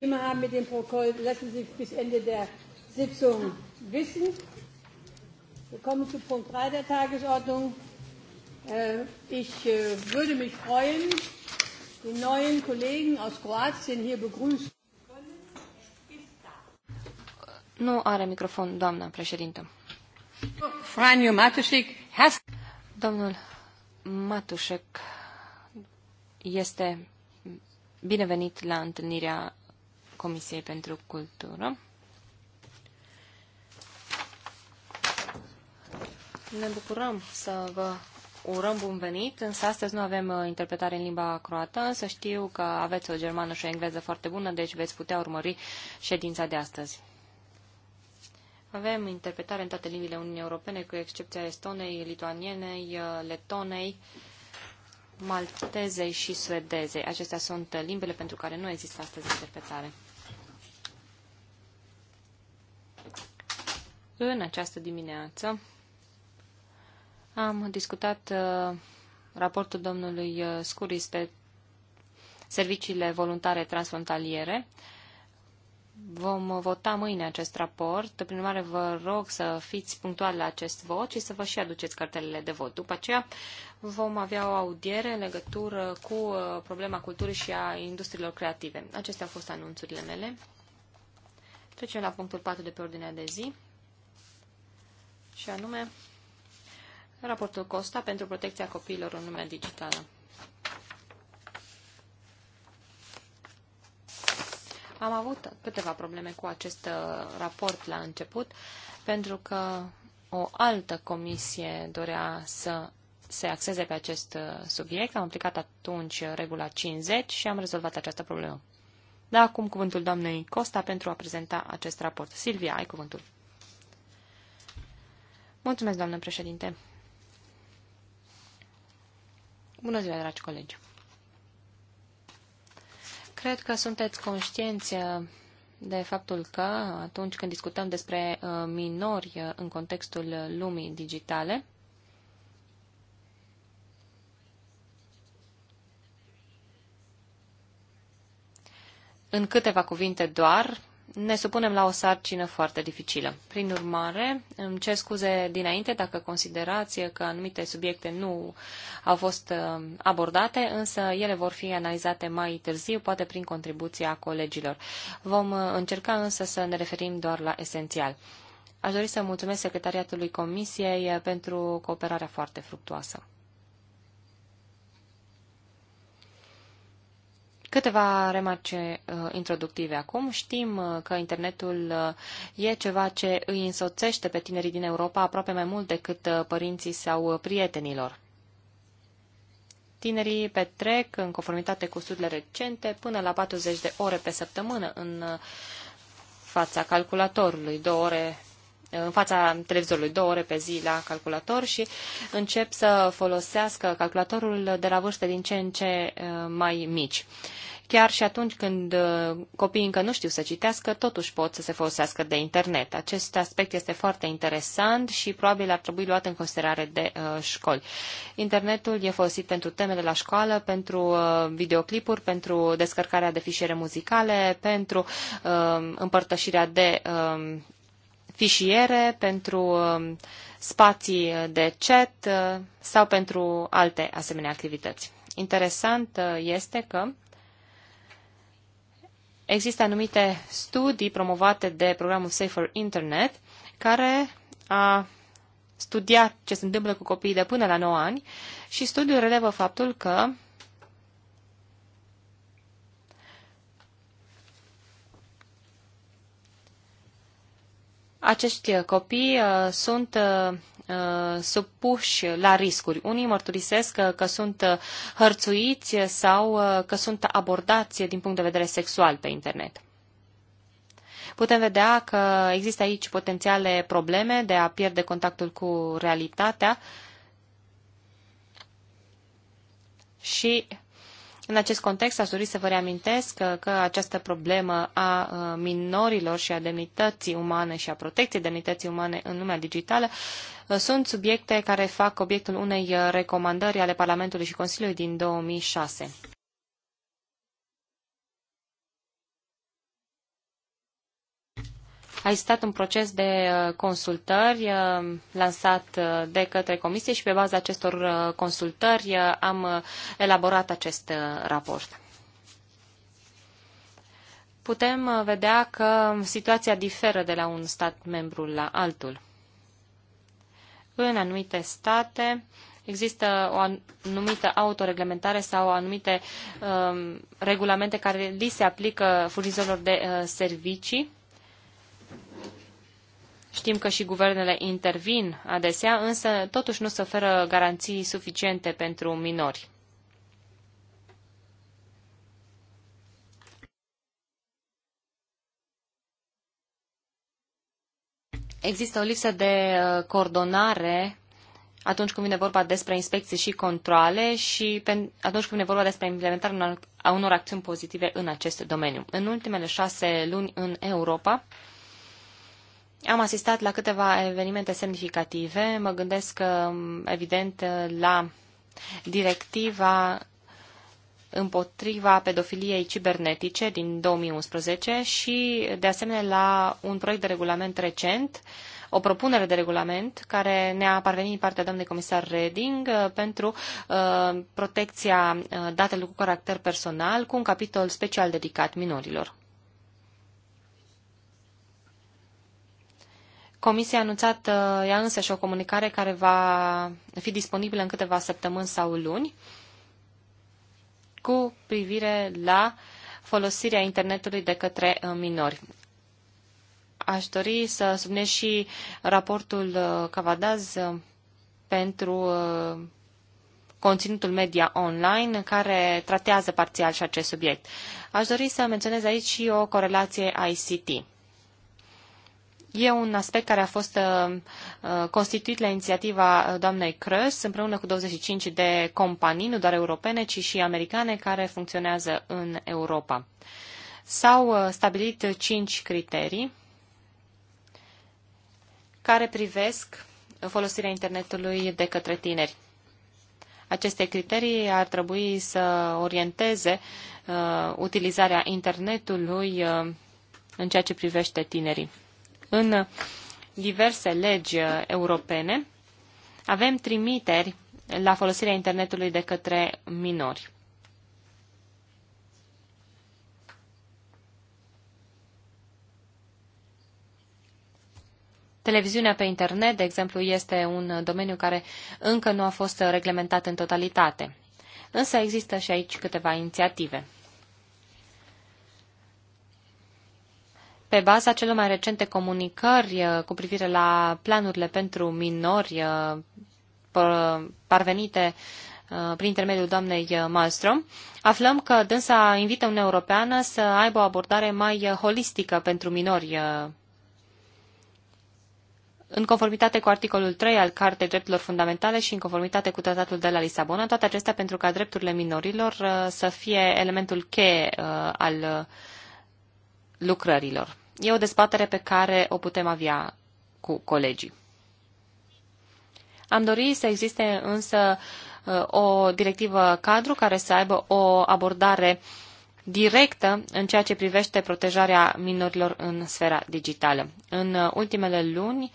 Immer haben mit dem Protokoll, lassen Sie sich bis Ende der Sitzung wissen. Wir kommen zu Punkt 3 der Tagesordnung. Äh, ich äh, würde mich freuen, die neuen Kollegen aus Kroatien hier begrüßen. Nu are microfon, doamna președintă. Franjo Matušek. has... Domnul Matušek, este binevenit la întâlnirea Comisiei pentru Cultură. Ne bucurăm să vă urăm bun venit, însă astăzi nu avem uh, interpretare în limba croată, însă știu că aveți o germană și o engleză foarte bună, deci veți putea urmări ședința de astăzi. Avem interpretare în toate limbile Uniunii Europene, cu excepția estonei, lituanienei, uh, letonei, maltezei și suedezei. Acestea sunt limbele pentru care nu există astăzi interpretare. În această dimineață am discutat uh, raportul domnului uh, Scuris pe serviciile voluntare transfrontaliere. Vom vota mâine acest raport. Prin urmare, vă rog să fiți punctual la acest vot și să vă și aduceți cartelele de vot. După aceea vom avea o audiere în legătură cu uh, problema culturii și a industriilor creative. Acestea au fost anunțurile mele. Trecem la punctul 4 de pe ordinea de zi. Și anume, raportul Costa pentru protecția copiilor în lumea digitală. Am avut câteva probleme cu acest uh, raport la început, pentru că o altă comisie dorea să se axeze pe acest uh, subiect. Am aplicat atunci uh, regula 50 și am rezolvat această problemă. Da, acum cuvântul doamnei Costa pentru a prezenta acest raport. Silvia, ai cuvântul. Mulțumesc, doamnă președinte. Bună ziua, dragi colegi. Cred că sunteți conștienți uh, de faptul că atunci când discutăm despre uh, minori uh, în contextul lumii digitale, în câteva cuvinte doar, ne supunem la o sarcină foarte dificilă. Prin urmare, îmi cer scuze dinainte dacă considerați că anumite subiecte nu au fost uh, abordate, însă ele vor fi analizate mai târziu, poate prin contribuția colegilor. Vom uh, încerca însă să ne referim doar la esențial. Aș dori să mulțumesc Secretariatului Comisiei uh, pentru cooperarea foarte fructuoasă. Câteva remarce uh, introductive acum. Știm uh, că internetul uh, e ceva ce îi însoțește pe tinerii din Europa aproape mai mult decât uh, părinții sau uh, prietenilor. Tinerii petrec, în conformitate cu studiile recente, până la 40 de ore pe săptămână în uh, fața calculatorului, două ore în fața televizorului două ore pe zi la calculator și încep să folosească calculatorul de la vârste din ce în ce eh, mai mici. Chiar și atunci când eh, copiii încă nu știu să citească, totuși pot să se folosească de internet. Acest aspect este foarte interesant și probabil ar trebui luat în considerare de uh, școli. Internetul e folosit pentru temele la școală, pentru uh, videoclipuri, pentru descărcarea de fișiere muzicale, pentru uh, împărtășirea de uh, fișiere, pentru um, spații de chat uh, sau pentru alte asemenea activități. Interesant uh, este că există anumite studii promovate de programul Safer Internet care a studiat ce se întâmplă cu copiii de până la 9 ani și studiul relevă faptul că acești copii uh, sunt uh, uh, supuși la riscuri. Unii mărturisesc că, că sunt hărțuiți sau că sunt abordați din punct de vedere sexual pe internet. Putem vedea că există aici potențiale probleme de a pierde contactul cu realitatea și în acest context, aș dori să vă reamintesc că, această problemă a minorilor și a demnității umane și a protecției demnității umane în lumea digitală sunt subiecte care fac obiectul unei recomandări ale Parlamentului și Consiliului din 2006. A existat un proces de uh, consultări uh, lansat uh, de către comisie și pe baza acestor consultări am elaborat acest raport putem vedea că situația diferă de la un stat membru la altul. În anumite state există o anumită autoreglementare sau anumite uh, regulamente care li se aplică furnizorilor de uh, servicii Știm că și guvernele intervin adesea, însă totuși nu se oferă garanții suficiente pentru minori. Există o lipsă de uh, coordonare atunci când vine vorba despre inspecții și controle și atunci când vine vorba despre implementarea a unor acțiuni pozitive în acest domeniu. În ultimele șase luni în Europa, am asistat la câteva evenimente semnificative. Mă gândesc, evident, la directiva împotriva pedofiliei cibernetice din 2011 și, de asemenea, la un proiect de regulament recent, o propunere de regulament care ne-a parvenit din partea doamnei comisar Reding uh, pentru uh, protecția uh, datelor cu caracter personal, cu un capitol special dedicat minorilor. Comisia a anunțat uh, ea însă și o comunicare care va fi disponibilă în câteva săptămâni sau luni cu privire la folosirea internetului de către uh, minori. Aș dori să subliniez și raportul uh, Cavadaz pentru conținutul media online, care tratează parțial și acest subiect. Aș dori să menționez aici și o corelație ICT. E un aspect care a fost uh, uh, constituit la inițiativa doamnei Crăs împreună cu 25 de companii, nu doar europene, ci și americane, care funcționează în Europa. S-au uh, stabilit cinci criterii care privesc folosirea internetului de către tineri. Aceste criterii ar trebui să orienteze uh, utilizarea internetului uh, în ceea ce privește tinerii în diverse legi uh, europene avem trimiteri la folosirea internetului de către minori. Televiziunea pe internet, de exemplu, este un domeniu care încă nu a fost reglementat în totalitate. Însă există și aici câteva inițiative. pe baza celor mai recente comunicări uh, cu privire la planurile pentru minori uh, parvenite uh, prin intermediul doamnei Malmström, aflăm că dânsa invită Uniunea Europeană să aibă o abordare mai holistică pentru minori în conformitate cu articolul 3 al Cartei Drepturilor Fundamentale și în conformitate cu Tratatul de la Lisabona, toate acestea pentru ca drepturile minorilor să fie elementul cheie al lucrărilor. E o dezbatere pe care o putem avea cu colegii. Am dorit să existe însă uh, o directivă cadru care să aibă o abordare directă în ceea ce privește protejarea minorilor în sfera digitală. În uh, ultimele luni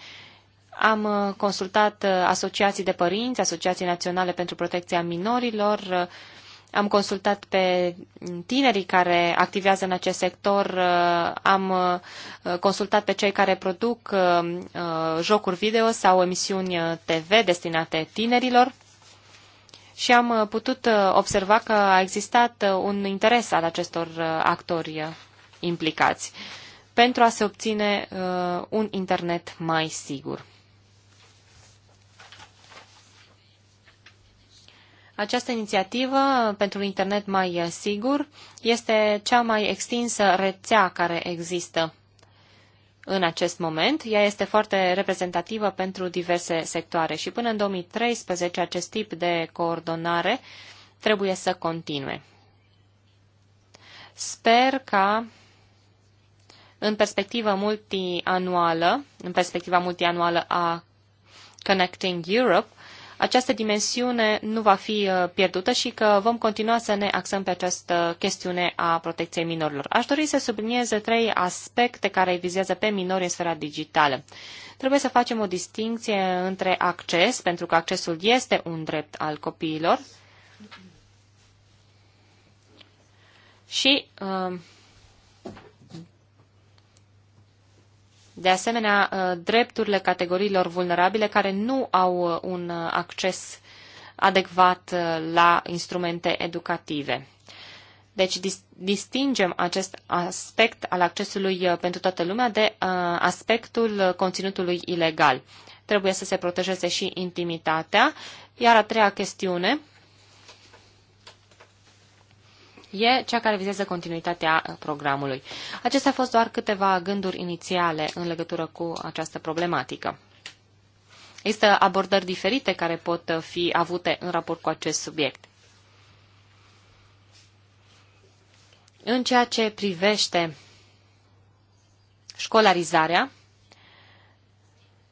am uh, consultat asociații de părinți, asociații naționale pentru protecția minorilor, am consultat pe tinerii care activează în acest sector, uh, am uh, consultat pe cei care produc uh, jocuri video sau emisiuni TV destinate tinerilor și am putut observa că a existat un interes al acestor actori implicați pentru a se obține un internet mai sigur. Această inițiativă pentru un internet mai eh, sigur este cea mai extinsă rețea care există în acest moment. Ea este foarte reprezentativă pentru diverse sectoare și până în 2013 acest tip de coordonare trebuie să continue. Sper ca în perspectiva multianuală, în perspectiva multianuală a Connecting Europe, această dimensiune nu va fi uh, pierdută și că vom continua să ne axăm pe această chestiune a protecției minorilor. Aș dori să subliniez trei aspecte care vizează pe minori în sfera digitală. Trebuie să facem o distinție între acces, pentru că accesul este un drept al copiilor, și uh, De asemenea, uh, drepturile categoriilor vulnerabile care nu au uh, un uh, acces adecvat la instrumente educative. Deci distingem acest aspect al accesului pentru toată lumea de aspectul conținutului ilegal. Trebuie să se protejeze și intimitatea. Iar a treia chestiune e cea care vizează continuitatea uh, programului. Acestea au fost doar câteva gânduri inițiale în legătură cu această problematică. Există abordări diferite care pot uh, fi avute în raport cu acest subiect. În ceea ce privește școlarizarea,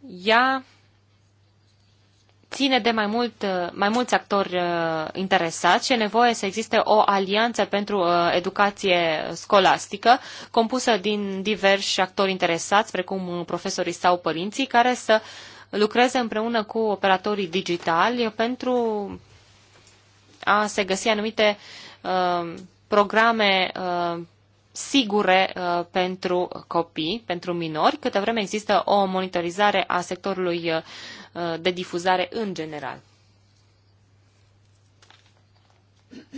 ea ține de mai, mult, uh, mai mulți actori uh, interesați și e nevoie să existe o alianță pentru uh, educație scolastică compusă din diversi actori interesați, precum profesorii sau părinții, care să lucreze împreună cu operatorii digitali pentru a se găsi anumite uh, programe uh, sigure uh, pentru copii, pentru minori, câtă vreme există o monitorizare a sectorului uh, de difuzare în general.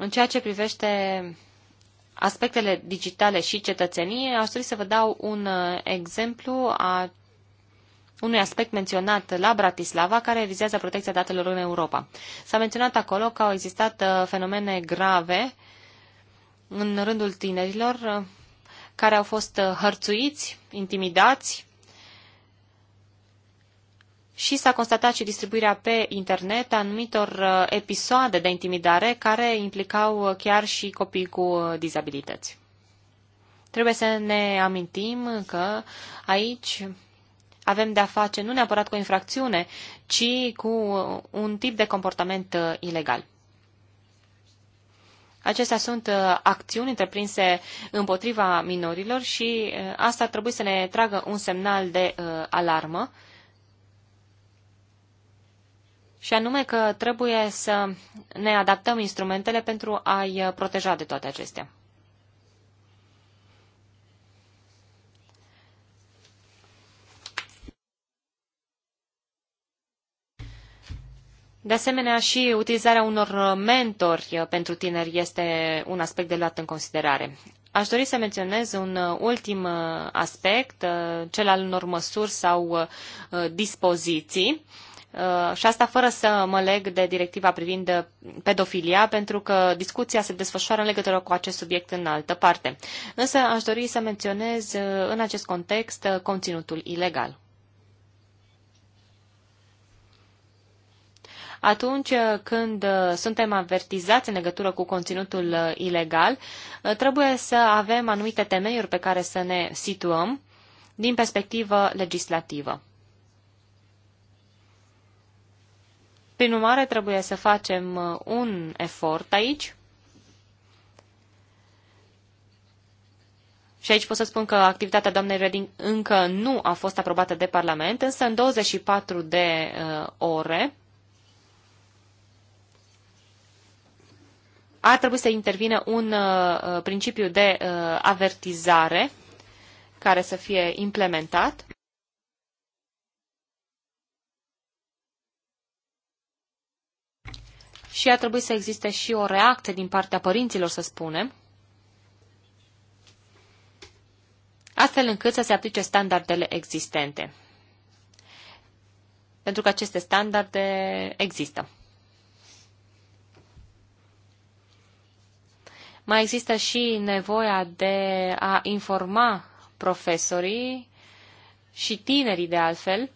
În ceea ce privește aspectele digitale și cetățenie, aș dori să vă dau un uh, exemplu a unui aspect menționat la Bratislava care vizează protecția datelor în Europa. S-a menționat acolo că au existat uh, fenomene grave în rândul tinerilor uh, care au fost uh, hărțuiți, intimidați și s-a constatat și distribuirea pe internet a anumitor episoade de intimidare care implicau chiar și copii cu dizabilități. Trebuie să ne amintim că aici avem de-a face nu neapărat cu o infracțiune, ci cu un tip de comportament uh, ilegal. Acestea sunt uh, acțiuni întreprinse împotriva minorilor și uh, asta ar trebui să ne tragă un semnal de alarmă și anume că trebuie să ne adaptăm instrumentele pentru a-i proteja de toate acestea. De asemenea, și utilizarea unor mentori uh, pentru tineri este un aspect de luat în considerare. Aș dori să menționez un uh, ultim uh, aspect, cel al unor măsuri sau dispoziții. Și asta fără să mă leg de directiva privind pedofilia, pentru că discuția se desfășoară în legătură cu acest subiect în altă parte. Însă aș dori să menționez în acest context conținutul ilegal. atunci uh, când uh, suntem avertizați în legătură cu conținutul uh, ilegal, trebuie să avem anumite temeiuri pe care să ne situăm din perspectivă legislativă. Prin urmare, trebuie să facem un efort aici. Și aici pot să spun că activitatea doamnei Reding încă nu a fost aprobată de Parlament, însă în 24 de uh, ore ar trebui să intervină un uh, uh, principiu de uh, avertizare care să fie implementat. Și a trebuit să existe și o reacție din partea părinților, să spunem, astfel încât să se aplice standardele existente. Pentru că aceste standarde există. Mai există și nevoia de a informa profesorii și tinerii de altfel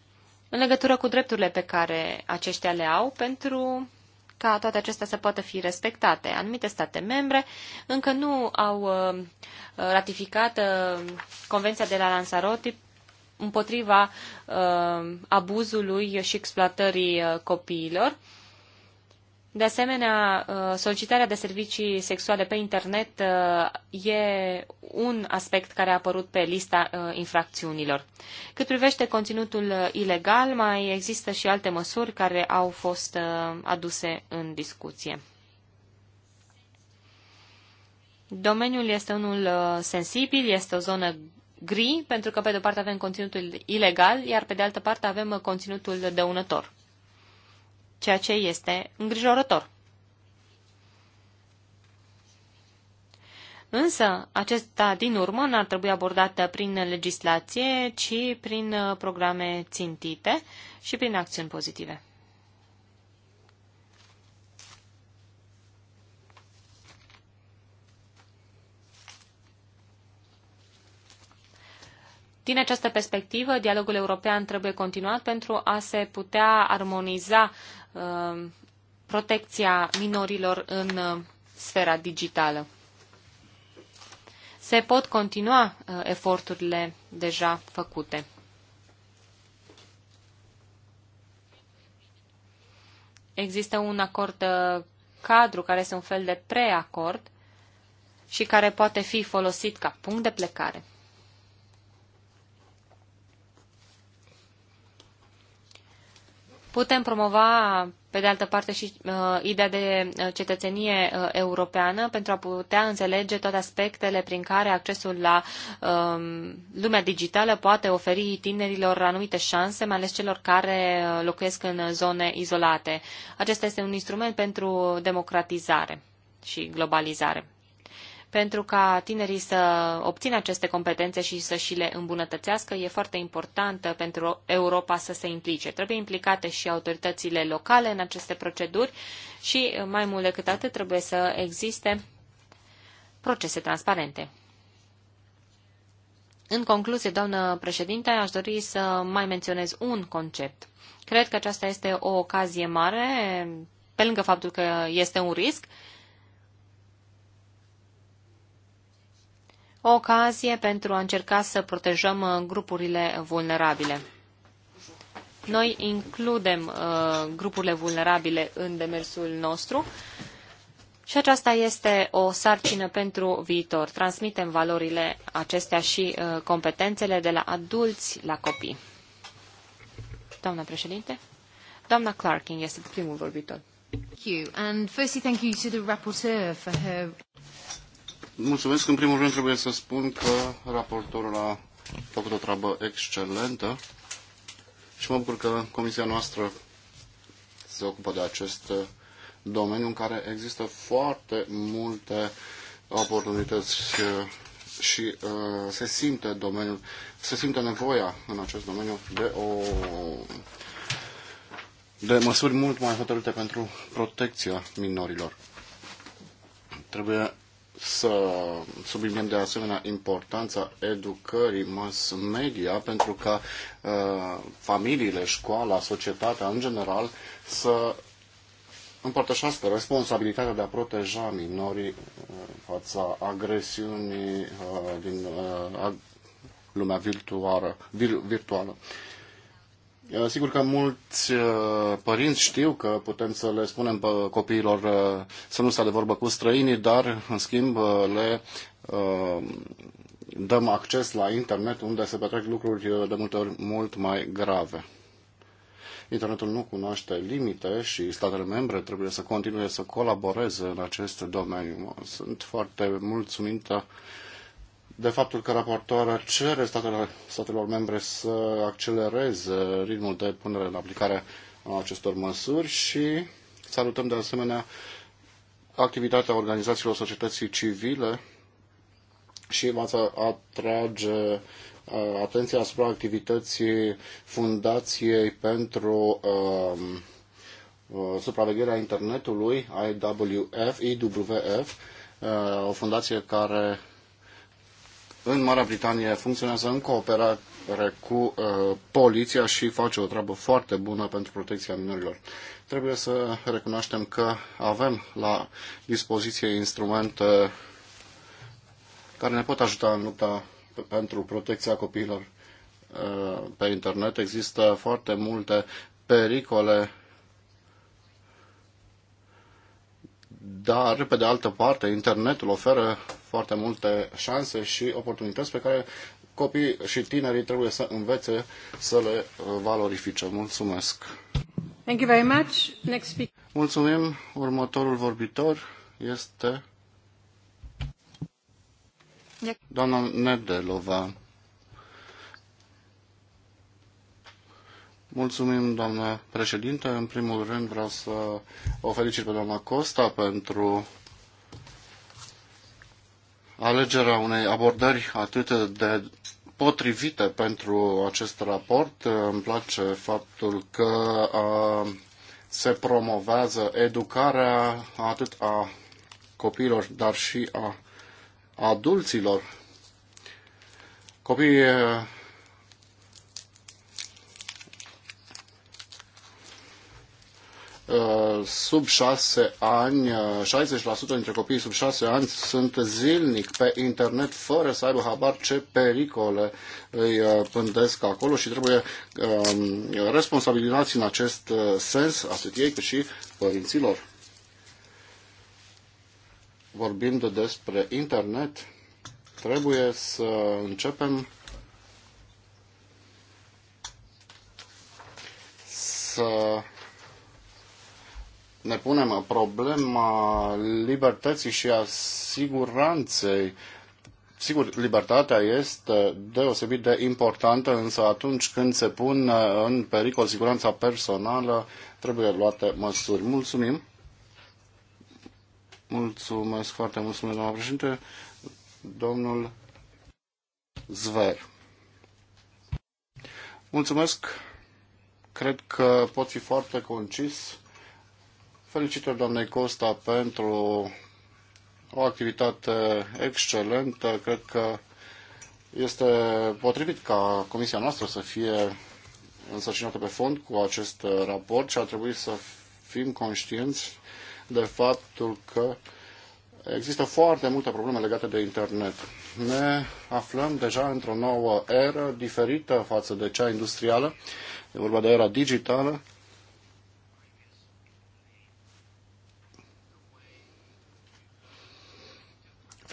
în legătură cu drepturile pe care aceștia le au pentru ca toate acestea să poată fi respectate. Anumite state membre încă nu au uh, ratificat uh, Convenția de la Lanzarote împotriva uh, abuzului și exploatării copiilor de asemenea, uh, solicitarea de servicii sexuale pe internet uh, e un aspect care a apărut pe lista uh, infracțiunilor. Cât privește conținutul ilegal, mai există și alte măsuri care au fost aduse în discuție. Domeniul este unul sensibil, este o zonă gri, pentru că pe de o parte avem conținutul ilegal, iar pe de altă parte avem conținutul dăunător ceea ce este îngrijorător. Însă, acesta din urmă n-ar trebui abordată prin legislație, ci prin uh, programe țintite și prin acțiuni pozitive. Din această perspectivă, dialogul european trebuie continuat pentru a se putea armoniza uh, protecția minorilor în uh, sfera digitală. Se pot continua uh, eforturile deja făcute. Există un acord uh, cadru care este un fel de preacord și care poate fi folosit ca punct de plecare. Putem promova, pe de altă parte, și uh, ideea de uh, cetățenie uh, europeană pentru a putea înțelege toate aspectele prin care accesul la uh, lumea digitală poate oferi tinerilor anumite șanse, mai ales celor care uh, locuiesc în zone izolate. Acesta este un instrument pentru democratizare și globalizare pentru ca tinerii să obțină aceste competențe și să și le îmbunătățească, e foarte importantă pentru Europa să se implice. Trebuie implicate și autoritățile locale în aceste proceduri și, mai mult decât atât, trebuie să existe procese transparente. În concluzie, doamnă președinte, aș dori să mai menționez un concept. Cred că aceasta este o ocazie mare, pe lângă faptul că este un risc, o ocazie pentru a încerca să protejăm uh, grupurile vulnerabile. Noi includem uh, grupurile vulnerabile în demersul nostru și aceasta este o sarcină pentru viitor. Transmitem valorile acestea și uh, competențele de la adulți la copii. Doamna președinte, doamna Clarking este primul vorbitor. Thank you. And firstly, thank you to the rapporteur for her Mulțumesc. În primul rând trebuie să spun că raportorul a făcut o treabă excelentă și mă bucur că comisia noastră se ocupă de acest domeniu în care există foarte multe oportunități și uh, se simte domeniul, se simte nevoia în acest domeniu de o de măsuri mult mai hotărâte pentru protecția minorilor. Trebuie să subliniem de asemenea importanța educării mass media pentru ca uh, familiile, școala, societatea în general să împărtășească responsabilitatea de a proteja minorii uh, fața agresiunii uh, din uh, lumea virtuală. Vir, virtuală. Uh, Uh, sigur că mulți uh, părinți știu că putem să le spunem uh, copiilor să nu stea de vorbă cu străinii, dar, în schimb, le dăm acces la internet unde se petrec lucruri de multe ori mult mai grave. Internetul nu cunoaște limite și statele membre trebuie să continue să colaboreze în acest domeniu. Sunt foarte mulțumită uh, de faptul că raportoarea cere statelor, statelor membre să accelereze ritmul de punere în aplicare a acestor măsuri și salutăm de asemenea activitatea organizațiilor societății civile și v atrage uh, atenția asupra activității Fundației pentru um, uh, supravegherea internetului, IWF, IWF, uh, o fundație care în Marea Britanie funcționează în cooperare cu uh, poliția și face o treabă foarte bună pentru protecția minorilor. Trebuie să recunoaștem că avem la dispoziție instrumente care ne pot ajuta în lupta pentru protecția copiilor uh, pe internet. Există foarte multe pericole dar, pe de altă parte, internetul oferă foarte multe șanse și oportunități pe care copiii și tinerii trebuie să învețe să le uh, valorifice. Mulțumesc! Thank you very much. Next speaker. Mulțumim. Următorul vorbitor este doamna Nedelova. Mulțumim, doamnă președinte. În primul rând vreau să o felicit pe doamna Costa pentru alegerea unei abordări atât de potrivite pentru acest raport. Îmi place faptul că se promovează educarea atât a copiilor, dar și a adulților. Copiii Uh, sub 6 ani, 60% uh, dintre copiii sub 6 ani sunt zilnic pe internet fără să aibă habar ce pericole îi uh, pândesc acolo și trebuie um, responsabilizați în acest sens, atât ei cât și părinților. Vorbind despre internet, trebuie să începem să ne punem problema libertății și a siguranței. Sigur, libertatea este deosebit de importantă, însă atunci când se pun uh, în pericol siguranța personală, trebuie luate măsuri. Mulțumim! Mulțumesc foarte mult, doamna președinte. Domnul Zver. Mulțumesc. Cred că pot fi foarte concis. Felicitări doamnei Costa pentru o activitate excelentă. Cred că este potrivit ca comisia noastră să fie însărcinată pe fond cu acest raport și ar trebui să fim conștienți de faptul că există foarte multe probleme legate de internet. Ne aflăm deja într-o nouă eră diferită față de cea industrială, e vorba de era digitală,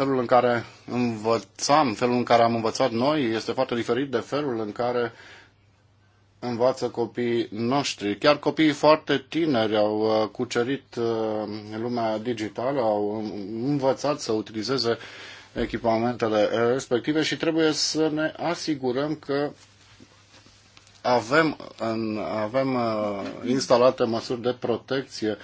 felul în care învățam, felul în care am învățat noi este foarte diferit de felul în care învață copiii noștri. Chiar copiii foarte tineri au uh, cucerit uh, lumea digitală, au învățat să utilizeze echipamentele respective și trebuie să ne asigurăm că avem, în, avem uh, instalate măsuri de protecție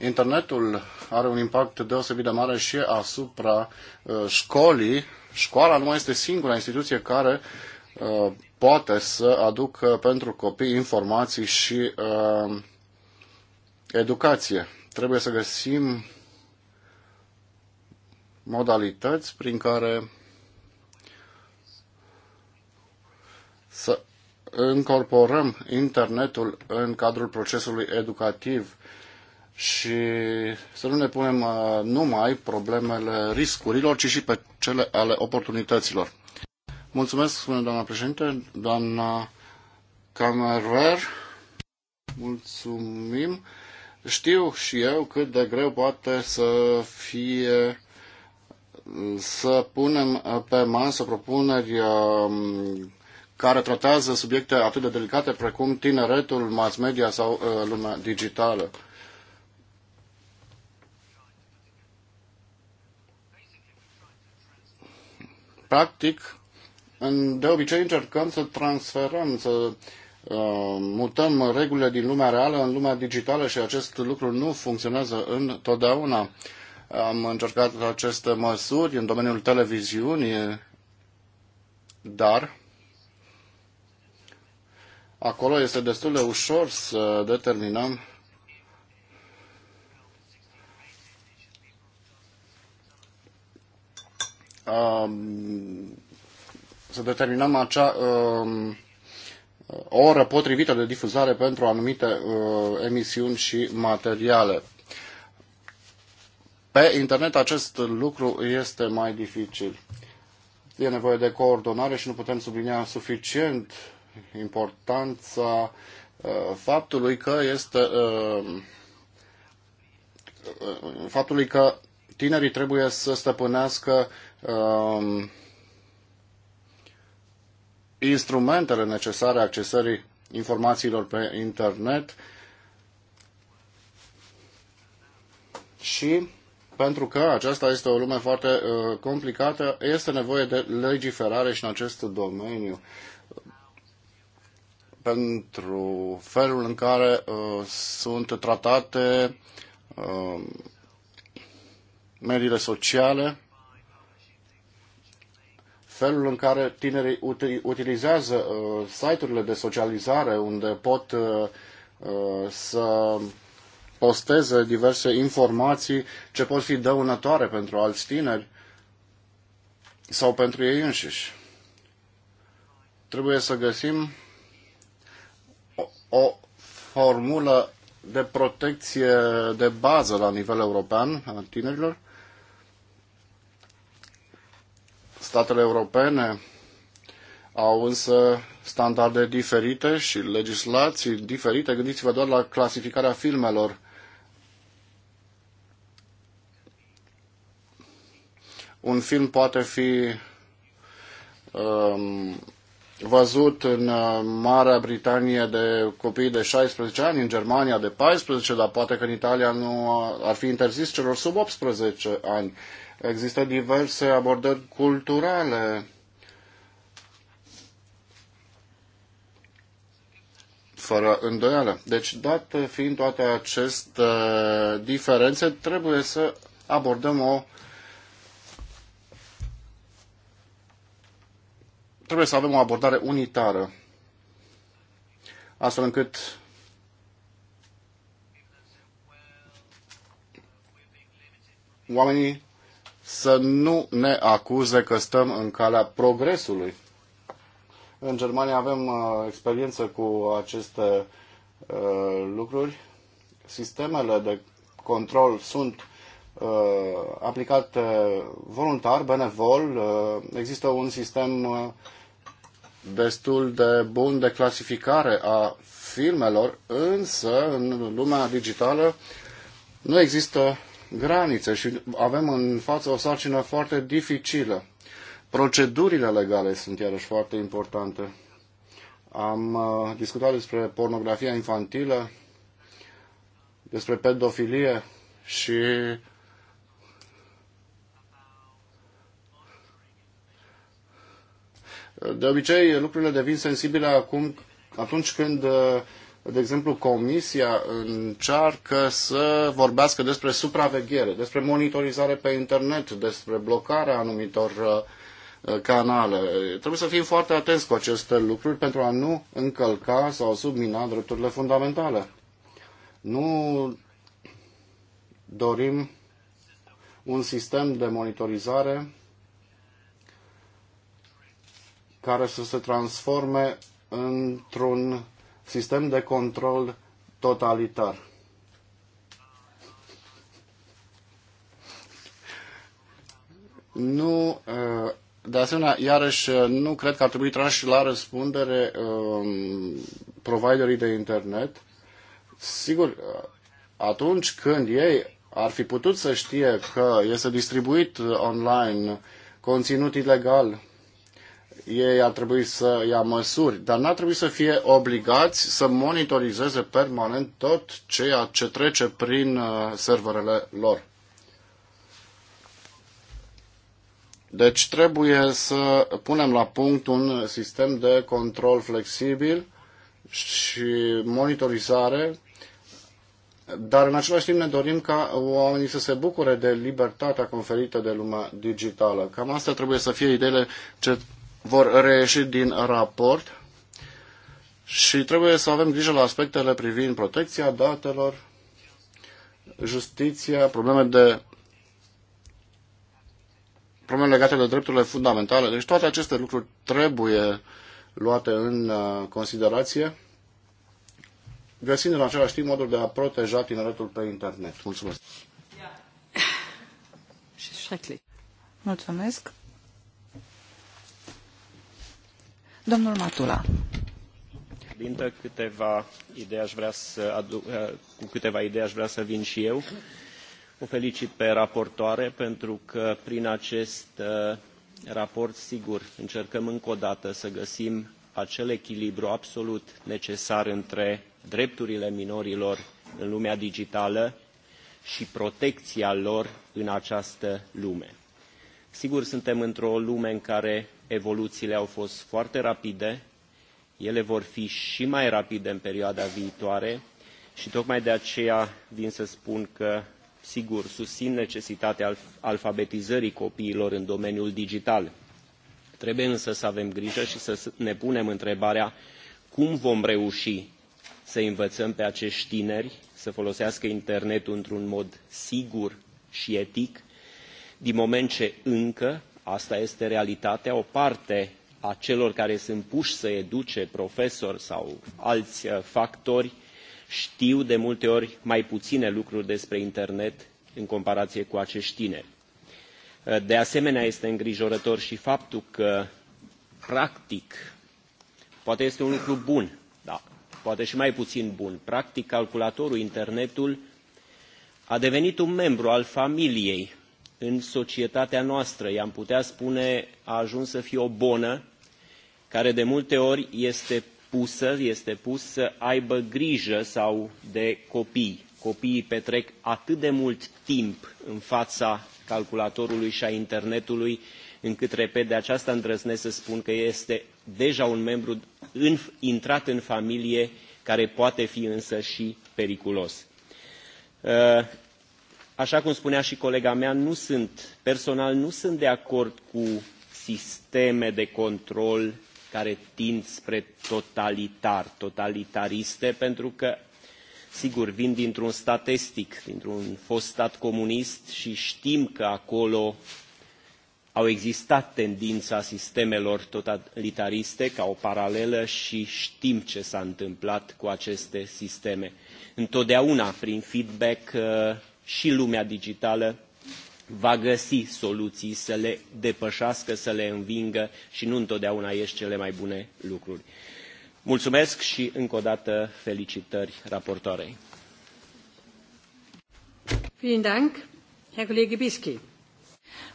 internetul are un impact deosebit de mare și asupra uh, școlii. Școala nu mai este singura instituție care uh, poate să aducă pentru copii informații și uh, educație. Trebuie să găsim modalități prin care să incorporăm internetul în cadrul procesului educativ și să nu ne punem uh, numai problemele riscurilor, ci și pe cele ale oportunităților. Mulțumesc, spune doamna președinte, doamna Camerver. Mulțumim. Știu și eu cât de greu poate să fie să punem uh, pe masă propuneri um, care tratează subiecte atât de delicate precum tineretul, mass media sau uh, lumea digitală. Practic, de obicei încercăm să transferăm, să uh, mutăm regulile din lumea reală în lumea digitală și acest lucru nu funcționează întotdeauna. Am încercat aceste măsuri în domeniul televiziunii, dar acolo este destul de ușor să determinăm Um, să determinăm acea um, oră potrivită de difuzare pentru anumite uh, emisiuni și materiale. Pe internet acest lucru este mai dificil. E nevoie de coordonare și nu putem sublinia suficient importanța uh, faptului că este uh, faptului că tinerii trebuie să stăpânească Um, instrumentele necesare accesării informațiilor pe internet și pentru că aceasta este o lume foarte uh, complicată, este nevoie de legiferare și în acest domeniu pentru felul în care uh, sunt tratate uh, mediile sociale felul în care tinerii utilizează uh, site-urile de socializare unde pot uh, uh, să posteze diverse informații ce pot fi dăunătoare pentru alți tineri sau pentru ei înșiși. Trebuie să găsim o, o formulă de protecție de bază la nivel european a tinerilor Statele europene au însă standarde diferite și legislații diferite. Gândiți-vă doar la clasificarea filmelor. Un film poate fi um, văzut în uh, Marea Britanie de copii de 16 ani, în Germania de 14, dar poate că în Italia nu ar fi interzis celor sub 18 ani. Uh, Există diverse abordări culturale fără îndoială. Deci, dat fiind toate aceste diferențe, trebuie să abordăm o trebuie să avem o abordare unitară, astfel încât oamenii să nu ne acuze că stăm în calea progresului. În Germania avem uh, experiență cu aceste uh, lucruri. Sistemele de control sunt uh, aplicate voluntar, benevol. Uh, există un sistem uh, destul de bun de clasificare a filmelor, însă în lumea digitală nu există granițe și avem în față o sarcină foarte dificilă. Procedurile legale sunt iarăși foarte importante. Am uh, discutat despre pornografia infantilă, despre pedofilie și de obicei lucrurile devin sensibile acum atunci când uh, de exemplu, Comisia încearcă să vorbească despre supraveghere, despre monitorizare pe internet, despre blocarea anumitor uh, uh, canale. Trebuie să fim foarte atenți cu aceste lucruri pentru a nu încălca sau submina drepturile fundamentale. Nu dorim un sistem de monitorizare care să se transforme într-un sistem de control totalitar. Nu, eh, de asemenea, iarăși, eh, nu cred că ar trebui trași la răspundere ehm, providerii de internet. Sigur, eh, atunci când ei ar fi putut să știe că este distribuit online conținut ilegal ei ar trebui să ia măsuri, dar n-ar trebui să fie obligați să monitorizeze permanent tot ceea ce trece prin uh, serverele lor. Deci trebuie să punem la punct un sistem de control flexibil și monitorizare, dar în același timp ne dorim ca oamenii să se bucure de libertatea conferită de lumea digitală. Cam asta trebuie să fie ideile ce vor reieși din raport și trebuie să avem grijă la aspectele privind protecția datelor, justiția, probleme de probleme legate de drepturile fundamentale. Deci toate aceste lucruri trebuie luate în uh, considerație, găsind în același timp modul de a proteja tineretul pe internet. Mulțumesc! Mulțumesc! Eh, cu câteva idei aș vrea să vin și eu. O felicit pe raportoare pentru că prin acest eh, raport, sigur, încercăm încă o dată să găsim acel echilibru absolut necesar între drepturile minorilor în lumea digitală și protecția lor în această lume. Sigur, suntem într-o lume în care evoluțiile au fost foarte rapide, ele vor fi și mai rapide în perioada viitoare și tocmai de aceea vin să spun că, sigur, susțin necesitatea alfabetizării copiilor în domeniul digital. Trebuie însă să avem grijă și să ne punem întrebarea cum vom reuși să învățăm pe acești tineri să folosească internetul într-un mod sigur și etic, din moment ce încă Asta este realitatea. O parte a celor care sunt puși să educe profesori sau alți uh, factori știu de multe ori mai puține lucruri despre internet în comparație cu acești tineri. Uh, de asemenea, este îngrijorător și faptul că, practic, poate este un lucru bun, da, poate și mai puțin bun, practic calculatorul, internetul, a devenit un membru al familiei în societatea noastră, i-am putea spune, a ajuns să fie o bonă care de multe ori este pusă, este pus să aibă grijă sau de copii. Copiii petrec atât de mult timp în fața calculatorului și a internetului, încât, repet, de aceasta îndrăznesc să spun că este deja un membru în, intrat în familie, care poate fi însă și periculos. Uh, așa cum spunea și colega mea, nu sunt, personal nu sunt de acord cu sisteme de control care tind spre totalitar, totalitariste, pentru că, sigur, vin dintr-un stat estic, dintr-un fost stat comunist și știm că acolo au existat tendința sistemelor totalitariste ca o paralelă și știm ce s-a întâmplat cu aceste sisteme. Întotdeauna, prin feedback, uh, și lumea digitală va găsi soluții să le depășească, să le învingă și nu întotdeauna ești cele mai bune lucruri. Mulțumesc și încă o dată felicitări raportoarei.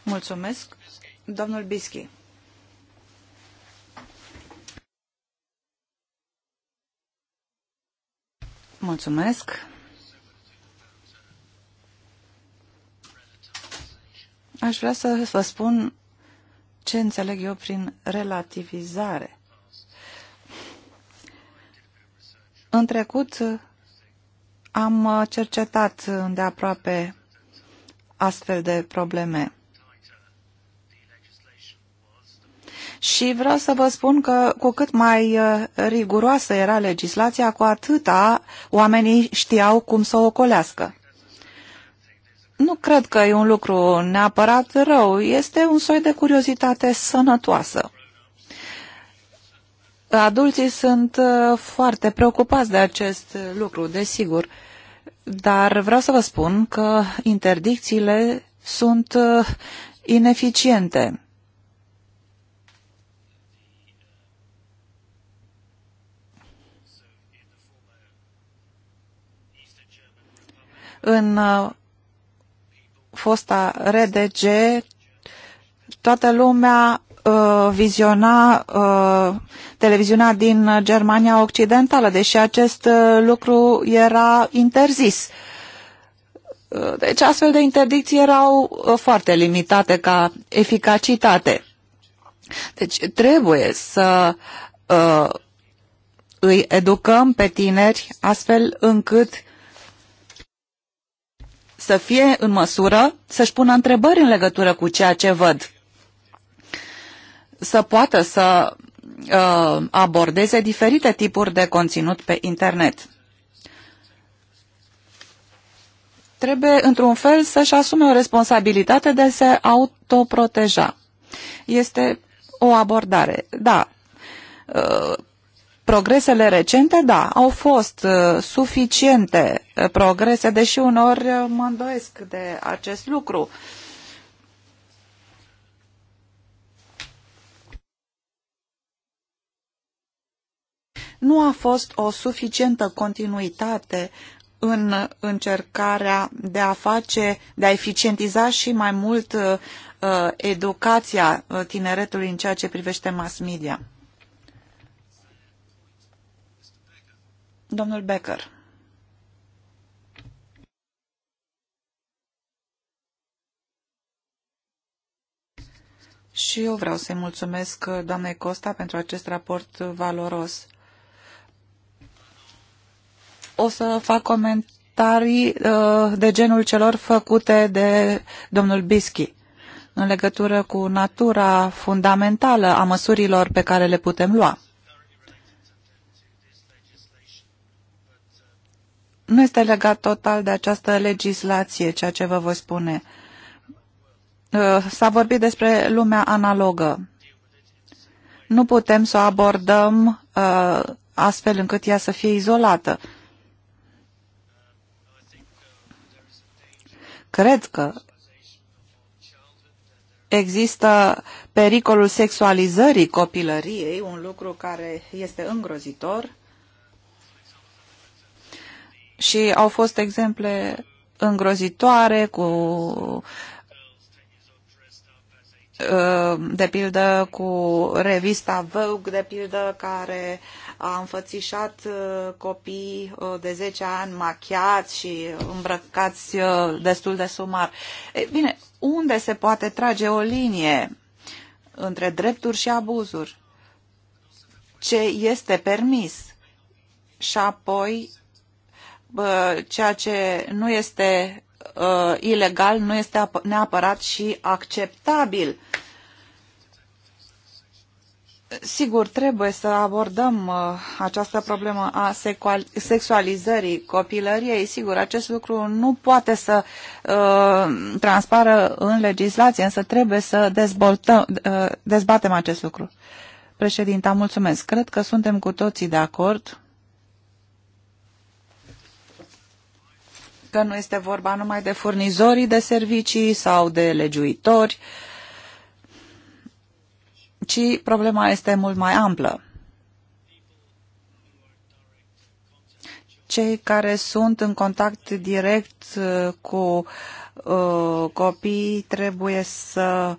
Mulțumesc. Domnul Bischi. Mulțumesc. Aș vrea să vă spun ce înțeleg eu prin relativizare. În trecut am cercetat de aproape astfel de probleme. Și vreau să vă spun că cu cât mai uh, riguroasă era legislația, cu atâta oamenii știau cum să o ocolească. Nu cred că e un lucru neapărat rău, este un soi de curiozitate sănătoasă. Adulții sunt uh, foarte preocupați de acest lucru, desigur, dar vreau să vă spun că interdicțiile sunt uh, ineficiente. În uh, fosta RDG, toată lumea uh, viziona uh, televiziunea din Germania Occidentală, deși acest uh, lucru era interzis. Deci astfel de interdicții erau foarte limitate ca eficacitate. Deci trebuie să uh, îi educăm pe tineri astfel încât să fie în măsură să-și pună întrebări în legătură cu ceea ce văd, să poată să uh, abordeze diferite tipuri de conținut pe internet. Trebuie, într-un fel, să-și asume o responsabilitate de a se autoproteja. Este o abordare. Da, uh, progresele recente, da, au fost uh, suficiente uh, progrese, deși unor uh, mă îndoiesc de acest lucru. Nu a fost o suficientă continuitate în încercarea de a face, de a eficientiza și mai mult educația tineretului în ceea ce privește mass media. Domnul Becker. Și eu vreau să-i mulțumesc uh, doamnei Costa pentru acest raport uh, valoros. O să fac comentarii uh, de genul celor făcute de domnul Bischi în legătură cu natura fundamentală a măsurilor pe care le putem lua. nu este legat total de această legislație, ceea ce vă voi spune. Uh, s-a vorbit despre lumea analogă. Nu putem să o abordăm uh, astfel încât ea să fie izolată. Cred că există pericolul sexualizării copilăriei, un lucru care este îngrozitor și au fost exemple îngrozitoare cu uh, de pildă cu revista Vogue, de pildă, care a înfățișat uh, copii uh, de 10 ani machiați și îmbrăcați destul de sumar. E, bine, unde se poate trage o linie între drepturi și abuzuri? Ce este permis? Și apoi ceea ce nu este uh, ilegal nu este neapărat și acceptabil. Sigur, trebuie să abordăm uh, această problemă a sexualizării copilăriei. Sigur, acest lucru nu poate să uh, transpară în legislație, însă trebuie să dezboltăm, uh, dezbatem acest lucru. Președinta, mulțumesc. Cred că suntem cu toții de acord că nu este vorba numai de furnizorii de servicii sau de legiuitori, ci problema este mult mai amplă. Cei care sunt în contact direct uh, cu uh, copii trebuie să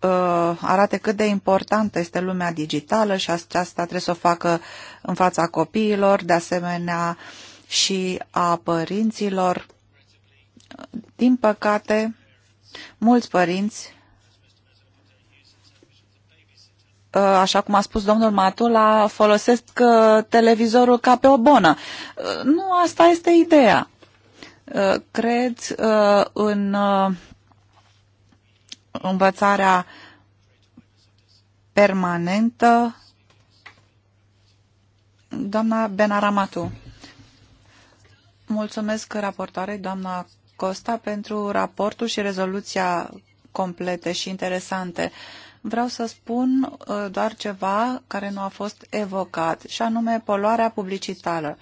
uh, arate cât de importantă este lumea digitală și asta trebuie să o facă în fața copiilor, de asemenea uh, și a părinților. Din păcate, mulți părinți, ă, așa cum a spus domnul Matula, folosesc ă, televizorul ca pe o bonă. Ă, nu asta este ideea. Cred în învățarea permanentă. Doamna Benaramatu. Mulțumesc raportoarei doamna Costa pentru raportul și rezoluția complete și interesante. Vreau să spun uh, doar ceva care nu a fost evocat, și anume poluarea publicitară.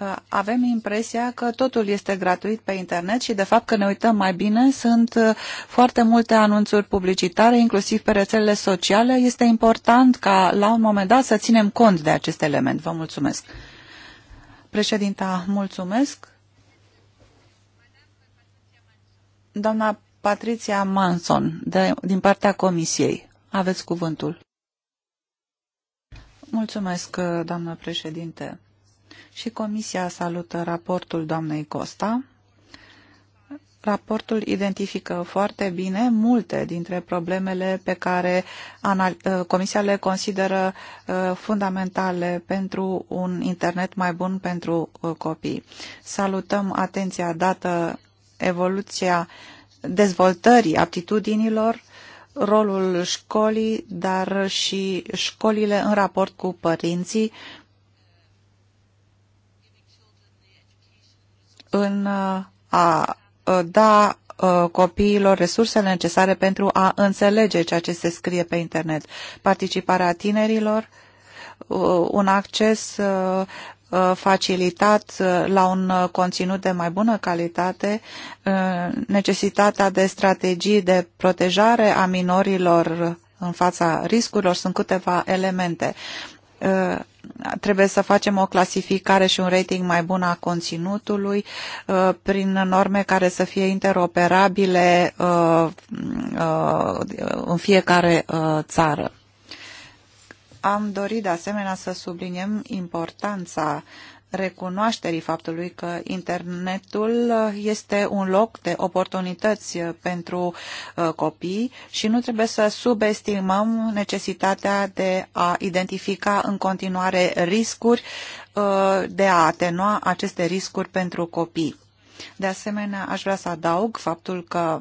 Uh, avem impresia că totul este gratuit pe internet și, de fapt, că ne uităm mai bine, sunt uh, foarte multe anunțuri publicitare, inclusiv pe rețelele sociale. Este important ca, la un moment dat, să ținem cont de acest element. Vă mulțumesc! Președinta, mulțumesc. Doamna Patricia Manson, de, din partea Comisiei, aveți cuvântul. Mulțumesc, doamnă președinte. Și Comisia salută raportul doamnei Costa Raportul identifică foarte bine multe dintre problemele pe care eh, Comisia le consideră eh, fundamentale pentru un internet mai bun pentru eh, copii. Salutăm atenția dată evoluția dezvoltării aptitudinilor, rolul școlii, dar și școlile în raport cu părinții în a Uh, da uh, copiilor resursele necesare pentru a înțelege ceea ce se scrie pe internet. Participarea tinerilor, uh, un acces facilitat la un conținut de mai bună calitate, necesitatea de strategii de protejare a minorilor în fața riscurilor sunt câteva elemente. Uh, trebuie să facem o clasificare și un rating mai bun a conținutului uh, prin norme care să fie interoperabile uh, în fiecare țară. Am dorit de asemenea să subliniem importanța uh, recunoașterii faptului că internetul este un loc de oportunități pentru uh, copii și nu trebuie să subestimăm necesitatea de a identifica în continuare riscuri, uh, de a atenua aceste riscuri pentru copii. De asemenea, aș vrea să adaug faptul că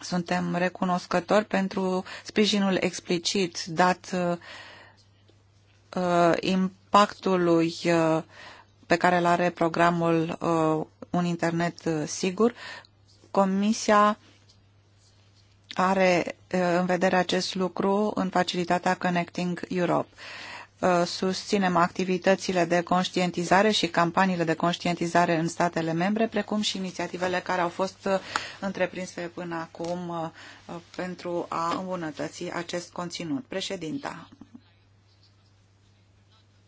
suntem recunoscători pentru sprijinul explicit dat uh, uh Pactului uh, pe care îl are programul uh, Un Internet uh, Sigur, Comisia are în vedere acest lucru în facilitatea Connecting Europe. Susținem activitățile de conștientizare și campaniile de conștientizare în statele membre, precum și inițiativele care au fost întreprinse până acum pentru a îmbunătăți acest conținut. Președinta,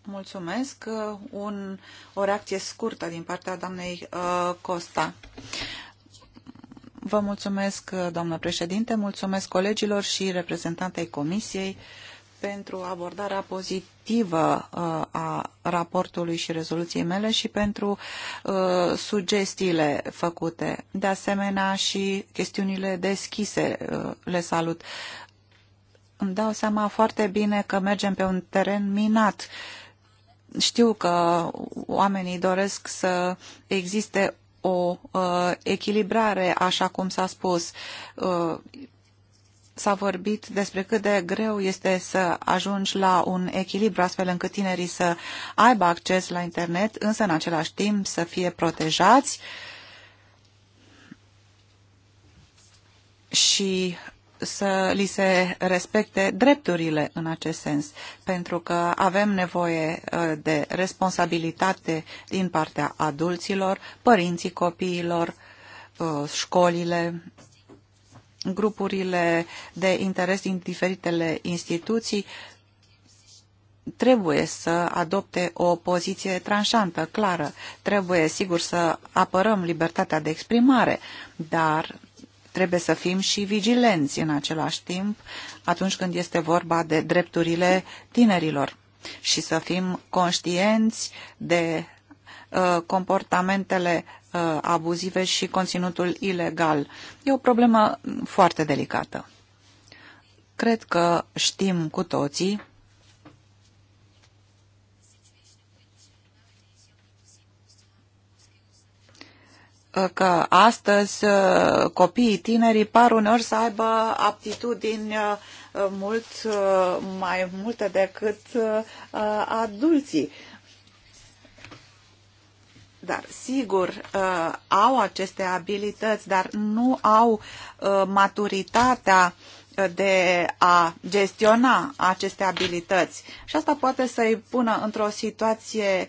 Mulțumesc. Uh, un, o reacție scurtă din partea doamnei uh, Costa. Vă mulțumesc, uh, doamnă președinte, mulțumesc colegilor și reprezentantei comisiei pentru abordarea pozitivă uh, a raportului și rezoluției mele și pentru uh, sugestiile făcute. De asemenea și chestiunile deschise uh, le salut. Îmi dau seama foarte bine că mergem pe un teren minat uh, știu că oamenii doresc să existe o uh, echilibrare, așa cum s-a spus. Uh, s-a vorbit despre cât de greu este să ajungi la un echilibru astfel încât tinerii să aibă acces la internet, însă în același timp să fie protejați și să li se respecte drepturile în acest sens, pentru că avem nevoie uh, de responsabilitate din partea adulților, părinții copiilor, uh, școlile, grupurile de interes din diferitele instituții trebuie să adopte o poziție tranșantă, clară. Trebuie, sigur, să apărăm libertatea de exprimare, dar trebuie să fim și vigilenți în același timp atunci când este vorba de drepturile tinerilor și să fim conștienți de uh, comportamentele uh, abuzive și conținutul ilegal. E o problemă foarte delicată. Cred că știm cu toții că astăzi uh, copiii tinerii par uneori să aibă aptitudini uh, mult uh, mai multe decât adulții. Dar, sigur, au aceste abilități, dar nu au maturitatea de a gestiona aceste abilități. Și asta poate să-i pună într-o situație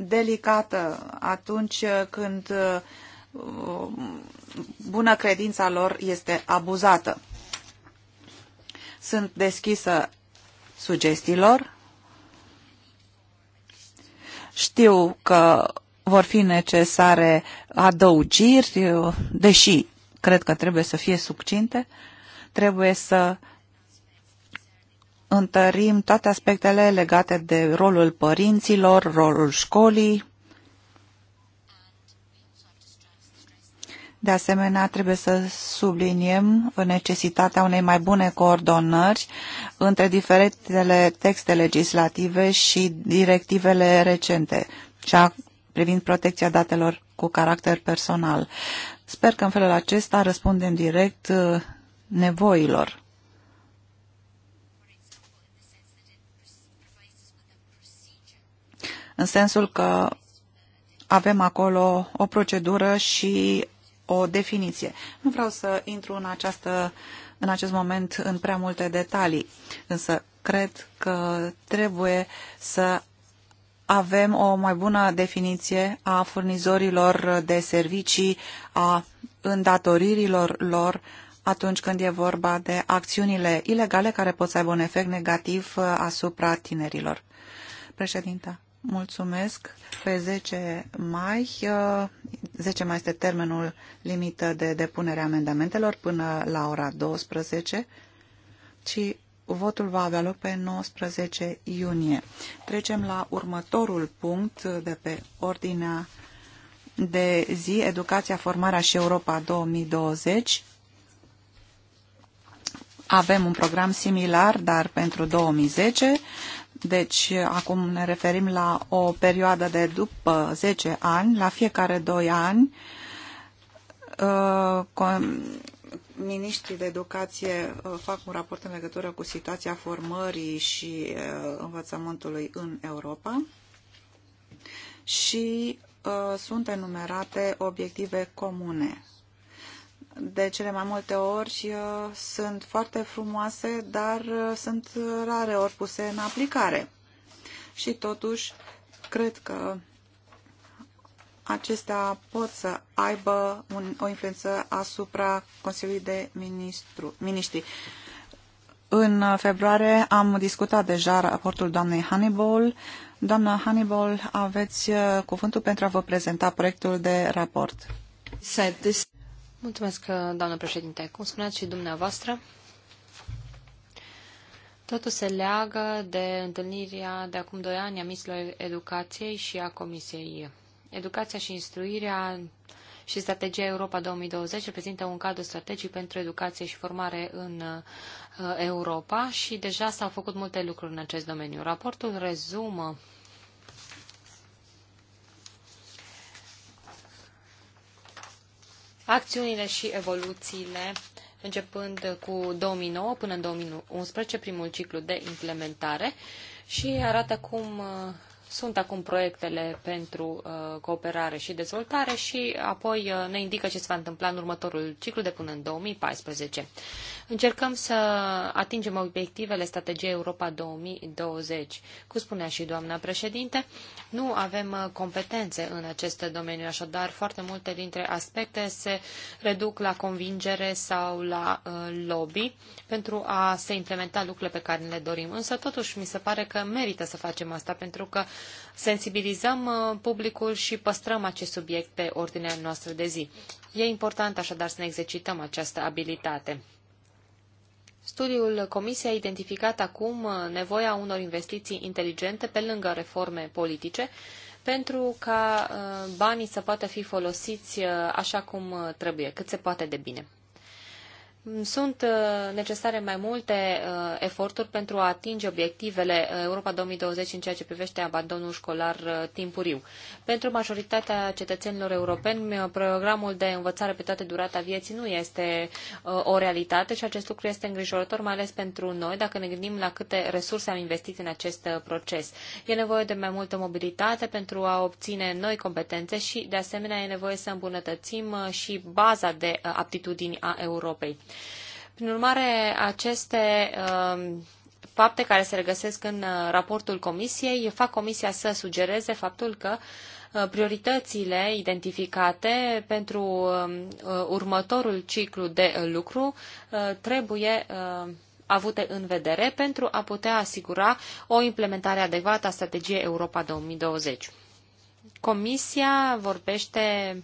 delicată atunci când uh, bună credința lor este abuzată. Sunt deschisă sugestiilor. Știu că vor fi necesare adăugiri, deși cred că trebuie să fie succinte, trebuie să întărim toate aspectele legate de rolul părinților, rolul școlii. De asemenea, trebuie să subliniem necesitatea unei mai bune coordonări între diferitele texte legislative și directivele recente, cea privind protecția datelor cu caracter personal. Sper că în felul acesta răspundem direct uh, nevoilor. în sensul că avem acolo o procedură și o definiție. Nu vreau să intru în, această, în acest moment în prea multe detalii, însă cred că trebuie să avem o mai bună definiție a furnizorilor de servicii, a îndatoririlor lor atunci când e vorba de acțiunile ilegale care pot să aibă un efect negativ uh, asupra tinerilor. Președinta, Mulțumesc. Pe 10 mai, 10 uh, mai este termenul limită de depunere a amendamentelor până la ora 12 și votul va avea loc pe 19 iunie. Trecem la următorul punct de pe ordinea de zi, Educația, Formarea și Europa 2020. Avem un program similar, dar pentru 2010. Deci, acum ne referim la o perioadă de după 10 ani, la fiecare 2 ani, uh, ministrii de educație uh, fac un raport în legătură cu situația formării și uh, învățământului în Europa și sunt enumerate obiective comune de cele mai multe ori uh, sunt foarte frumoase, dar uh, sunt rare ori puse în aplicare. Și totuși, cred că acestea pot să aibă un, o influență asupra Consiliului de Ministru, Ministri. În februarie am discutat deja raportul doamnei Hannibal. Doamna Hannibal, aveți uh, cuvântul pentru a vă prezenta proiectul de raport. Said this Mulțumesc, uh, doamnă președinte. Cum spuneați și dumneavoastră, totul se leagă de întâlnirea de acum doi ani a Ministrului educației și a comisiei. Educația și instruirea și strategia Europa 2020 reprezintă un cadru strategic pentru educație și formare în uh, Europa și deja s-au făcut multe lucruri în acest domeniu. Raportul rezumă acțiunile și evoluțiile începând cu 2009 până în 2011, primul ciclu de implementare și arată cum sunt acum proiectele pentru uh, cooperare și dezvoltare și apoi uh, ne indică ce se va întâmpla în următorul ciclu de până în 2014. Încercăm să atingem obiectivele strategiei Europa 2020. Cum spunea și doamna președinte, nu avem uh, competențe în acest domeniu, așadar foarte multe dintre aspecte se reduc la convingere sau la uh, lobby pentru a se implementa lucrurile pe care ne le dorim. Însă totuși mi se pare că merită să facem asta pentru că uh, sensibilizăm uh, publicul și păstrăm acest subiect pe ordinea noastră de zi. E important așadar să ne exercităm această abilitate. Studiul Comisiei a identificat acum uh, nevoia unor investiții inteligente pe lângă reforme politice pentru ca uh, banii să poată fi folosiți așa cum trebuie, cât se poate de bine. Sunt uh, necesare mai multe uh, eforturi pentru a atinge obiectivele uh, Europa 2020 în ceea ce privește abandonul școlar timpuriu. Pentru majoritatea cetățenilor europeni, programul de învățare pe toată durata vieții nu este o realitate și acest lucru este îngrijorător, mai ales pentru noi, dacă ne gândim la câte resurse am investit în acest proces. E nevoie de mai multă mobilitate pentru a obține noi competențe și, de asemenea, e nevoie să îmbunătățim și baza de aptitudini a Europei. Prin urmare, aceste um, fapte care se regăsesc în uh, raportul comisiei fac comisia să sugereze faptul că uh, prioritățile identificate pentru um, uh, următorul ciclu de lucru trebuie avute în vedere pentru a putea asigura o implementare adecvată a strategiei Europa 2020. Comisia vorbește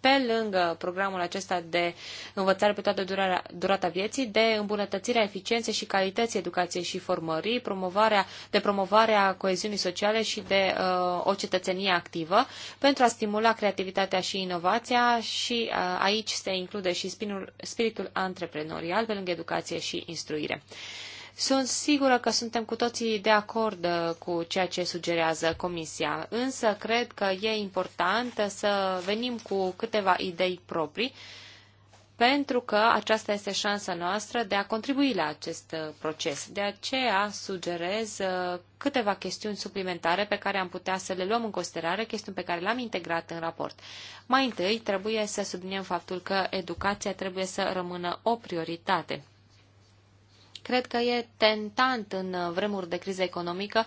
pe lângă programul acesta de învățare pe toată durarea, durata vieții, de îmbunătățirea eficienței și calității educației și formării, promovarea, de promovarea coeziunii sociale și de uh, o cetățenie activă, pentru a stimula creativitatea și inovația și uh, aici se include și spinul, spiritul antreprenorial pe lângă educație și instruire. Uh, sunt sigură că suntem cu toții de acord uh, cu ceea ce sugerează Comisia, însă cred că e important să venim cu câteva idei proprii, pentru că aceasta este șansa noastră de a contribui la acest uh, proces. De aceea sugerez uh, câteva chestiuni suplimentare pe care am putea să le luăm în considerare, chestiuni pe care le-am integrat în raport. Mai întâi, trebuie să subliniem faptul că educația trebuie să rămână o prioritate. Cred că e tentant în uh, vremuri de criză economică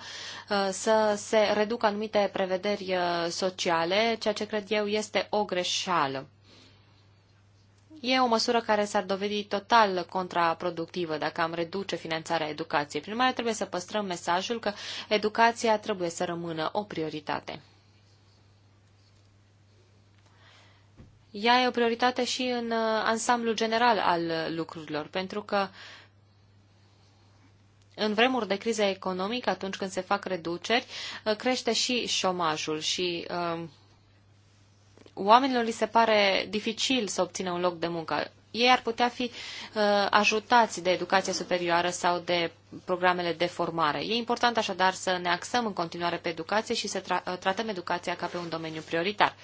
uh, să se reducă anumite prevederi uh, sociale, ceea ce cred eu este o greșeală. E o măsură care s-ar dovedi total contraproductivă dacă am reduce finanțarea educației. Prin urmare, trebuie să păstrăm mesajul că educația trebuie să rămână o prioritate. Ea e o prioritate și în ansamblul general al lucrurilor, pentru că uh, în vremuri de criză economică, atunci când se fac reduceri, uh, crește și șomajul și uh, oamenilor li se pare dificil să obțină un loc de muncă. Ei ar putea fi uh, ajutați de educația superioară sau de programele de formare. E important așadar să ne axăm în continuare pe educație și să tra uh, tratăm educația ca pe un domeniu prioritar.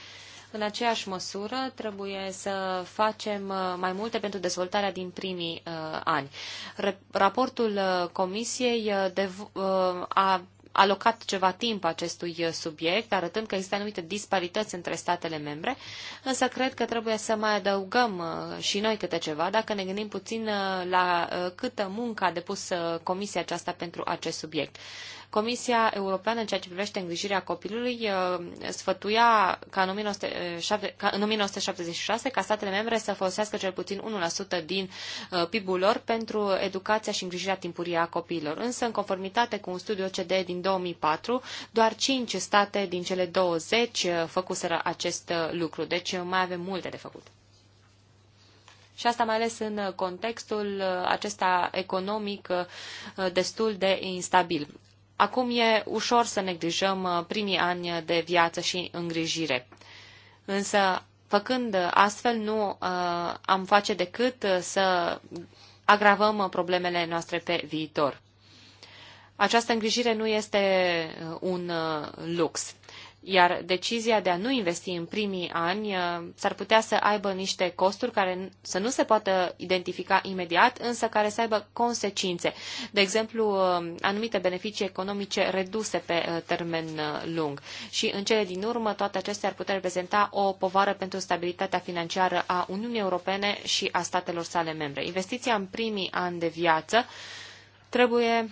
În aceeași măsură, trebuie să facem uh, mai multe pentru dezvoltarea din primii uh, ani. Raportul uh, Comisiei a alocat ceva timp acestui subiect, arătând că există anumite disparități între statele membre, însă cred că trebuie să mai adăugăm și noi câte ceva, dacă ne gândim puțin la câtă muncă a depus comisia aceasta pentru acest subiect. Comisia Europeană, în ceea ce privește îngrijirea copilului, uh, sfătuia ca în, 1907, ca în 1976 ca statele membre să folosească cel puțin 1% din uh, PIB-ul lor pentru educația și îngrijirea timpurie a copiilor. Însă, în conformitate cu un studiu OCDE din 2004, doar 5 state din cele 20 uh, făcuseră acest lucru. Deci mai avem multe de făcut. Și asta mai ales în contextul acesta economic destul de instabil. Acum e ușor să neglijăm uh, primii ani de viață și îngrijire. Însă, făcând astfel, nu uh, am face decât uh, să agravăm problemele noastre pe viitor. Această îngrijire nu este un lux iar decizia de a nu investi în primii ani uh, s-ar putea să aibă niște costuri care să nu se poată identifica imediat, însă care să aibă consecințe. De exemplu, uh, anumite beneficii economice reduse pe uh, termen lung. Și în cele din urmă, toate acestea ar putea reprezenta o povară pentru stabilitatea financiară a Uniunii Europene și a statelor sale membre. Investiția în primii ani de viață trebuie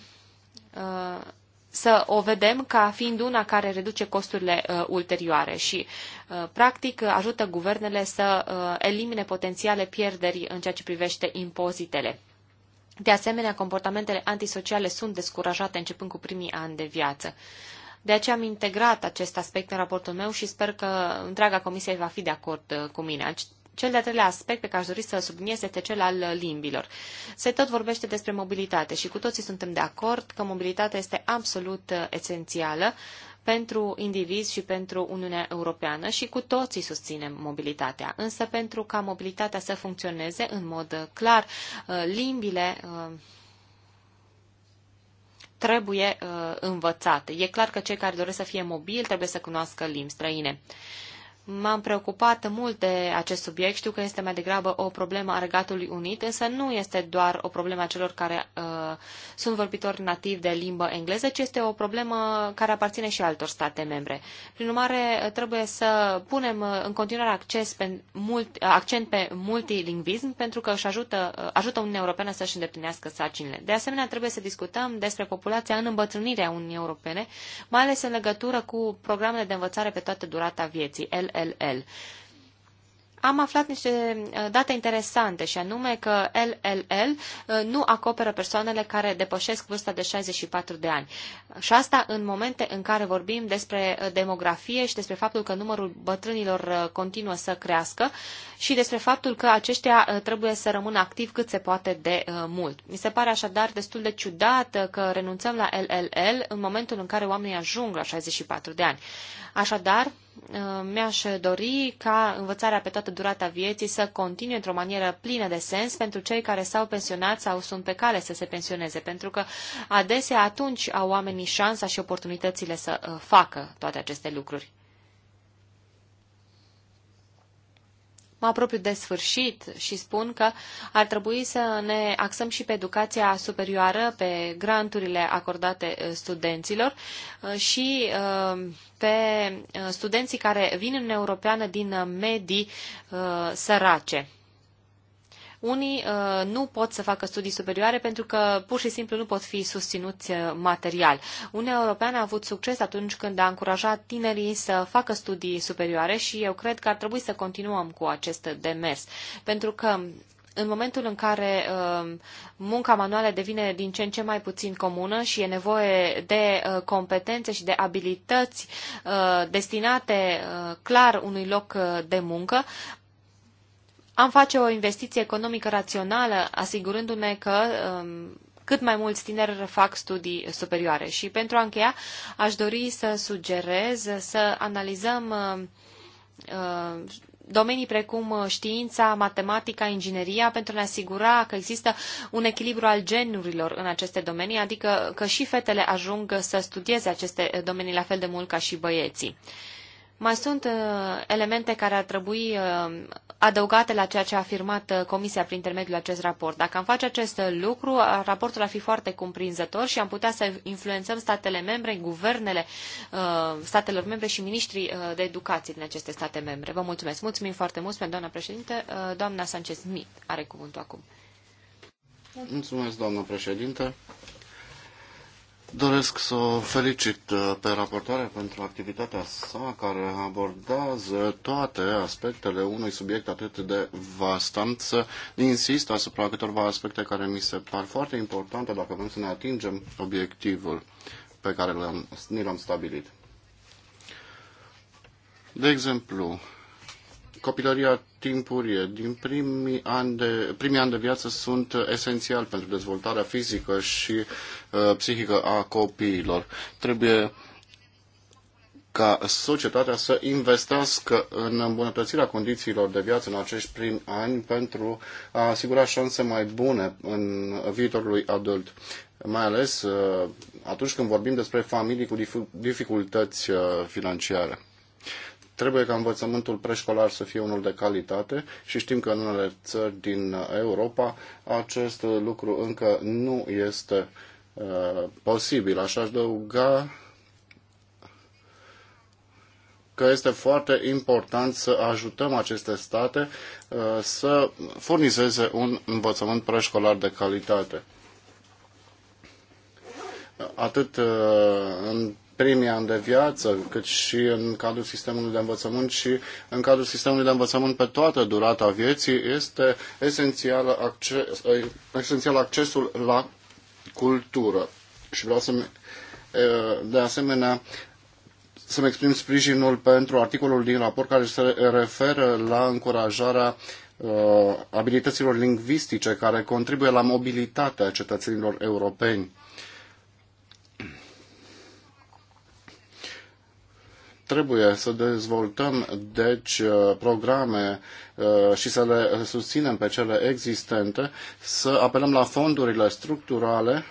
să o vedem ca fiind una care reduce costurile uh, ulterioare și, uh, practic, ajută guvernele să uh, elimine potențiale pierderi în ceea ce privește impozitele. De asemenea, comportamentele antisociale sunt descurajate începând cu primii ani de viață. De aceea am integrat acest aspect în raportul meu și sper că întreaga comisie va fi de acord uh, cu mine. Cel de-al treilea aspect pe care aș dori să-l subliniez este cel al limbilor. Se tot vorbește despre mobilitate și cu toții suntem de acord că mobilitatea este absolut uh, esențială pentru indivizi și pentru Uniunea Europeană și cu toții susținem mobilitatea. Însă pentru ca mobilitatea să funcționeze în mod uh, clar, uh, limbile trebuie învățate. E clar că cei care doresc să fie mobili trebuie să cunoască limbi străine. M-am preocupat mult de acest subiect, știu că este mai degrabă o problemă a Regatului Unit, însă nu este doar o problemă a celor care uh, sunt vorbitori nativi de limbă engleză, ci este o problemă care aparține și altor state membre. Prin urmare, trebuie să punem uh, în continuare acces pe mult, uh, accent pe multilingvism, pentru că își ajută, uh, ajută Uniunea Europeană să-și îndeplinească sarcinile. De asemenea, trebuie să discutăm despre populația în îmbătrânirea Uniunii Europene, mai ales în legătură cu programele de învățare pe toată durata vieții, L LLL. Am aflat niște uh, date interesante și anume că LLL uh, nu acoperă persoanele care depășesc vârsta de 64 de ani. Și asta în momente în care vorbim despre uh, demografie și despre faptul că numărul bătrânilor continuă să crească și despre faptul că aceștia trebuie să rămână activ cât se poate de mult. Mi se pare așadar destul de ciudat că renunțăm la LLL în momentul în care oamenii ajung la 64 de ani. Așadar, Uh, mi-aș dori ca învățarea pe toată durata vieții să continue într-o manieră plină de sens pentru cei care s-au pensionat sau sunt pe cale să se pensioneze, pentru că adesea atunci au oamenii șansa și oportunitățile să uh, facă toate aceste lucruri. mă apropiu de sfârșit și spun că ar trebui să ne axăm și pe educația superioară, pe granturile acordate uh, studenților uh, și uh, pe studenții care vin în Europeană din medii sărace. Unii uh, nu pot să facă studii superioare pentru că pur și simplu nu pot fi susținuți uh, material. Uniunea Europeană a avut succes atunci când a încurajat tinerii să facă studii superioare și eu cred că ar trebui să continuăm cu acest demers. Pentru că în momentul în care uh, munca manuală devine din ce în ce mai puțin comună și e nevoie de uh, competențe și de abilități uh, destinate uh, clar unui loc uh, de muncă, am face o investiție economică rațională, asigurându-ne că um, cât mai mulți tineri fac studii superioare. Și pentru a încheia, aș dori să sugerez să analizăm uh, domenii precum știința, matematica, ingineria, pentru a ne asigura că există un echilibru al genurilor în aceste domenii, adică că și fetele ajung să studieze aceste domenii la fel de mult ca și băieții. Mai sunt uh, elemente care ar trebui uh, adăugate la ceea ce a afirmat uh, Comisia prin intermediul acest raport. Dacă am face acest uh, lucru, uh, raportul ar fi foarte cuprinzător și am putea să influențăm statele membre, guvernele statelor membre și ministrii de educație din aceste state membre. Vă mulțumesc. Mulțumim foarte mult, doamna președinte. Doamna sanchez mit are cuvântul acum. Mulțumesc, doamna președinte. Doresc să o felicit uh, pe raportoare pentru activitatea sa care abordează toate aspectele unui subiect atât de vast. Am să insist asupra câtorva aspecte care mi se par foarte importante dacă vrem să ne atingem obiectivul pe care ni l-am stabilit. De exemplu, Copilăria timpurie din primii ani de, primii ani de viață sunt esențial pentru dezvoltarea fizică și uh, psihică a copiilor. Trebuie ca societatea să investească în îmbunătățirea condițiilor de viață în acești primi ani pentru a asigura șanse mai bune în viitorului adult. Mai ales uh, atunci când vorbim despre familii cu dificultăți uh, financiare. Trebuie ca învățământul preșcolar să fie unul de calitate și știm că în unele țări din Europa acest lucru încă nu este uh, posibil. Aș adăuga că este foarte important să ajutăm aceste state uh, să furnizeze un învățământ preșcolar de calitate. Atât uh, în primii ani de viață, cât și în cadrul sistemului de învățământ și în cadrul sistemului de învățământ pe toată durata vieții, este esențial, acces, eh, esențial accesul la cultură. Și vreau să eh, de asemenea să-mi exprim sprijinul pentru articolul din raport care se referă la încurajarea eh, abilităților lingvistice care contribuie la mobilitatea cetățenilor europeni. Trebuie să dezvoltăm, deci, uh, programe uh, și să le susținem pe cele existente, să apelăm la fondurile structurale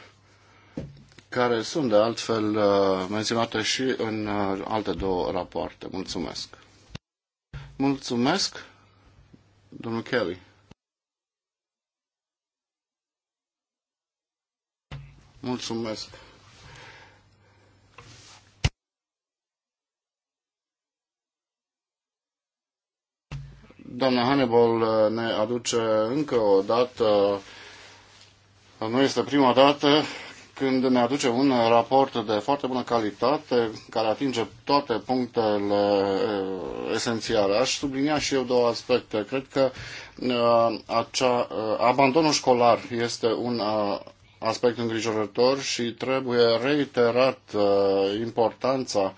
care sunt de altfel uh, menționate și în alte două rapoarte. Mulțumesc! Mulțumesc, domnul Kelly! Mulțumesc! Doamna Hannibal uh, ne aduce încă o dată, uh, nu este prima dată, când ne aduce un raport de foarte bună calitate, care atinge toate punctele uh, esențiale. Aș sublinia și eu două aspecte. Cred că acea, abandonul școlar este un aspect îngrijorător și trebuie reiterat importanța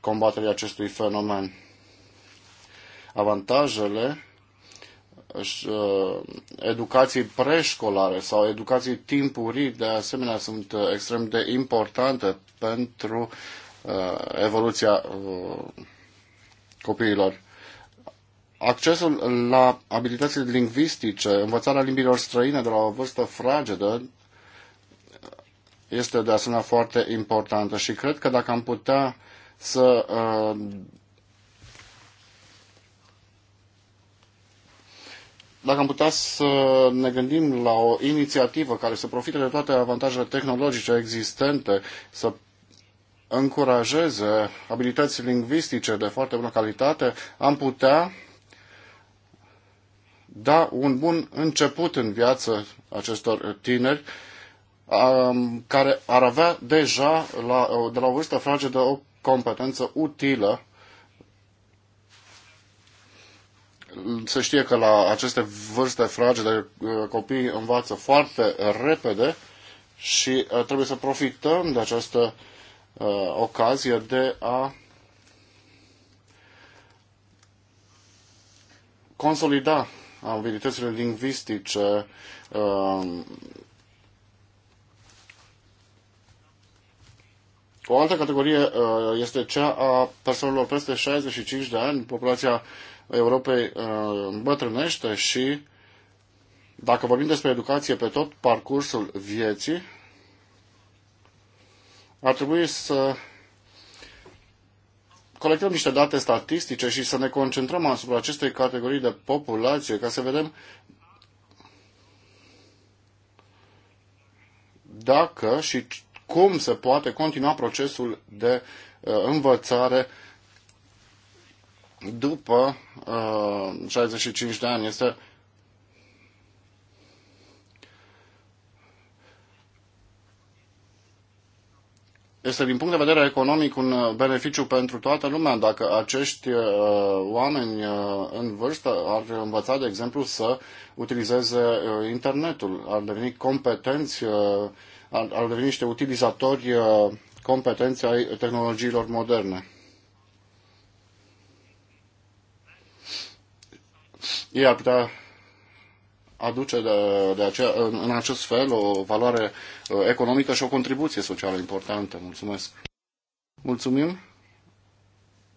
combaterii acestui fenomen avantajele uh, educației preșcolare sau educației timpurii, de asemenea, sunt uh, extrem de importante pentru uh, evoluția copiilor. Accesul la abilitățile lingvistice, învățarea limbilor străine de la o vârstă fragedă, este de asemenea foarte importantă și cred că dacă am putea să uh, dacă am putea să ne gândim la o inițiativă care să profite de toate avantajele tehnologice existente, să încurajeze abilități lingvistice de foarte bună calitate, am putea da un bun început în viață acestor tineri um, care ar avea deja la, de la o vârstă fragedă o competență utilă se știe că la aceste vârste fragede uh, copiii învață foarte repede și uh, trebuie să profităm de această uh, ocazie de a consolida abilitățile lingvistice uh, O altă categorie uh, este cea a persoanelor peste 65 de ani. Populația Europei uh, îmbătrânește și dacă vorbim despre educație pe tot parcursul vieții, ar trebui să colectăm niște date statistice și să ne concentrăm asupra acestei categorii de populație ca să vedem dacă și cum se poate continua procesul de uh, învățare după uh, 65 de ani. Este este din punct de vedere economic un uh, beneficiu pentru toată lumea dacă acești uh, oameni uh, în vârstă ar învăța, de exemplu, să utilizeze uh, internetul, ar deveni competenți, uh, ar, ar deveni niște utilizatori uh, competenți ai tehnologiilor moderne. ei ar putea aduce de, de acea, în acest fel o valoare uh, economică și o contribuție socială importantă. Mulțumesc! Mulțumim!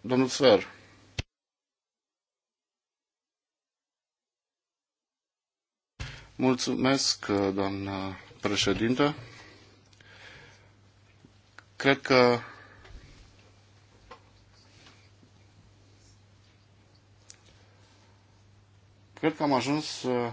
Domnul Sfer! Mulțumesc, uh, doamnă președinte. Cred că Cred că am ajuns uh,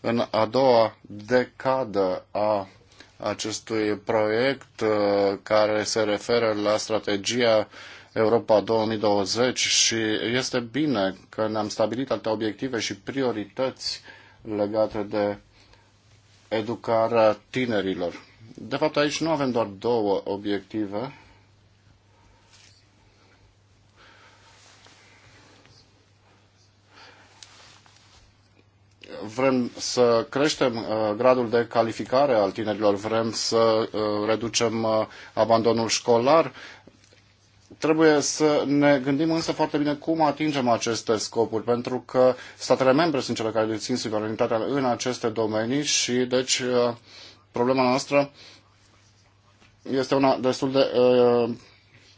în a doua decadă a acestui proiect uh, care se referă la strategia Europa 2020 și este bine că ne-am stabilit alte obiective și priorități legate de educarea tinerilor. De fapt, aici nu avem doar două obiective, vrem să creștem uh, gradul de calificare al tinerilor, vrem să uh, reducem uh, abandonul școlar. Trebuie să ne gândim însă foarte bine cum atingem aceste scopuri, pentru că statele membre sunt cele care dețin suveranitatea în aceste domenii și deci problema noastră este una destul de uh,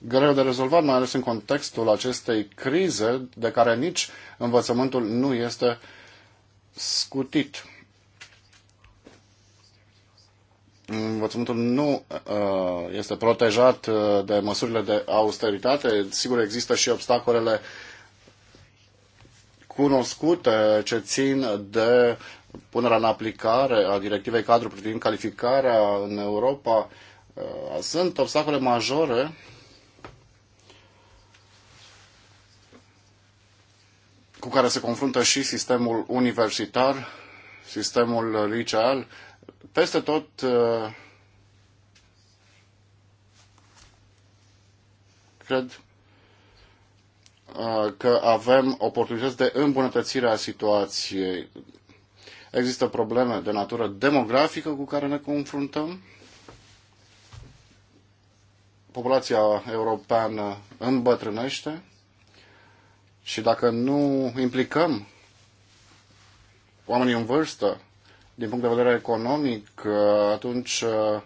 greu de rezolvat, mai ales în contextul acestei crize de care nici învățământul nu este scutit. Învățământul nu uh, este protejat uh, de măsurile de austeritate. Sigur, există și obstacolele cunoscute ce țin de punerea în aplicare a directivei cadru privind calificarea în Europa. Uh, sunt obstacole majore cu care se confruntă și sistemul universitar, sistemul liceal. Peste tot uh, cred uh, că avem oportunități de îmbunătățire a situației. Există probleme de natură demografică cu care ne confruntăm. Populația europeană îmbătrânește. Și dacă nu implicăm oamenii în vârstă, din punct de vedere economic, atunci uh,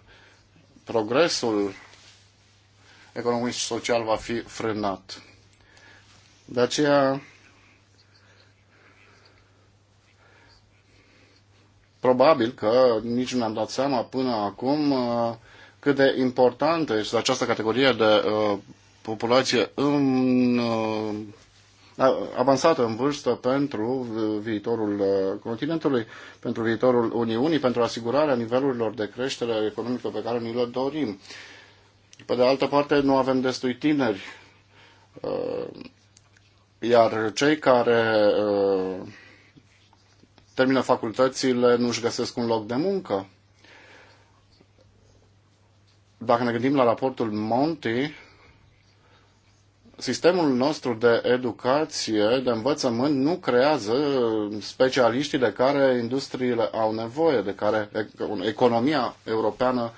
progresul economic și social va fi frânat. De aceea, probabil că nici nu ne-am dat seama până acum uh, cât de importantă este această categorie de uh, populație în da, avansată în vârstă pentru uh, viitorul uh, continentului, pentru viitorul Uniunii, pentru asigurarea nivelurilor de creștere economică pe care ni le dorim. Pe de altă parte, nu avem destui tineri, uh, iar cei care termină facultățile nu își găsesc un loc de muncă. Dacă ne gândim la raportul Monti, sistemul nostru de educație, de învățământ, nu creează specialiștii de care industriile au nevoie, de care economia europeană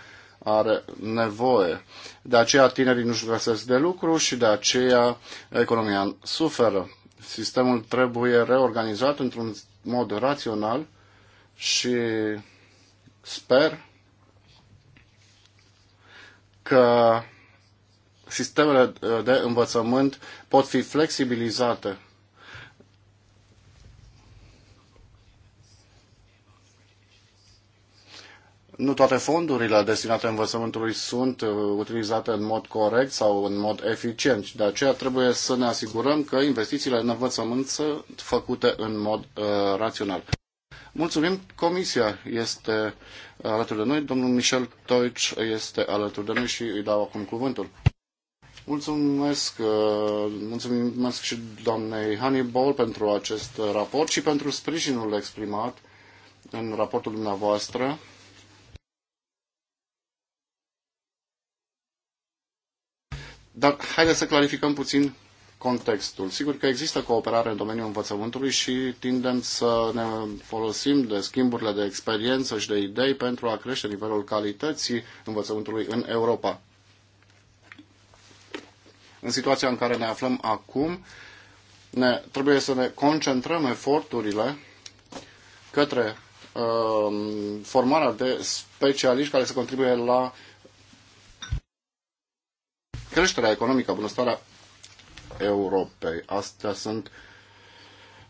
are nevoie. De aceea tinerii nu-și găsesc de lucru și de aceea economia suferă. Sistemul trebuie reorganizat într-un mod rațional și sper că sistemele uh, de învățământ pot fi flexibilizate. Nu toate fondurile destinate învățământului sunt uh, utilizate în mod corect sau în mod eficient. De aceea trebuie să ne asigurăm că investițiile în învățământ sunt făcute în mod uh, rațional. Mulțumim, Comisia este uh, alături de noi, domnul Michel Toici este alături de noi și îi dau acum cuvântul. Mulțumesc, uh, mulțumesc și doamnei Hannibal pentru acest raport și pentru sprijinul exprimat în raportul dumneavoastră. Dar haideți să clarificăm puțin contextul. Sigur că există cooperare în domeniul învățământului și tindem să ne folosim de schimburile de experiență și de idei pentru a crește nivelul calității învățământului în Europa în situația în care ne aflăm acum, ne, trebuie să ne concentrăm eforturile către uh, formarea de specialiști care să contribuie la creșterea economică, bunăstarea Europei. Astea sunt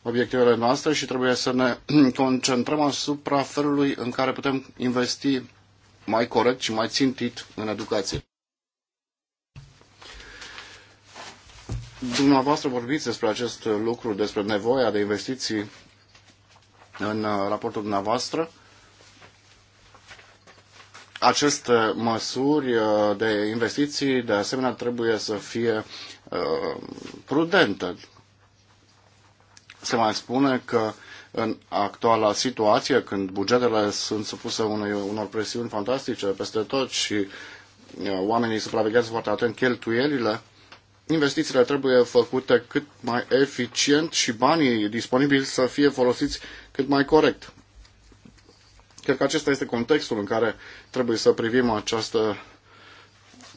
obiectivele noastre și trebuie să ne concentrăm asupra felului în care putem investi mai corect și mai țintit în educație. Dumneavoastră vorbiți despre acest lucru, despre nevoia de investiții în uh, raportul dumneavoastră. Aceste măsuri uh, de investiții, de asemenea, trebuie să fie uh, prudente. Se mai spune că în actuala situație, când bugetele sunt supuse unei, unor presiuni fantastice peste tot și oamenii supraveghează foarte atent cheltuielile, investițiile trebuie făcute cât mai eficient și banii disponibili să fie folosiți cât mai corect. Cred că acesta este contextul în care trebuie să privim această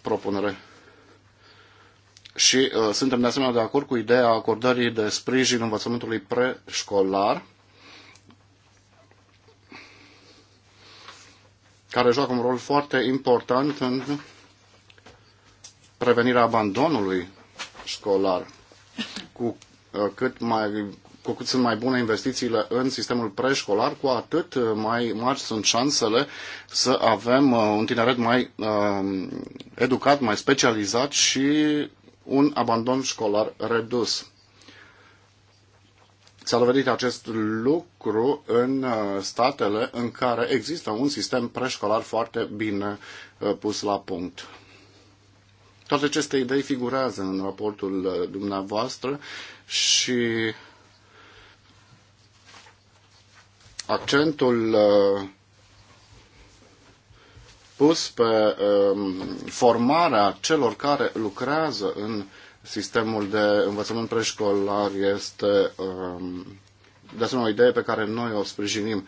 propunere. Și uh, suntem de asemenea de acord cu ideea acordării de sprijin învățământului preșcolar, care joacă un rol foarte important în prevenirea abandonului școlar. Cu uh, cât mai cu cât sunt mai bune investițiile în sistemul preșcolar, cu atât uh, mai mari sunt șansele să avem uh, un tineret mai um, educat, mai specializat și un abandon școlar redus. S-a dovedit acest lucru în statele în care există un sistem preșcolar foarte bine pus la punct. Toate aceste idei figurează în raportul uh, dumneavoastră și accentul uh, pus pe um, formarea celor care lucrează în sistemul de învățământ preșcolar este um, de asemenea o idee pe care noi o sprijinim.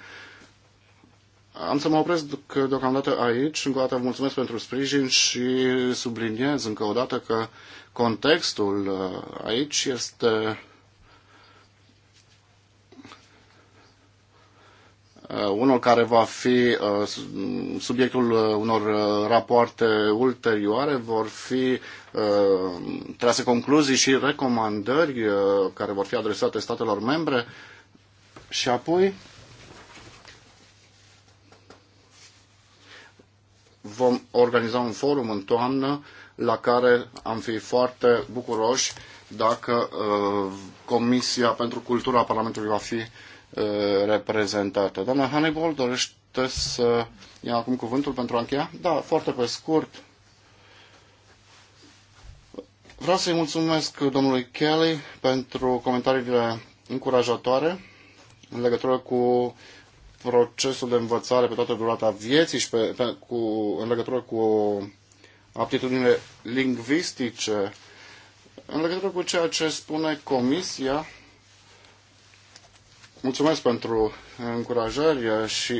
Am să mă opresc deocamdată aici. Încă o dată vă mulțumesc pentru sprijin și subliniez încă o dată că contextul uh, aici este uh, unul care va fi uh, subiectul unor rapoarte ulterioare, vor fi trase concluzii și recomandări care vor fi adresate statelor membre și apoi vom organiza un forum în toamnă la care am fi foarte bucuroși dacă uh, Comisia pentru Cultura a Parlamentului va fi uh, reprezentată. Doamna Hannibal, dorește să ia acum cuvântul pentru a încheia? Da, foarte pe scurt. Vreau să-i mulțumesc domnului Kelly pentru comentariile încurajatoare în legătură cu procesul de învățare pe toată durata vieții și pe, pe, cu, în legătură cu aptitudinile lingvistice, în legătură cu ceea ce spune Comisia, mulțumesc pentru încurajări și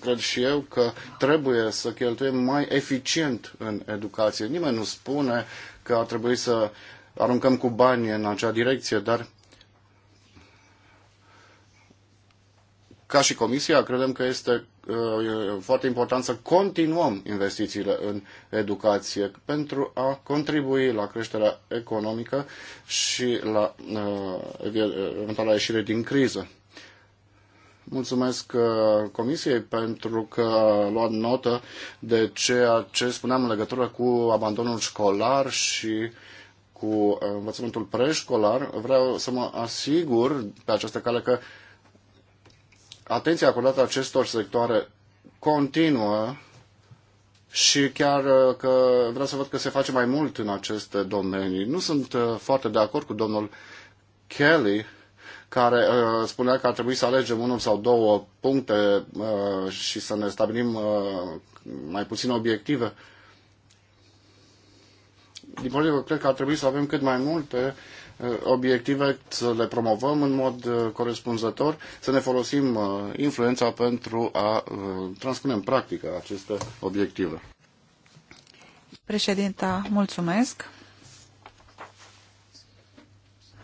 cred și eu că trebuie să cheltuim mai eficient în educație. Nimeni nu spune că ar trebui să aruncăm cu bani în acea direcție, dar ca și Comisia, credem că este uh, foarte important să continuăm investițiile în educație pentru a contribui la creșterea economică și la uh, uh, eventuala ieșire din criză. Mulțumesc Comisiei pentru că a luat notă de ceea ce spuneam în legătură cu abandonul școlar și cu învățământul preșcolar. Vreau să mă asigur pe această cale că uh, atenția acordată acestor sectoare continuă și chiar uh, că vreau să văd că se face mai mult în aceste domenii. Nu sunt uh, foarte de acord cu domnul Kelly, care uh, spunea că ar trebui să alegem unul sau două puncte uh, și să ne stabilim uh, mai puțin obiective. Din potrivă, cred că ar trebui să avem cât mai multe uh, Uh, obiective, să le promovăm în mod uh, corespunzător, să ne folosim uh, influența pentru a transpune în practică aceste obiective. Președinta, mulțumesc.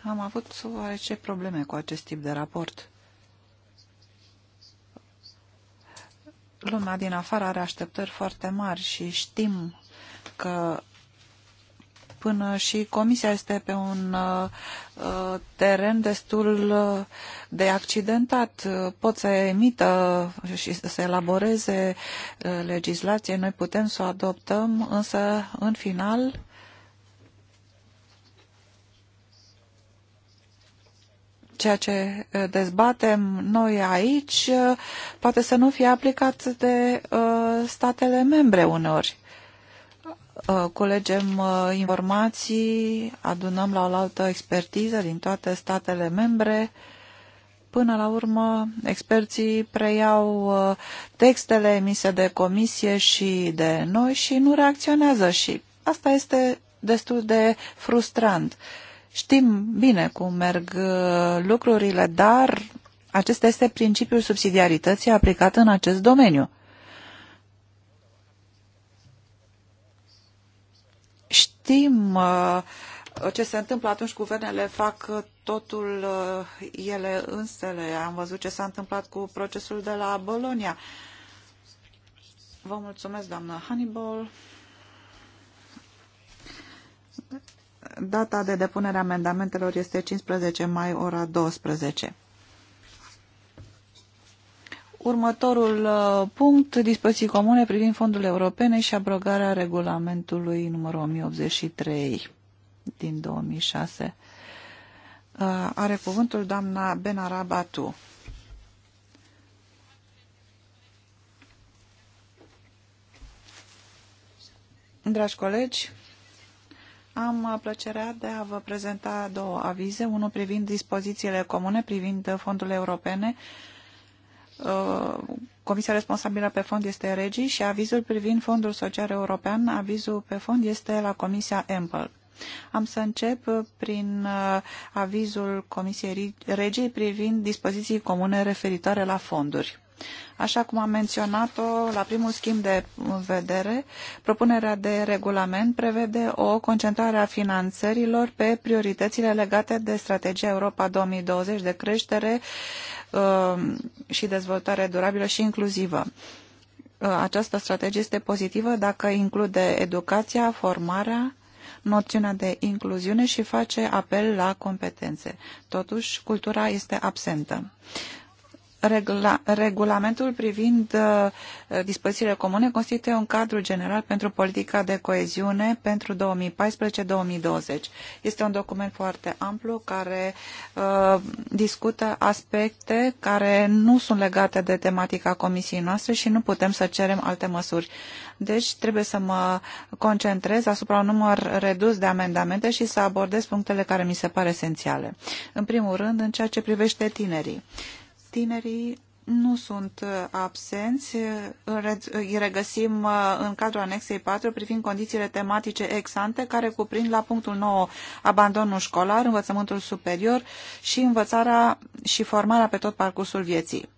Am avut oarece probleme cu acest tip de raport. Lumea din afară are așteptări foarte mari și știm că până și Comisia este pe un uh, teren destul uh, de accidentat. Pot să emită și să elaboreze uh, legislație, noi putem să o adoptăm, însă în final ceea ce dezbatem noi aici poate să nu fie aplicat de statele membre uneori. Uh, colegem uh, informații, adunăm la oaltă expertiză din toate statele membre. Până la urmă, experții preiau uh, textele emise de comisie și de noi și nu reacționează și asta este destul de frustrant. Știm bine cum merg lucrurile, dar acesta este principiul subsidiarității aplicat în acest domeniu. știm uh, ce se întâmplă atunci guvernele fac totul uh, ele însele. Am văzut ce s-a întâmplat cu procesul de la Bolonia. Vă mulțumesc, doamnă Hannibal. Data de depunere a amendamentelor este 15 mai, ora 12. Următorul uh, punct, dispoziții comune privind fondurile europene și abrogarea regulamentului numărul 1083 din 2006. Uh, are cuvântul doamna Benarabatu. Dragi colegi, am plăcerea de a vă prezenta două avize, unul privind dispozițiile comune privind fondurile europene Uh, comisia responsabilă pe fond este Regi și avizul privind Fondul Social European, avizul pe fond este la comisia Ample. Am să încep prin uh, avizul Comisiei Regii privind dispoziții comune referitoare la fonduri. Așa cum am menționat-o la primul schimb de vedere, propunerea de regulament prevede o concentrare a finanțărilor pe prioritățile legate de strategia Europa 2020 de creștere um, și dezvoltare durabilă și inclusivă uh, această strategie este pozitivă dacă include educația, formarea, noțiunea de incluziune și face apel la competențe. Totuși, cultura este absentă regla, regulamentul privind uh, dispozițiile comune constituie un cadru general pentru politica de coeziune pentru 2014-2020. Este un document foarte amplu care uh, discută aspecte care nu sunt legate de tematica comisiei noastre și nu putem să cerem alte măsuri. Deci trebuie să mă concentrez asupra un număr redus de amendamente și să abordez punctele care mi se par esențiale. În primul rând, în ceea ce privește tinerii. Tinerii nu sunt uh, absenți. Uh, îi regăsim uh, în cadrul anexei 4 privind condițiile tematice exante care cuprind la punctul 9 abandonul școlar, învățământul superior și învățarea și formarea pe tot parcursul vieții.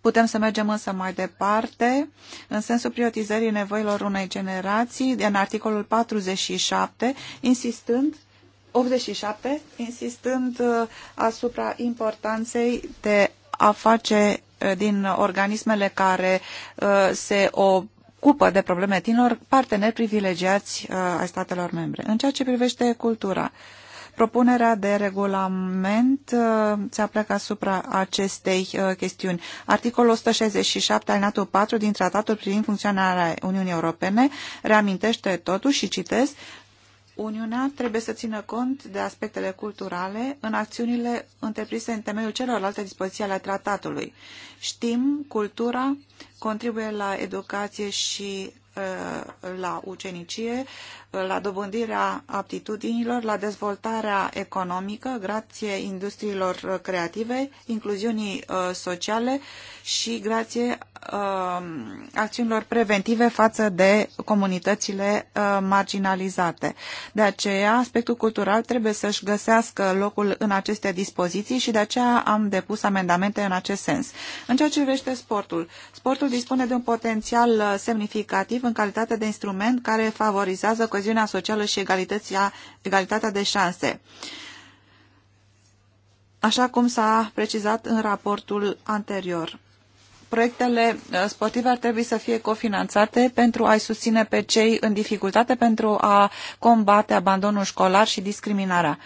Putem să mergem însă mai departe, în sensul prioritizării nevoilor unei generații, în articolul 47, insistând 87, insistând uh, asupra importanței de a face uh, din organismele care uh, se ocupă de probleme tinerilor parteneri privilegiați ai statelor membre. În ceea ce privește cultura, propunerea de regulament se apleacă asupra acestei chestiuni. Articolul 167 NATO 4 din tratatul privind funcționarea Uniunii Europene reamintește totuși și citesc Uniunea trebuie să țină cont de aspectele culturale în acțiunile întreprise în temeiul celorlalte dispoziții ale tratatului. Știm, cultura contribuie la educație și Uh, la ucenicie, uh, la dobândirea aptitudinilor, la dezvoltarea economică, grație industriilor uh, creative, incluziunii sociale și grație acțiunilor preventive față de comunitățile marginalizate. De aceea, aspectul cultural trebuie să-și găsească locul în aceste dispoziții și de aceea am depus amendamente în acest sens. În ceea ce privește sportul, sportul dispune de un potențial semnificativ în calitate de instrument care favorizează coeziunea socială și egalitatea de șanse. Așa cum s-a precizat în raportul anterior proiectele uh, sportive ar trebui să fie cofinanțate pentru a-i susține pe cei în dificultate, pentru a combate abandonul școlar și discriminarea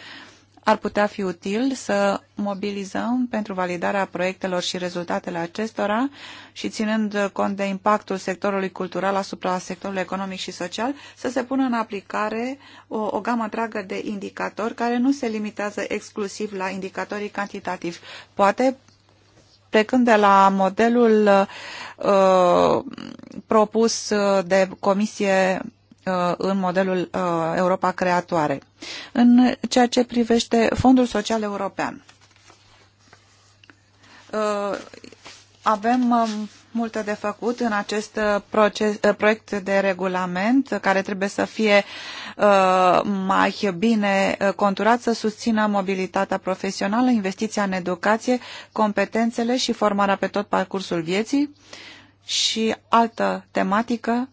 ar putea fi util să mobilizăm pentru validarea proiectelor și rezultatele acestora și ținând cont de impactul sectorului cultural asupra sectorului economic și social, să se pună în aplicare o, o gamă întreagă de indicatori care nu se limitează exclusiv la indicatorii cantitativi. Poate plecând de la modelul uh, propus de Comisie Uh, în modelul uh, Europa Creatoare. În ceea ce privește Fondul Social European, uh, avem multe de făcut în acest proces, proiect de regulament care trebuie să fie mai bine conturat, să susțină mobilitatea profesională, investiția în educație, competențele și formarea pe tot parcursul vieții și altă tematică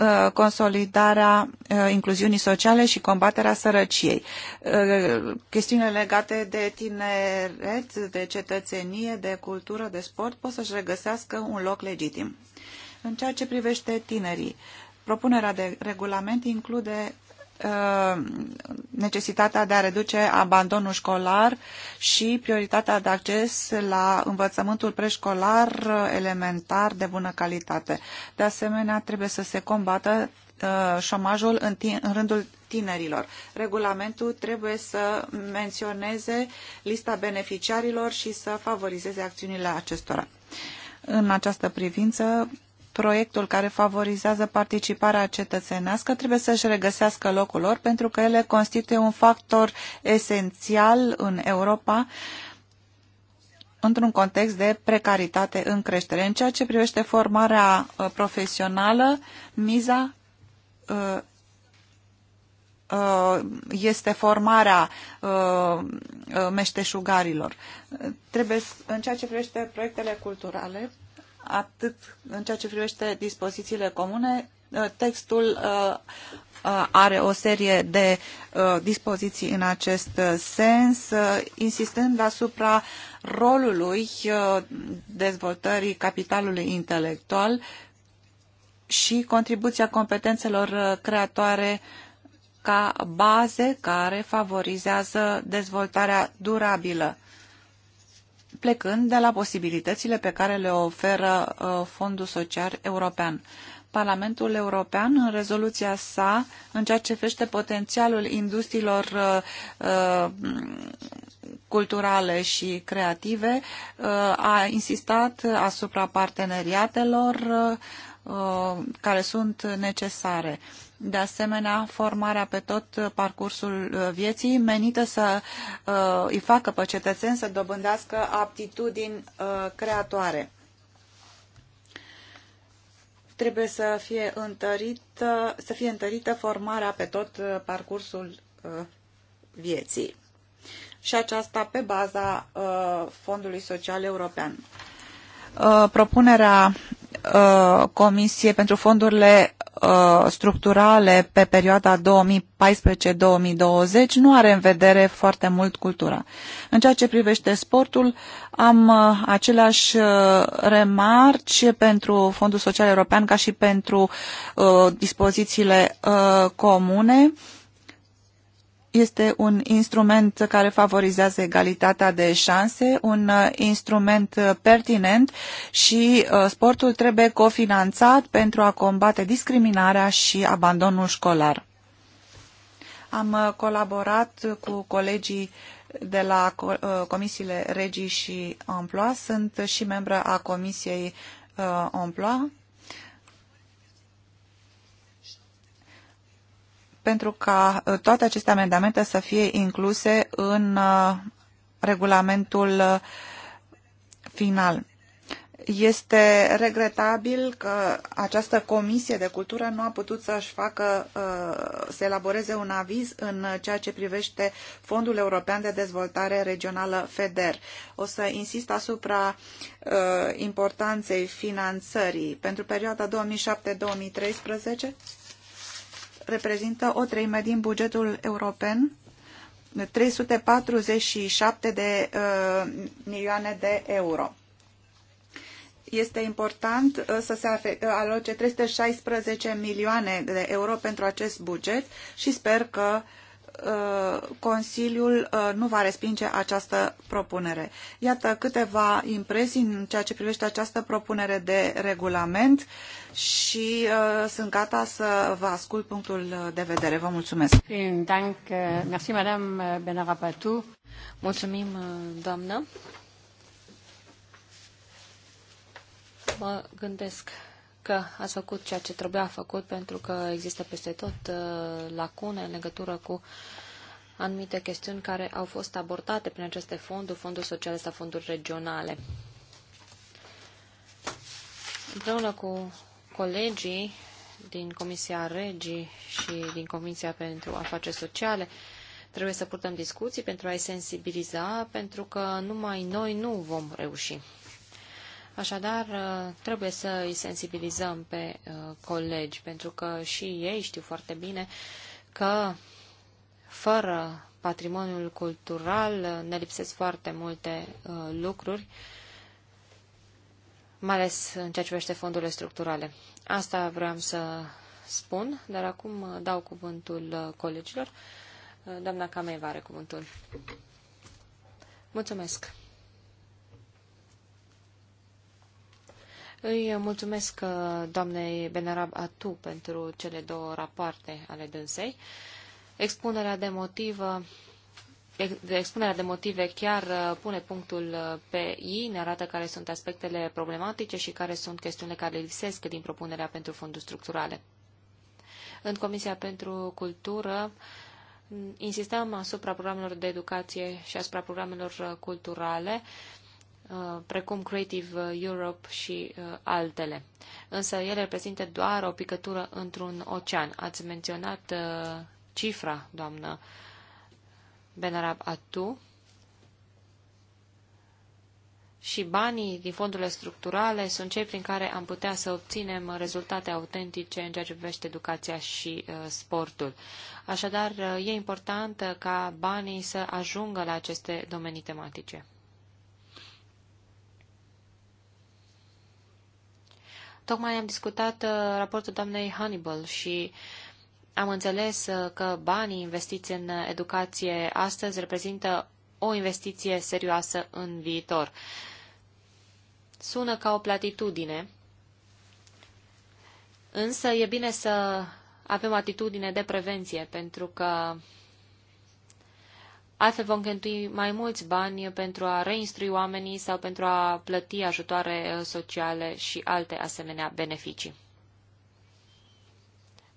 Uh, consolidarea uh, incluziunii sociale și combaterea sărăciei. Uh, chestiunile legate de tineret, de cetățenie, de cultură, de sport pot să-și regăsească un loc legitim. În ceea ce privește tinerii, propunerea de regulament include Uh, necesitatea de a reduce abandonul școlar și prioritatea de acces la învățământul preșcolar uh, elementar de bună calitate. De asemenea, trebuie să se combată uh, șomajul în, în rândul tinerilor. Regulamentul trebuie să menționeze lista beneficiarilor și să favorizeze acțiunile acestora. În această privință, proiectul care favorizează participarea cetățenească trebuie să-și regăsească locul lor pentru că ele constituie un factor esențial în Europa într-un context de precaritate în creștere. În ceea ce privește formarea uh, profesională, miza uh, uh, este formarea meșteșugarilor. Trebuie, în ceea ce privește proiectele culturale, atât în ceea ce privește dispozițiile comune, uh, textul uh, uh, are o serie de dispoziții în acest sens, insistând asupra rolului dezvoltării capitalului intelectual și contribuția competențelor creatoare ca baze care favorizează dezvoltarea durabilă plecând de la posibilitățile pe care le oferă uh, Fondul Social European. Parlamentul European, în rezoluția sa, în ceea ce fește potențialul industriilor uh, uh, culturale și creative, uh, a insistat asupra parteneriatelor uh, care sunt necesare de asemenea formarea pe tot parcursul uh, vieții menită să uh, îi facă pe cetățeni să dobândească aptitudini uh, creatoare. Trebuie să fie, întărită, să fie întărită formarea pe tot uh, parcursul uh, vieții și aceasta pe baza uh, Fondului Social European. Uh, propunerea uh, Comisie pentru fondurile uh, structurale pe perioada 2014-2020 nu are în vedere foarte mult cultura. În ceea ce privește sportul, am uh, aceleași uh, remarci pentru Fondul Social European ca și pentru uh, dispozițiile uh, comune. Uh, este un instrument care favorizează egalitatea de șanse, un uh, instrument uh, pertinent și uh, sportul trebuie cofinanțat pentru a combate discriminarea și abandonul școlar. Am colaborat cu colegii de la comisiile Regii și Amploa. Sunt și membră a comisiei Amploa pentru ca uh, toate aceste amendamente să fie incluse în uh, regulamentul uh, final. Este regretabil că această comisie de cultură nu a putut să-și facă, să elaboreze un aviz în ceea ce privește Fondul European de Dezvoltare Regională FEDER. O să insist asupra importanței finanțării pentru perioada 2007-2013 reprezintă o treime din bugetul european, 347 de uh, milioane de euro. Este important uh, să se uh, aloce 316 milioane de euro pentru acest buget și sper că uh, Uh, Consiliul uh, nu va respinge această propunere. Iată câteva impresii în ceea ce privește această propunere de regulament și uh, sunt gata să vă ascult punctul de vedere. Vă mulțumesc. Mulțumim, doamnă. Mă gândesc că ați făcut ceea ce trebuia făcut, pentru că există peste tot uh, lacune în legătură cu anumite chestiuni care au fost abordate prin aceste fonduri, fonduri sociale sau fonduri regionale. Împreună cu colegii din Comisia Regii și din Comisia pentru Afaceri Sociale, trebuie să purtăm discuții pentru a-i sensibiliza, pentru că numai noi nu vom reuși. Așadar, uh, trebuie să îi sensibilizăm pe uh, colegi, pentru că și ei știu foarte bine că fără patrimoniul cultural uh, ne lipsesc foarte multe lucruri, mai ales în ceea ce privește fondurile structurale. Asta vreau să spun, dar acum dau cuvântul colegilor. Doamna Camei are cuvântul. Mulțumesc! Îi mulțumesc uh, doamnei Benarab Atu pentru cele două rapoarte ale dânsei. Expunerea de motivă expunerea de motive chiar uh, pune punctul uh, pe I, ne arată care sunt aspectele problematice și care sunt chestiunile care lipsesc din propunerea pentru fonduri structurale. În Comisia pentru Cultură mm, insistăm asupra programelor de educație și asupra programelor culturale Uh, precum Creative uh, Europe și uh, altele. Însă ele reprezintă doar o picătură într-un ocean. Ați menționat cifra, doamnă Benarab Atu, și banii din fondurile structurale sunt cei prin care am putea să obținem rezultate autentice în ceea ce privește educația și uh, sportul. Așadar, e important ca banii să ajungă la aceste domenii tematice. Tocmai am discutat uh, raportul doamnei Hannibal și am înțeles uh, că banii investiți în educație astăzi reprezintă o investiție serioasă în viitor. Sună ca o platitudine, însă e bine să avem atitudine de prevenție, pentru că Altfel vom cheltui mai mulți bani pentru a reinstrui oamenii sau pentru a plăti ajutoare uh, sociale și alte asemenea beneficii.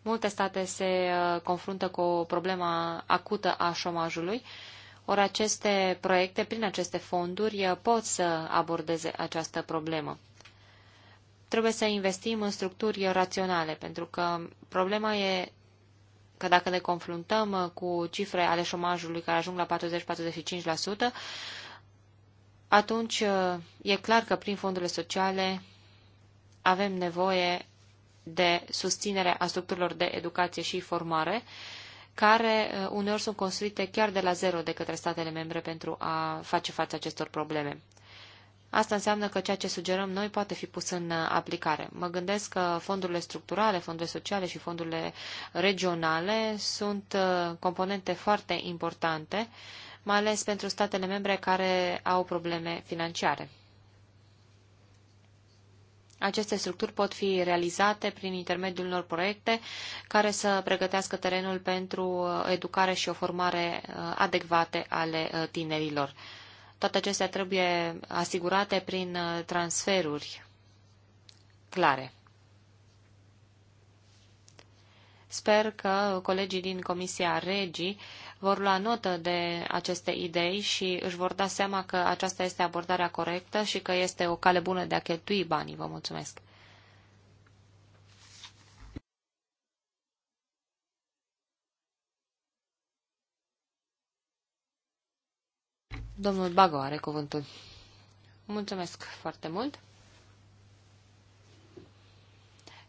Multe state se uh, confruntă cu o problemă acută a șomajului, ori aceste proiecte, prin aceste fonduri, uh, pot să abordeze această problemă. Trebuie să investim în structuri raționale, pentru că problema e că dacă ne confruntăm uh, cu cifre ale șomajului care ajung la 40-45%, atunci uh, e clar că prin fondurile sociale avem nevoie de susținere a structurilor de educație și formare, care uh, uneori sunt construite chiar de la zero de către statele membre pentru a face față acestor probleme. Asta înseamnă că ceea ce sugerăm noi poate fi pus în uh, aplicare. Mă gândesc că fondurile structurale, fondurile sociale și fondurile regionale sunt uh, componente foarte importante, mai ales pentru statele membre care au probleme financiare. Aceste structuri pot fi realizate prin intermediul unor proiecte care să pregătească terenul pentru uh, educare și o formare adecvate ale tinerilor. Toate acestea trebuie asigurate prin uh, transferuri clare. Sper că colegii din Comisia Regii vor lua notă de aceste idei și își vor da seama că aceasta este abordarea corectă și că este o cale bună de a cheltui banii. Vă mulțumesc! Domnul Bago are cuvântul. Mulțumesc foarte mult.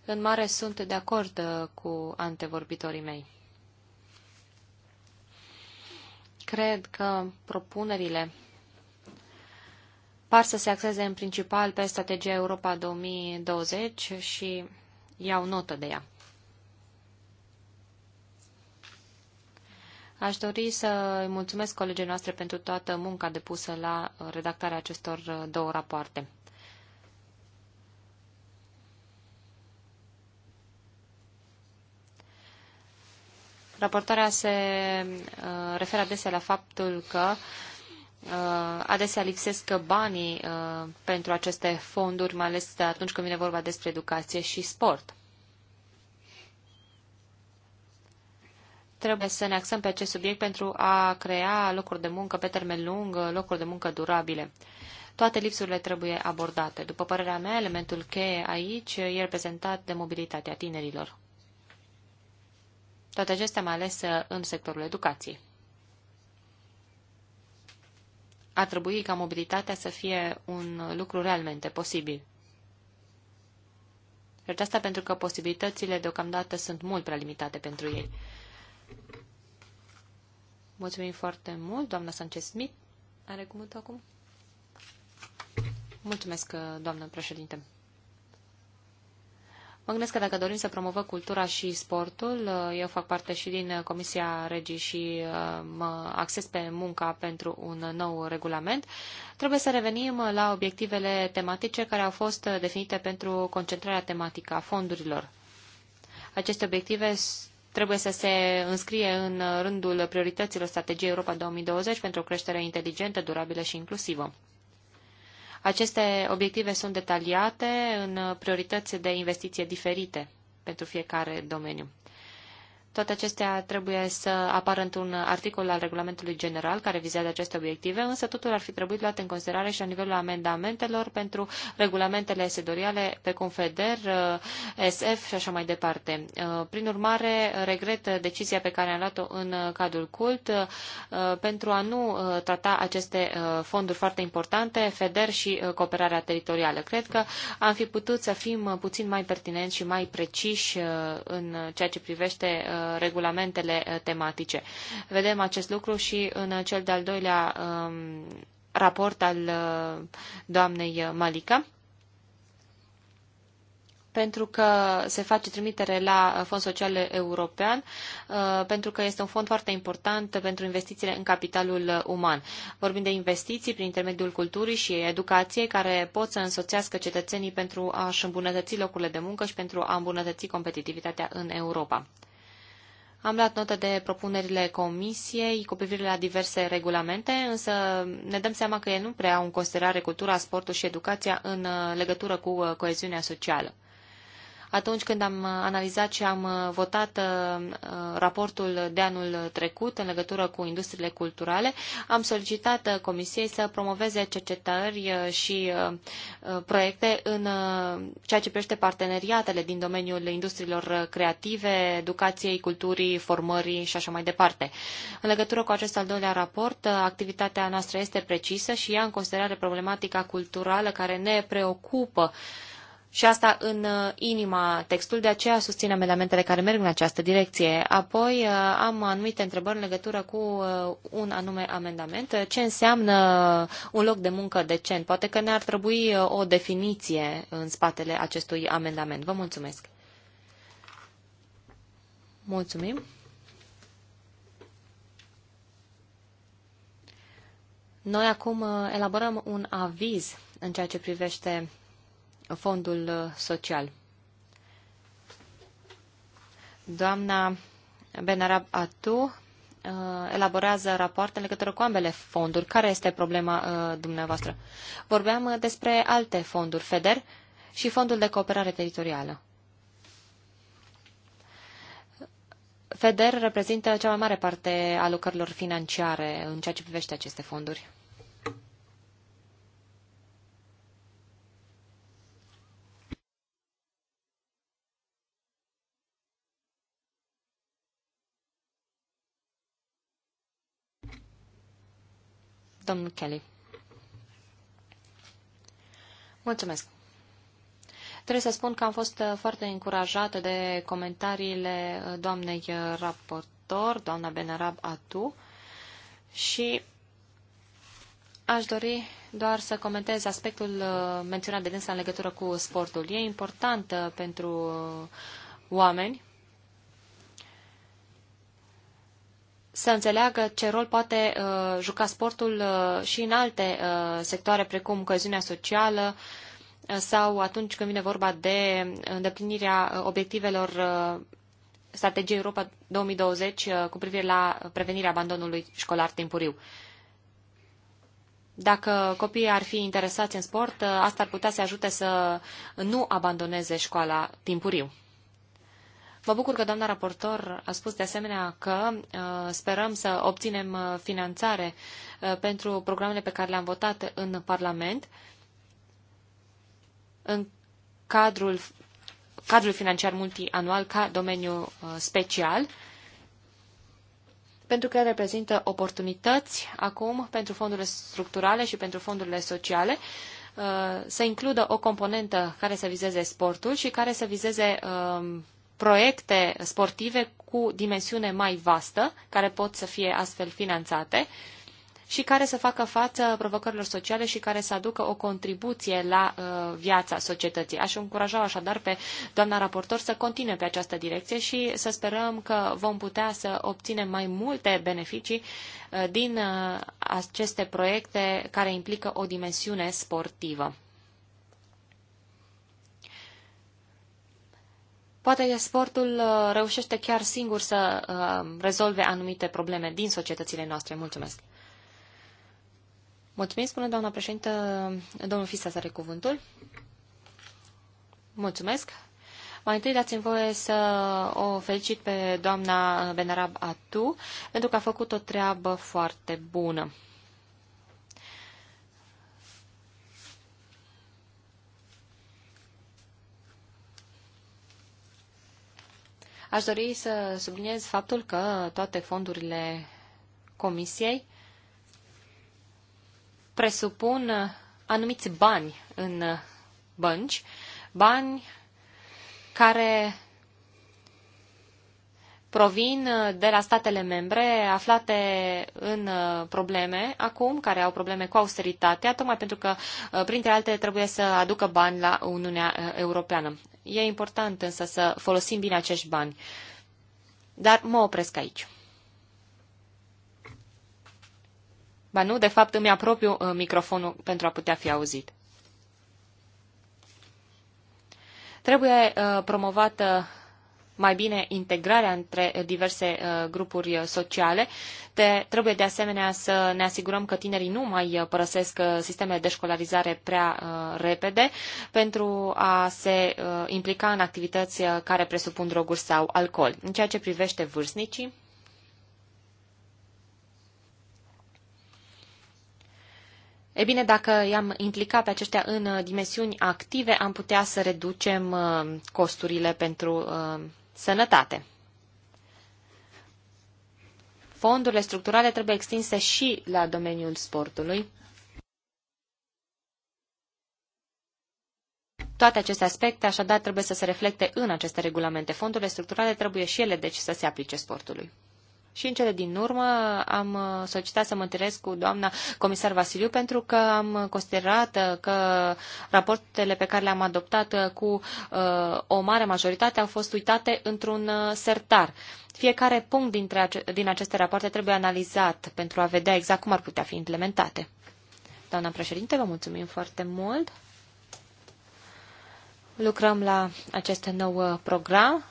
În mare sunt de acord uh, cu antevorbitorii mei. Cred că propunerile par să se axeze în principal pe strategia Europa 2020 și iau notă de ea. Aș dori să îi mulțumesc colegii noastre pentru toată munca depusă la redactarea acestor uh, două rapoarte. Raportarea se uh, referă adesea la faptul că uh, adesea lipsesc banii pentru aceste fonduri, mai ales atunci când vine vorba despre educație și sport. Trebuie să ne axăm pe acest subiect pentru a crea locuri de muncă pe termen lung, locuri de muncă durabile. Toate lipsurile trebuie abordate. După părerea mea, elementul cheie aici e reprezentat de mobilitatea tinerilor. Toate acestea mai ales uh, în sectorul educației. Ar trebui ca mobilitatea să fie un lucru realmente posibil. Și asta pentru că posibilitățile deocamdată sunt mult prea limitate pentru ei. Mulțumim foarte mult, doamna Sanchez-Smith. Are cuvântul acum? Mulțumesc, uh, doamnă președinte. Mă gândesc că dacă dorim să promovăm cultura și sportul, uh, eu fac parte și din uh, Comisia Regii și mă acces pe munca pentru un nou regulament, trebuie să revenim la obiectivele tematice care au fost definite pentru concentrarea tematică a fondurilor. Aceste obiective trebuie să se înscrie în rândul priorităților strategiei Europa 2020 pentru o creștere inteligentă, durabilă și inclusivă. Aceste obiective sunt detaliate în priorități de investiție diferite pentru fiecare domeniu. Toate acestea trebuie să apară într-un articol al regulamentului general care vizează aceste obiective, însă totul ar fi trebuit luat în considerare și la nivelul amendamentelor pentru regulamentele sedoriale pe Confeder, uh, SF și așa mai departe. Uh, prin urmare, regret decizia pe care am luat-o în cadrul CULT uh, pentru a nu trata aceste fonduri foarte importante, FEDER și cooperarea teritorială. Cred că am fi putut să fim puțin mai pertinenți și mai preciși în ceea ce privește regulamentele uh, tematice. Vedem acest lucru și în cel de-al doilea um, raport al uh, doamnei Malika pentru că se face trimitere la Fond Social European, uh, pentru că este un fond foarte important pentru investițiile în capitalul uman. Vorbim de investiții prin intermediul culturii și educației care pot să însoțească cetățenii pentru a-și îmbunătăți locurile de muncă și pentru a îmbunătăți competitivitatea în Europa. Am luat notă de propunerile comisiei cu privire la diverse regulamente, însă ne dăm seama că ele nu prea au în considerare cultura, sportul și educația în uh, legătură cu uh, coeziunea socială atunci când am uh, analizat și am uh, votat uh, raportul de anul trecut în legătură cu industriile culturale, am solicitat Comisiei să promoveze cercetări și proiecte în ceea ce privește parteneriatele din domeniul industriilor creative, educației, culturii, formării și așa mai departe. În legătură cu acest al doilea raport, activitatea noastră este precisă și ea în considerare problematica culturală care ne preocupă uh, și asta în uh, inima textul, de aceea susțin amendamentele care merg în această direcție. Apoi uh, am anumite întrebări în legătură cu uh, un anume amendament. Ce înseamnă un loc de muncă decent? Poate că ne-ar trebui o definiție în spatele acestui amendament. Vă mulțumesc! Mulțumim! Noi acum elaborăm un aviz în ceea ce privește fondul uh, social. Doamna Benarab Atu uh, elaborează rapoarte în legătură cu ambele fonduri. Care este problema uh, dumneavoastră? Vorbeam despre alte fonduri, FEDER și Fondul de Cooperare Teritorială. FEDER reprezintă cea mai mare parte a lucrărilor financiare în ceea ce privește aceste fonduri. Domnul Kelly. Mulțumesc. Trebuie să spun că am fost uh, foarte încurajată de comentariile uh, doamnei uh, raportor, doamna Benarab Atu, și aș dori doar să comentez aspectul menționat de dânsa în legătură cu sportul. E important pentru oameni să înțeleagă ce rol poate uh, juca sportul uh, și în alte uh, sectoare, precum coeziunea socială uh, sau atunci când vine vorba de îndeplinirea uh, obiectivelor uh, strategiei Europa 2020 uh, cu privire la prevenirea abandonului școlar timpuriu. Dacă copiii ar fi interesați în sport, uh, asta ar putea să ajute să nu abandoneze școala timpuriu. Mă bucur că doamna raportor a spus de asemenea că uh, sperăm să obținem uh, finanțare uh, pentru programele pe care le-am votat în Parlament în cadrul, cadrul financiar multianual ca domeniu special pentru că reprezintă oportunități acum pentru fondurile structurale și pentru fondurile sociale să includă o componentă care să vizeze sportul și care să vizeze um, proiecte sportive cu dimensiune mai vastă, care pot să fie astfel finanțate și care să facă față provocărilor sociale și care să aducă o contribuție la uh, viața societății. Aș încuraja așadar pe doamna raportor să continue pe această direcție și să sperăm că vom putea să obținem mai multe beneficii uh, din uh, aceste proiecte care implică o dimensiune sportivă. Poate sportul uh, reușește chiar singur să uh, rezolve anumite probleme din societățile noastre. Mulțumesc! Mulțumim, spune doamna președintă. Domnul Fisa să are cuvântul. Mulțumesc. Mai întâi dați-mi voie să o felicit pe doamna Benarab Atu, pentru că a făcut o treabă foarte bună. Aș dori să subliniez faptul că toate fondurile comisiei presupun anumiți bani în bănci, bani care provin de la statele membre aflate în probleme acum, care au probleme cu austeritatea, tocmai pentru că, printre alte, trebuie să aducă bani la Uniunea Europeană. E important însă să folosim bine acești bani. Dar mă opresc aici. Ba nu, de fapt îmi apropiu uh, microfonul pentru a putea fi auzit. Trebuie uh, promovată mai bine integrarea între eh, diverse eh, grupuri eh, sociale. De, trebuie de asemenea să ne asigurăm că tinerii nu mai părăsesc sistemele de școlarizare prea repede pentru a se implica în activități care presupun droguri sau alcool. În ceea ce privește vârstnicii, E bine, dacă i-am implicat pe aceștia în dimensiuni active, am putea să reducem costurile pentru sănătate. Fondurile structurale trebuie extinse și la domeniul sportului. Toate aceste aspecte, așadar, trebuie să se reflecte în aceste regulamente. Fondurile structurale trebuie și ele, deci, să se aplice sportului. Și în cele din urmă am uh, solicitat să mă întâlnesc cu doamna comisar Vasiliu pentru că am considerat uh, că raportele pe care le-am adoptat uh, cu o mare majoritate au fost uitate într-un sertar. Fiecare punct dintre ace- din aceste rapoarte trebuie analizat pentru a vedea exact cum ar putea fi implementate. Doamna președinte, vă mulțumim foarte mult. Lucrăm la acest nou program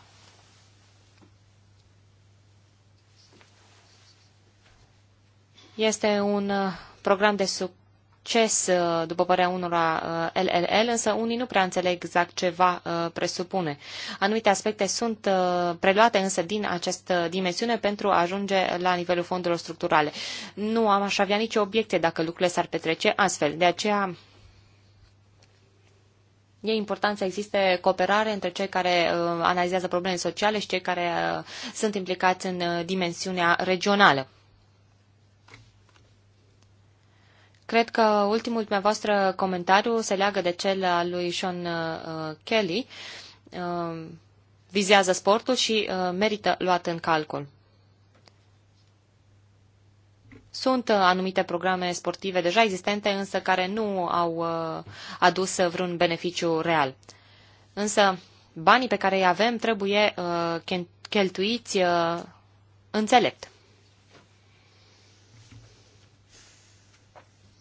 Este un uh, program de succes, uh, după părerea unora LLL, uh, însă unii nu prea înțeleg exact ce va presupune. Anumite aspecte sunt preluate însă din această dimensiune pentru a ajunge la nivelul fondurilor structurale. Nu am aș avea nicio obiecție dacă lucrurile s-ar petrece astfel. De aceea E important să existe cooperare între cei care uh, analizează probleme sociale și cei care uh, sunt implicați în uh, dimensiunea regională. Cred că ultimul dumneavoastră comentariu se leagă de cel al lui Sean uh, Kelly. Uh, vizează sportul și uh, merită luat în calcul. Sunt anumite programe sportive deja existente, însă care nu au adus vreun beneficiu real. Însă banii pe care îi avem trebuie cheltuiți înțelept.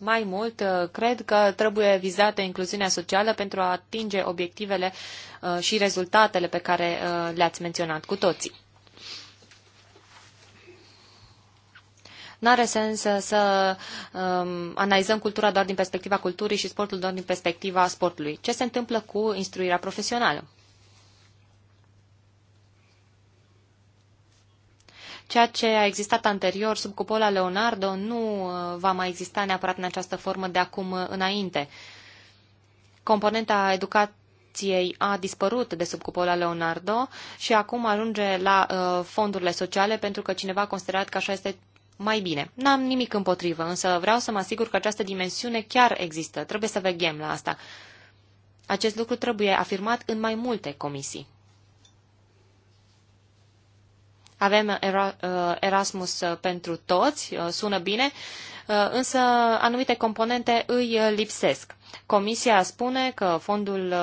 Mai mult, uh, cred că trebuie vizată incluziunea socială pentru a atinge obiectivele uh, și rezultatele pe care uh, le-ați menționat cu toții. N-are sens să, um, analizăm cultura doar din perspectiva culturii și sportul doar din perspectiva sportului. Ce se întâmplă cu instruirea profesională? Ceea ce a existat anterior sub cupola Leonardo nu uh, va mai exista neapărat în această formă de acum uh, înainte. Componenta educației a dispărut de sub cupola Leonardo și acum ajunge la uh, fondurile sociale pentru că cineva a considerat că așa este mai bine. N-am nimic împotrivă, însă vreau să mă asigur că această dimensiune chiar există. Trebuie să veghem la asta. Acest lucru trebuie afirmat în mai multe comisii. Avem uh, Erasmus uh, pentru toți, uh, sună bine, însă anumite componente îi lipsesc. Comisia spune că fondul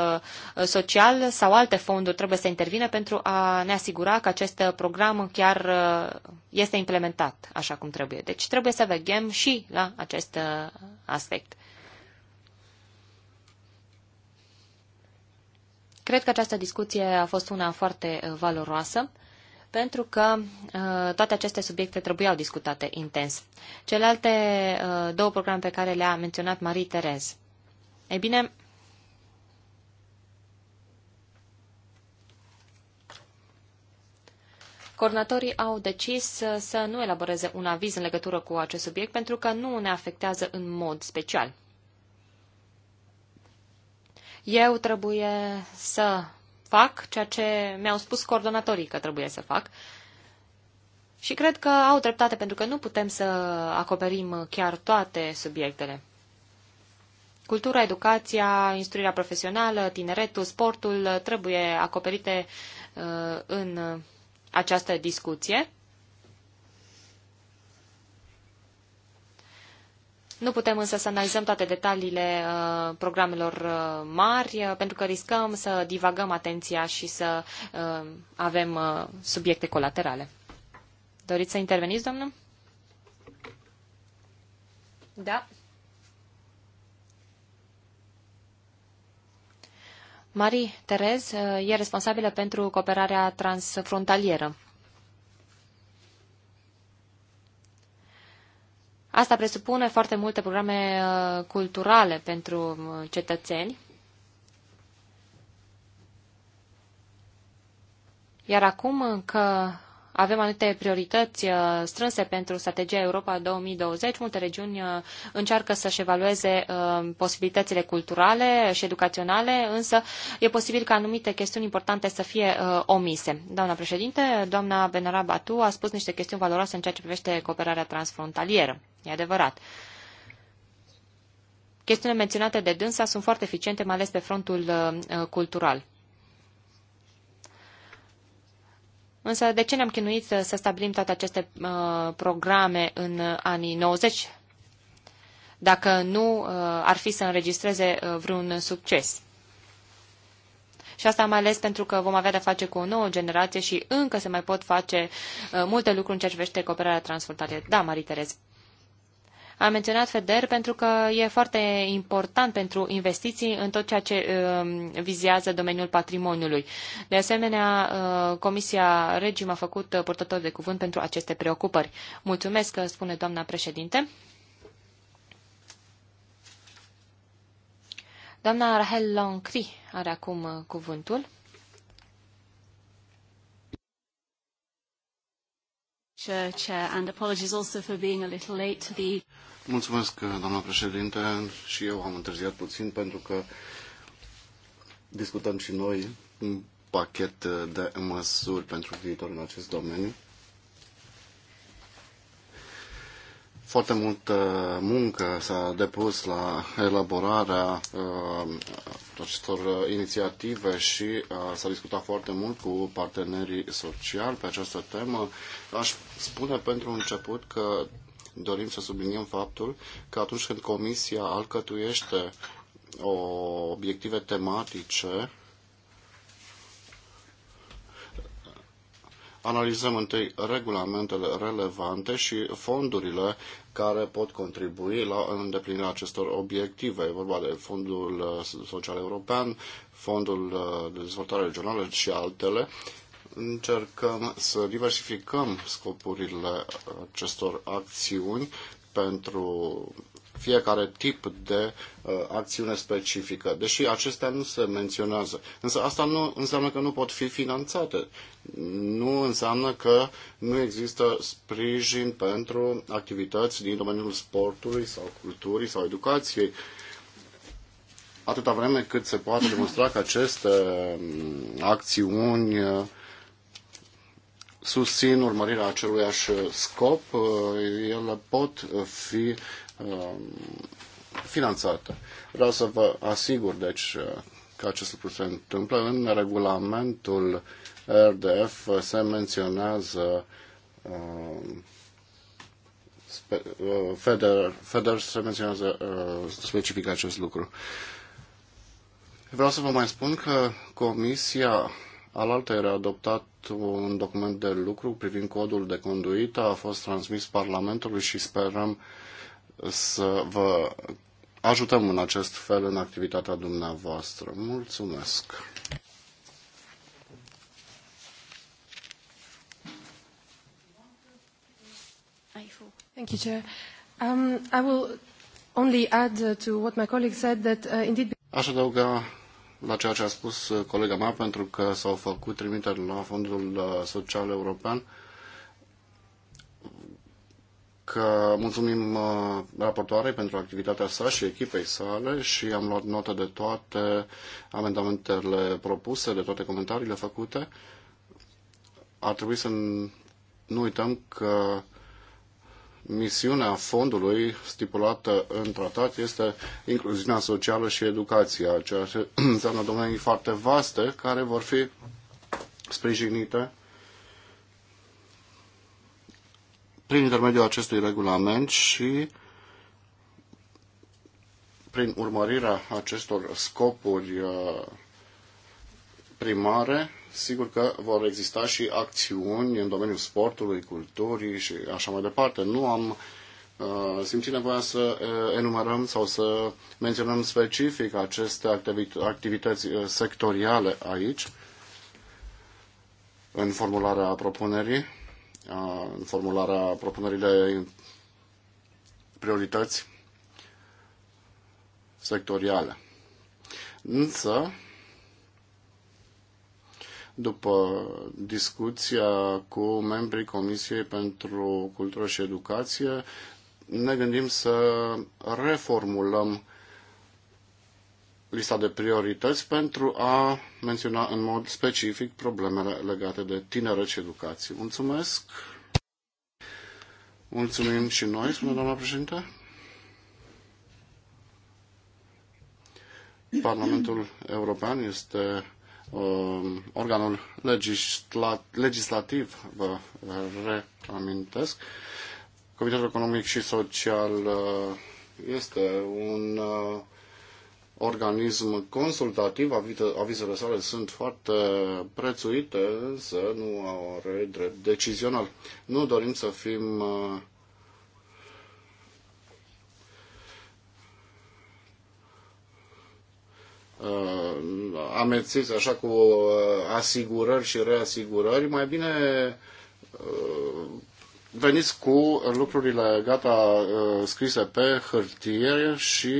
social sau alte fonduri trebuie să intervine pentru a ne asigura că acest program chiar este implementat așa cum trebuie. Deci trebuie să veghem și la acest aspect. Cred că această discuție a fost una foarte valoroasă pentru că uh, toate aceste subiecte trebuiau discutate intens. Celelalte uh, două programe pe care le-a menționat Marie Terez. Ei bine, Coordonatorii au decis să nu elaboreze un aviz în legătură cu acest subiect pentru că nu ne afectează în mod special. Eu trebuie să fac ceea ce mi-au spus coordonatorii că trebuie să fac. Și cred că au dreptate pentru că nu putem să acoperim chiar toate subiectele. Cultura, educația, instruirea profesională, tineretul, sportul trebuie acoperite uh, în această discuție Nu putem însă să analizăm toate detaliile uh, programelor uh, mari, uh, pentru că riscăm să divagăm atenția și să avem subiecte colaterale. Doriți să interveniți, doamnă? Da. Marie Terez e responsabilă pentru cooperarea transfrontalieră. Asta presupune foarte multe programe uh, culturale pentru uh, cetățeni. Iar acum că avem anumite priorități uh, strânse pentru strategia Europa 2020. Multe regiuni uh, încearcă să-și evalueze uh, posibilitățile culturale și educaționale, însă e posibil ca anumite chestiuni importante să fie omise. Doamna președinte, doamna Benara Batu a spus niște chestiuni valoroase în ceea ce privește cooperarea transfrontalieră. E adevărat. Chestiunile menționate de dânsa sunt foarte eficiente, mai ales pe frontul cultural. Însă de ce ne-am chinuit să stabilim toate aceste uh, programe în uh, anii 90, dacă nu uh, ar fi să înregistreze uh, vreun succes? Și asta mai ales pentru că vom avea de-a face cu o nouă generație și încă se mai pot face uh, multe lucruri în ceea ce privește cooperarea transfrontalieră. Da, Marie Terez, am menționat FEDER pentru că e foarte important pentru investiții în tot ceea ce um, vizează domeniul patrimoniului. De asemenea, uh, Comisia Regim a făcut uh, purtător de cuvânt pentru aceste preocupări. Mulțumesc, uh, spune doamna președinte. Doamna Rahel Loncri are acum cuvântul. Chair, and apologies also for being a little late to the... Mulțumesc, președinte, și eu am întârziat puțin pentru că discutăm și noi un pachet de măsuri pentru viitor în acest domeniu. Foarte multă muncă s-a depus la elaborarea uh, acestor inițiative și uh, s-a discutat foarte mult cu partenerii sociali pe această temă. Aș spune pentru început că dorim să subliniem faptul că atunci când Comisia alcătuiește o obiective tematice, analizăm întâi regulamentele relevante și fondurile care pot contribui la îndeplinirea acestor obiective. E vorba de Fondul uh, Social European, Fondul uh, de Dezvoltare Regională și altele. Încercăm să diversificăm scopurile acestor acțiuni pentru fiecare tip de uh, acțiune specifică, deși acestea nu se menționează. Însă asta nu înseamnă că nu pot fi finanțate. Nu înseamnă că nu există sprijin pentru activități din domeniul sportului sau culturii sau educației. Atâta vreme cât se poate demonstra că aceste um, acțiuni uh, susțin urmărirea acelui scop, uh, ele pot fi Um, finanțată. Vreau să vă asigur, deci, uh, că acest lucru se întâmplă. În regulamentul RDF se menționează um, uh, Feder, Feder se menționează uh, specific acest lucru. Vreau să vă mai spun că Comisia alaltă era adoptat un document de lucru privind codul de conduită, a fost transmis Parlamentului și sperăm uh, să vă ajutăm în acest fel în activitatea dumneavoastră. Mulțumesc! Thank you, Chair. Um, I will only add uh, to what my colleague said that uh, indeed... Aș adăuga la ceea ce a spus uh, colega mea, pentru că s-au făcut trimiteri la Fondul uh, Social European că mulțumim uh, raportoarei pentru activitatea sa și echipei sale și am luat notă de toate amendamentele propuse, de toate comentariile făcute. Ar trebui să nu uităm că misiunea fondului stipulată în tratat este incluziunea socială și educația, ceea ce înseamnă domenii foarte vaste care vor fi sprijinite prin intermediul acestui regulament și prin urmărirea acestor scopuri uh, primare, sigur că vor exista și acțiuni în domeniul sportului, culturii și așa mai departe. Nu am uh, simțit nevoia să uh, enumerăm sau să menționăm specific aceste activități sectoriale aici, în formularea propunerii în formularea de priorități sectoriale. Însă, după discuția cu membrii Comisiei pentru Cultură și Educație, ne gândim să reformulăm lista de priorități pentru a menționa în mod specific problemele legate de tineret și educație. Mulțumesc! Mulțumim și noi, spune doamna președinte. Parlamentul European este uh, organul legislat, legislativ, vă reamintesc. Comitetul Economic și Social uh, este un uh, organism consultativ, avizele sale sunt foarte prețuite, însă nu au drept decizional. Nu dorim să fim uh, uh, amețiți așa cu uh, asigurări și reasigurări, mai bine veniți cu lucrurile gata scrise pe hârtie și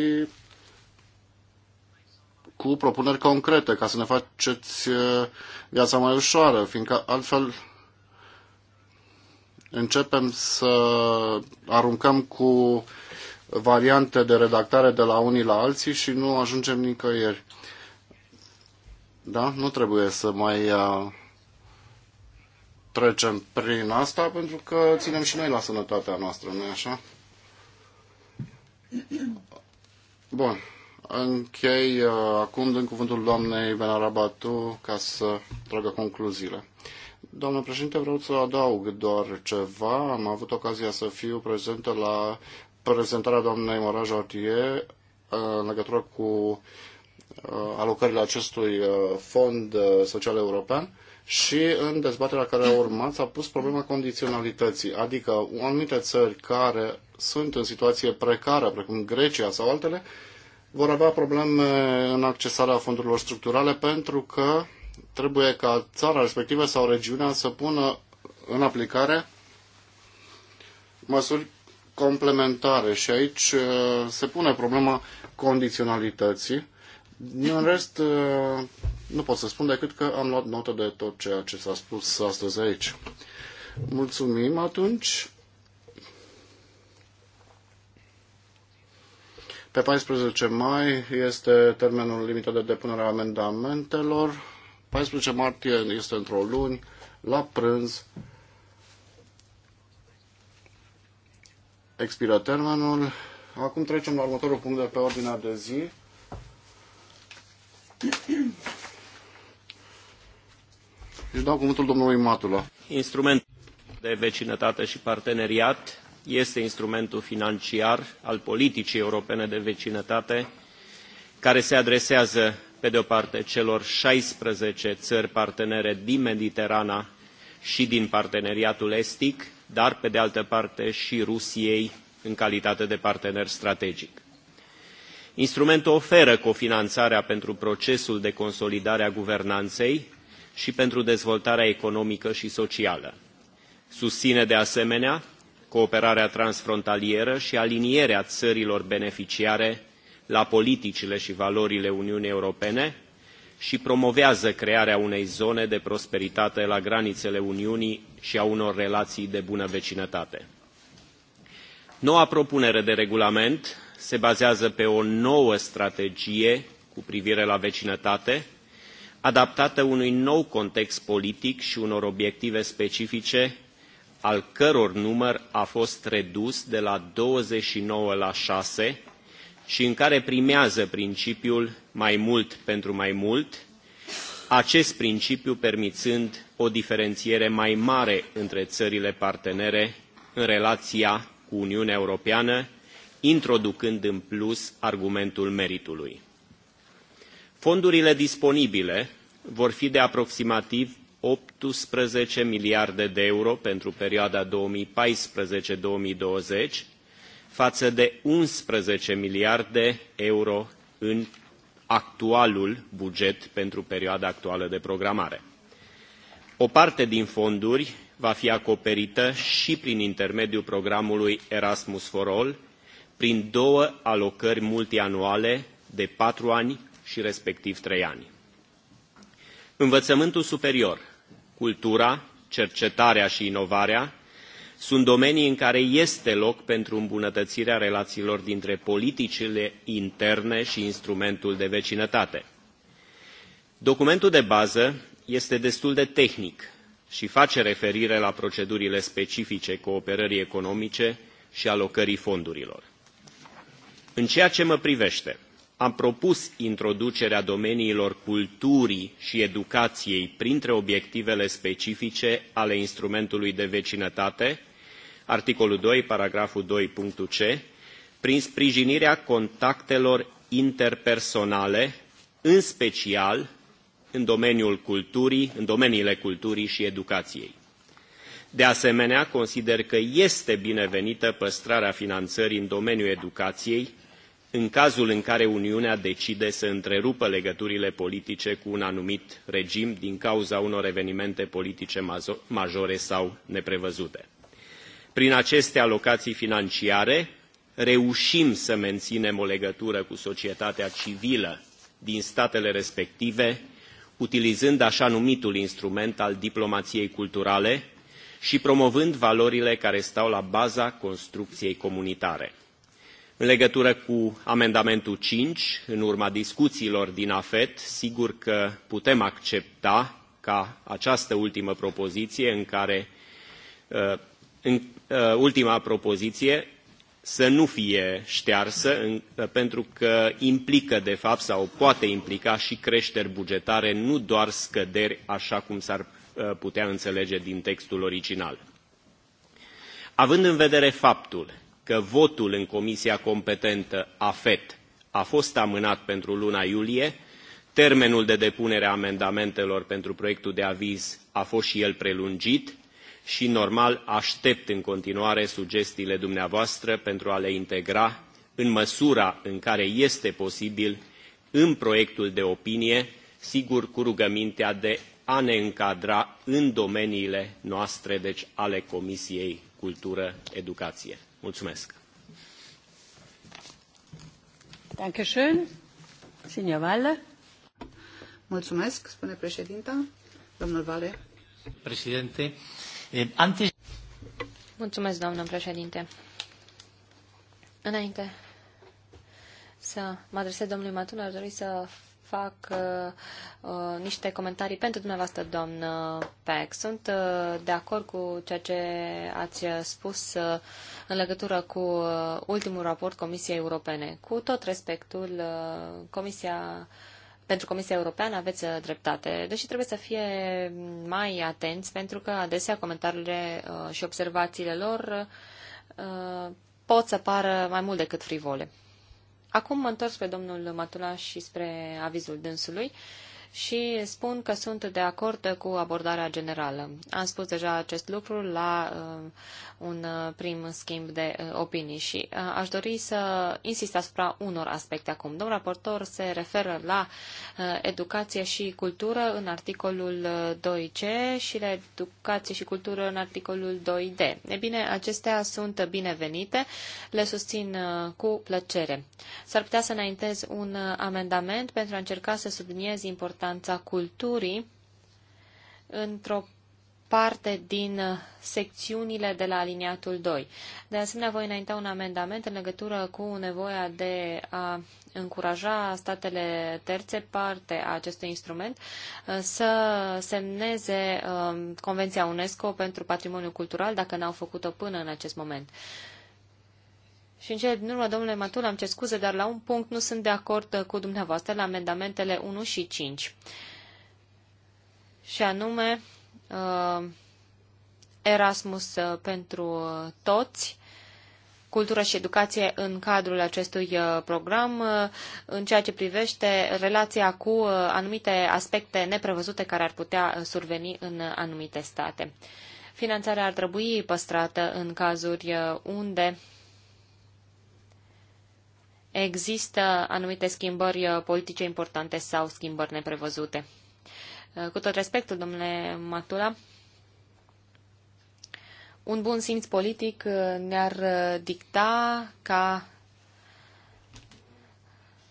cu propuneri concrete ca să ne faceți viața mai ușoară, fiindcă altfel începem să aruncăm cu variante de redactare de la unii la alții și nu ajungem nicăieri. Da? Nu trebuie să mai trecem prin asta pentru că ținem și noi la sănătatea noastră, nu-i așa? Bun. Închei uh, acum din cuvântul doamnei Benarabatu ca să tragă concluziile. Doamnă președinte, vreau să adaug doar ceva. Am avut ocazia să fiu prezentă la prezentarea doamnei Mora uh, în legătură cu uh, alocările acestui uh, fond social european și în dezbaterea care a urmat s-a pus problema condiționalității, adică anumite țări care sunt în situație precară, precum Grecia sau altele, vor avea probleme în accesarea fondurilor structurale pentru că trebuie ca țara respectivă sau regiunea să pună în aplicare măsuri complementare și aici uh, se pune problema condiționalității. În rest, uh, nu pot să spun decât că am luat notă de tot ceea ce s-a spus astăzi aici. Mulțumim atunci. Pe 14 mai este termenul limită de depunere a amendamentelor. 14 martie este într-o luni, la prânz. Expiră termenul. Acum trecem la următorul punct de pe ordinea de zi. Își dau cuvântul domnului Matula. Instrument de vecinătate și parteneriat este instrumentul financiar al politicii europene de vecinătate, care se adresează, pe de o parte, celor 16 țări partenere din Mediterana și din parteneriatul estic, dar, pe de altă parte, și Rusiei în calitate de partener strategic. Instrumentul oferă cofinanțarea pentru procesul de consolidare a guvernanței și pentru dezvoltarea economică și socială. Susține de asemenea cooperarea transfrontalieră și alinierea țărilor beneficiare la politicile și valorile Uniunii Europene și promovează crearea unei zone de prosperitate la granițele Uniunii și a unor relații de bună vecinătate. Noua propunere de regulament se bazează pe o nouă strategie cu privire la vecinătate, adaptată unui nou context politic și unor obiective specifice al căror număr a fost redus de la 29 la 6 și în care primează principiul mai mult pentru mai mult, acest principiu permițând o diferențiere mai mare între țările partenere în relația cu Uniunea Europeană, introducând în plus argumentul meritului. Fondurile disponibile vor fi de aproximativ 18 miliarde de euro pentru perioada 2014-2020 față de 11 miliarde euro în actualul buget pentru perioada actuală de programare. O parte din fonduri va fi acoperită și prin intermediul programului Erasmus for All, prin două alocări multianuale de patru ani și respectiv trei ani. Învățământul superior cultura, cercetarea și inovarea sunt domenii în care este loc pentru îmbunătățirea relațiilor dintre politicile interne și instrumentul de vecinătate. Documentul de bază este destul de tehnic și face referire la procedurile specifice cooperării economice și alocării fondurilor. În ceea ce mă privește, am propus introducerea domeniilor culturii și educației printre obiectivele specifice ale instrumentului de vecinătate, articolul 2, paragraful 2, punctul C, prin sprijinirea contactelor interpersonale, în special în domeniul culturii, în domeniile culturii și educației. De asemenea, consider că este binevenită păstrarea finanțării în domeniul educației, în cazul în care Uniunea decide să întrerupă legăturile politice cu un anumit regim din cauza unor evenimente politice majore sau neprevăzute. Prin aceste alocații financiare reușim să menținem o legătură cu societatea civilă din statele respective, utilizând așa numitul instrument al diplomației culturale și promovând valorile care stau la baza construcției comunitare. În legătură cu amendamentul 5, în urma discuțiilor din AFET, sigur că putem accepta ca această ultimă propoziție în care uh, în, uh, ultima propoziție să nu fie ștearsă, în, uh, pentru că implică, de fapt, sau poate implica și creșteri bugetare, nu doar scăderi, așa cum s-ar putea înțelege din textul original. Având în vedere faptul că votul în comisia competentă AFET a fost amânat pentru luna iulie, termenul de depunere a amendamentelor pentru proiectul de aviz a fost și el prelungit și, normal, aștept în continuare sugestiile dumneavoastră pentru a le integra în măsura în care este posibil în proiectul de opinie, sigur cu rugămintea de a ne încadra în domeniile noastre, deci ale Comisiei Cultură Educație. Mulțumesc! Mulțumesc, spune președinta. Domnul Vale. Președinte, eh, antes... Mulțumesc, doamnă președinte. Înainte să mă adresez domnului Matun, ar dori să fac uh, uh, niște comentarii pentru dumneavoastră, doamnă Peck. Sunt uh, de acord cu ceea ce ați spus uh, în legătură cu uh, ultimul raport Comisiei Europene. Cu tot respectul, uh, Comisia pentru Comisia Europeană aveți uh, dreptate, deși trebuie să fie mai atenți, pentru că adesea comentariile uh, și observațiile lor uh, pot să pară mai mult decât frivole. Acum mă întorc spre domnul Matula și spre avizul dânsului. Uh, și spun că sunt de acord cu abordarea generală. Am spus deja acest lucru la uh, un uh, prim schimb de uh, opinii și aș dori să insist asupra unor aspecte acum. Domnul raportor se referă la educație și cultură în articolul 2C și la educație și cultură în articolul 2D. E bine, acestea sunt binevenite, le susțin cu plăcere. S-ar putea să înaintez un amendament pentru a încerca să subliniez importanța importanța culturii într-o parte din uh, secțiunile de la aliniatul 2. De asemenea, voi înainta un amendament în legătură cu nevoia de a încuraja statele terțe, parte a acestui instrument, uh, să semneze uh, Convenția UNESCO pentru Patrimoniul Cultural, dacă n-au făcut-o până în acest moment. Și în cele din urmă, domnule Matul, am cer scuze, dar la un punct nu sunt de acord uh, cu dumneavoastră la amendamentele 1 și 5. Și anume, uh, Erasmus uh, pentru toți, cultură și educație în cadrul acestui program, în ceea ce privește relația cu anumite aspecte neprevăzute care ar putea surveni în anumite state. Finanțarea ar trebui păstrată în cazuri unde există anumite schimbări uh, politice importante sau schimbări neprevăzute. Uh, cu tot respectul, domnule Matula, un bun simț politic uh, ne-ar dicta ca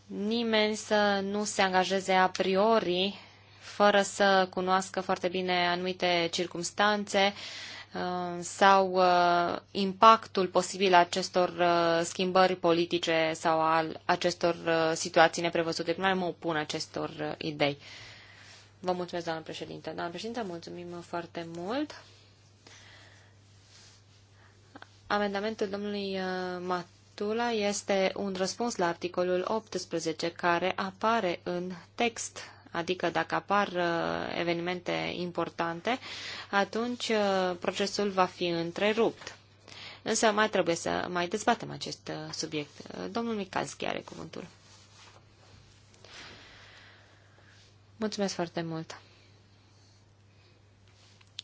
nimeni să nu se angajeze a priori, fără să cunoască foarte bine anumite circumstanțe, Uh, sau uh, impactul posibil a acestor uh, schimbări politice sau al acestor situații neprevăzute. nu mai mă opun acestor idei. Vă mulțumesc, doamnă președinte. Doamnă președinte, mulțumim foarte mult. Amendamentul domnului Matula este un răspuns la articolul 18 care apare în text Adică dacă apar uh, evenimente importante, atunci uh, procesul va fi întrerupt. Însă mai trebuie să mai dezbatem acest uh, subiect. Domnul Micalski are cuvântul. Mulțumesc foarte mult!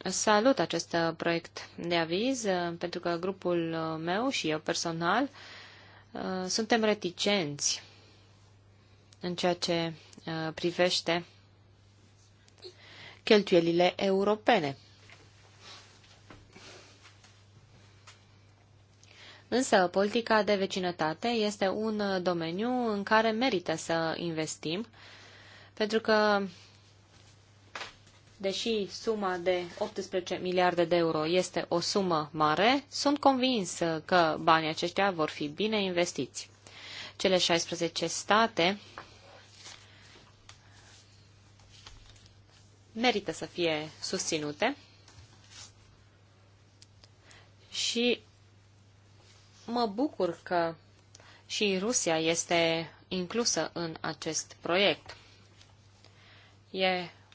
Salut acest proiect de aviz, pentru că grupul meu și eu personal suntem reticenți în ceea ce Uh, privește cheltuielile europene. Însă, politica de vecinătate este un domeniu în care merită să investim, pentru că, deși suma de 18 miliarde de euro este o sumă mare, sunt convins că banii aceștia vor fi bine investiți. Cele 16 state merită să fie susținute și mă bucur că și Rusia este inclusă în acest proiect. E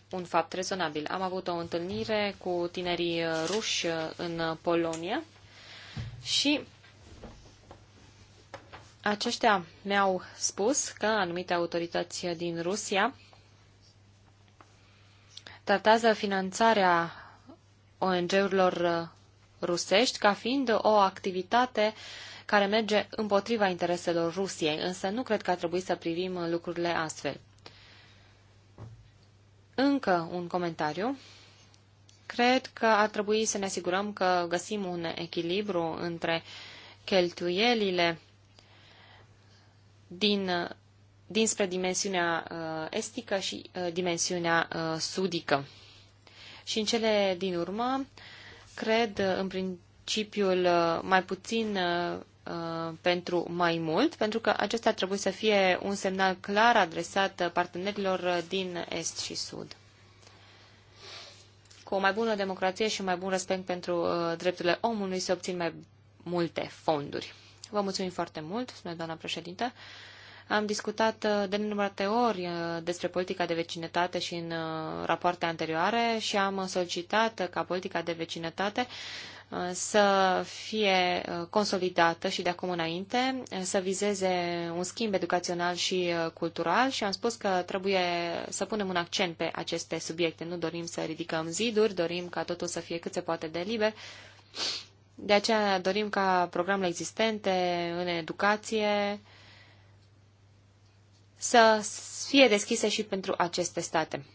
un fapt rezonabil. Am avut o întâlnire cu tinerii ruși în Polonia și aceștia mi-au spus că anumite autorități din Rusia tratează finanțarea ONG-urilor uh, rusești ca fiind o activitate care merge împotriva intereselor Rusiei, însă nu cred că ar trebui să privim uh, lucrurile astfel. Încă un comentariu. Cred că ar trebui să ne asigurăm că găsim un echilibru între cheltuielile din uh, dinspre dimensiunea uh, estică și uh, dimensiunea uh, sudică. Și în cele din urmă, cred în principiul mai puțin pentru mai mult, pentru că acesta trebuie să fie un semnal clar adresat partenerilor din Est și Sud. Cu o mai bună democrație și un mai bun respect pentru drepturile omului se obțin mai multe fonduri. Vă mulțumim foarte mult, spune doamna președinte. Am discutat uh, de nenumărate ori uh, despre politica de vecinătate și în uh, rapoarte anterioare și am solicitat ca politica de vecinătate să fie consolidată și de acum înainte, să vizeze un schimb educațional și cultural și am spus că trebuie să punem un accent pe aceste subiecte. Nu dorim să ridicăm ziduri, dorim ca totul să fie cât se poate de liber. De aceea dorim ca programele existente în educație să fie deschise și pentru aceste state.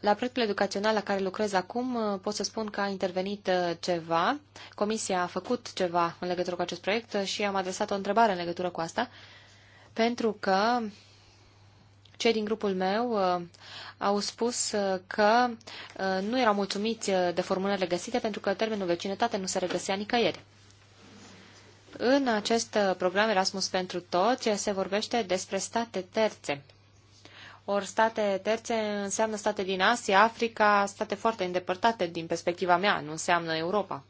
La proiectul educațional la care lucrez acum uh, pot să spun că a intervenit uh, ceva. Comisia a făcut ceva în legătură cu acest proiect uh, și am adresat o întrebare în legătură cu asta, pentru că cei din grupul meu au spus că nu erau mulțumiți de formulările găsite pentru că termenul vecinătate nu se regăsea nicăieri. În acest program Erasmus pentru toți se vorbește despre state terțe. Ori state terțe înseamnă state din Asia, Africa, state foarte îndepărtate din perspectiva mea, nu înseamnă Europa.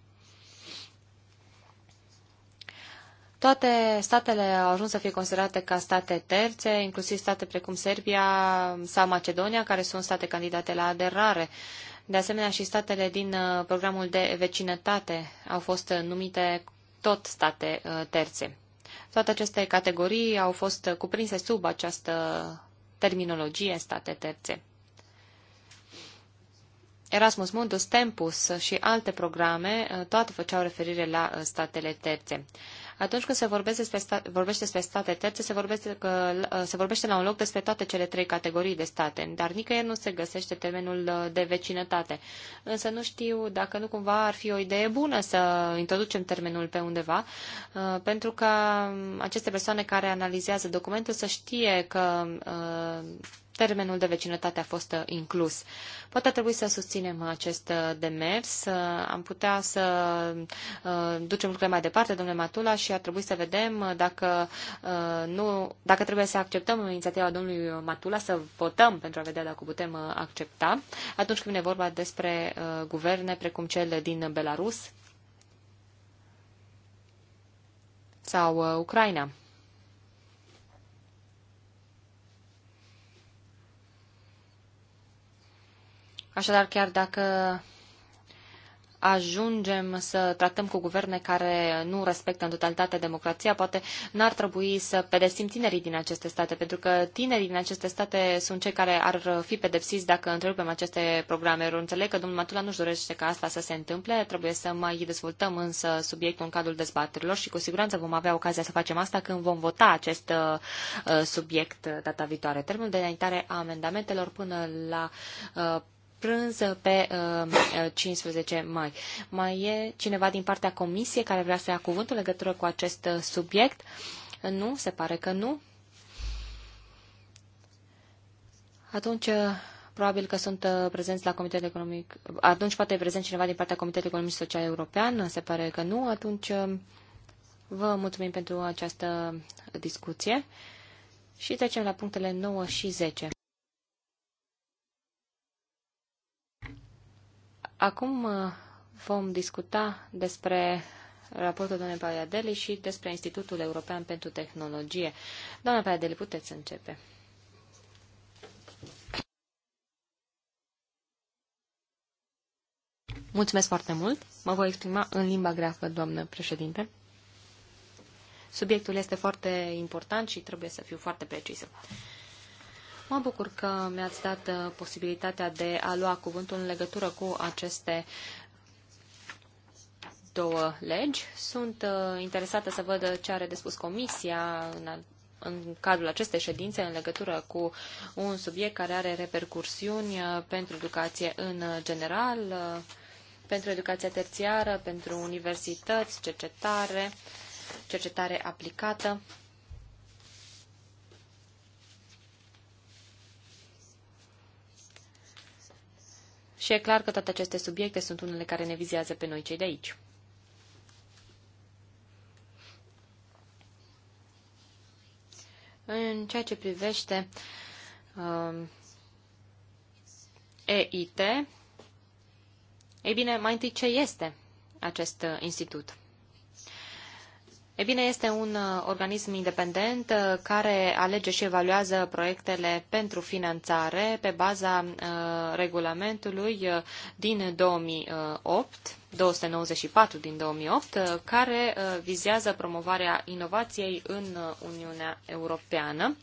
Toate statele au ajuns să fie considerate ca state terțe, inclusiv state precum Serbia sau Macedonia, care sunt state candidate la aderare. De asemenea, și statele din uh, programul de vecinătate au fost numite tot state uh, terțe. Toate aceste categorii au fost cuprinse sub această terminologie state terțe. Erasmus Mundus, Tempus și alte programe uh, toate făceau referire la uh, statele terțe. Atunci când se vorbește despre, sta, vorbește despre state terțe, se vorbește, că, se vorbește la un loc despre toate cele trei categorii de state, dar nicăieri nu se găsește termenul uh, de vecinătate. Însă nu știu dacă nu cumva ar fi o idee bună să introducem termenul pe undeva, uh, pentru că um, aceste persoane care analizează documentul să știe că uh, termenul de vecinătate a fost uh, inclus. Poate ar trebui să susținem acest uh, demers, uh, am putea să ducem lucrurile mai departe, domnule Matula, și ar trebui să vedem dacă, nu, dacă trebuie să acceptăm inițiativa domnului Matula, să votăm pentru a vedea dacă putem accepta, atunci când vine vorba despre guverne precum cel din Belarus sau Ucraina. Așadar, chiar dacă ajungem să tratăm cu guverne care nu respectă în totalitate democrația, poate n-ar trebui să pedepsim tinerii din aceste state, pentru că tinerii din aceste state sunt cei care ar fi pedepsiți dacă întrerupem aceste programe. Eu înțeleg că domnul Matula nu-și dorește ca asta să se întâmple, trebuie să mai dezvoltăm însă subiectul în cadrul dezbaterilor și cu siguranță vom avea ocazia să facem asta când vom vota acest uh, subiect data viitoare. Termenul de înaintare a amendamentelor până la uh, prânz pe 15 uh, uh, mai. Mai e cineva din partea comisiei care vrea să ia cuvântul legătură cu acest uh, subiect? Nu, se pare că nu. Atunci, probabil că sunt prezenți la Comitetul Economic... Atunci poate e prezent cineva din partea Comitetului Economic Social European, se pare că nu. Atunci, vă mulțumim pentru această discuție și trecem la punctele 9 și 10. Acum uh, vom discuta despre raportul doamnei Paiadeli și despre Institutul European pentru Tehnologie. Doamna Paiadeli, puteți începe. Mulțumesc foarte mult. Mă voi exprima în limba greacă, doamnă președinte. Subiectul este foarte important și trebuie să fiu foarte precisă. Mă bucur că mi-ați dat uh, posibilitatea de a lua cuvântul în legătură cu aceste două legi. Sunt uh, interesată să văd ce are de spus Comisia în în cadrul acestei ședințe în legătură cu un subiect care are repercursiuni uh, pentru educație în general, pentru educația terțiară, pentru universități, cercetare, cercetare aplicată. Și e clar că toate aceste subiecte sunt unele care ne vizează pe noi cei de aici. În ceea ce privește uh, um, EIT, ei bine, mai întâi ce este acest uh, institut? E bine, este un uh, organism independent uh, care alege și evaluează proiectele pentru finanțare pe baza uh, regulamentului din 2008, 294 din 2008, care vizează promovarea inovației în Uniunea Europeană.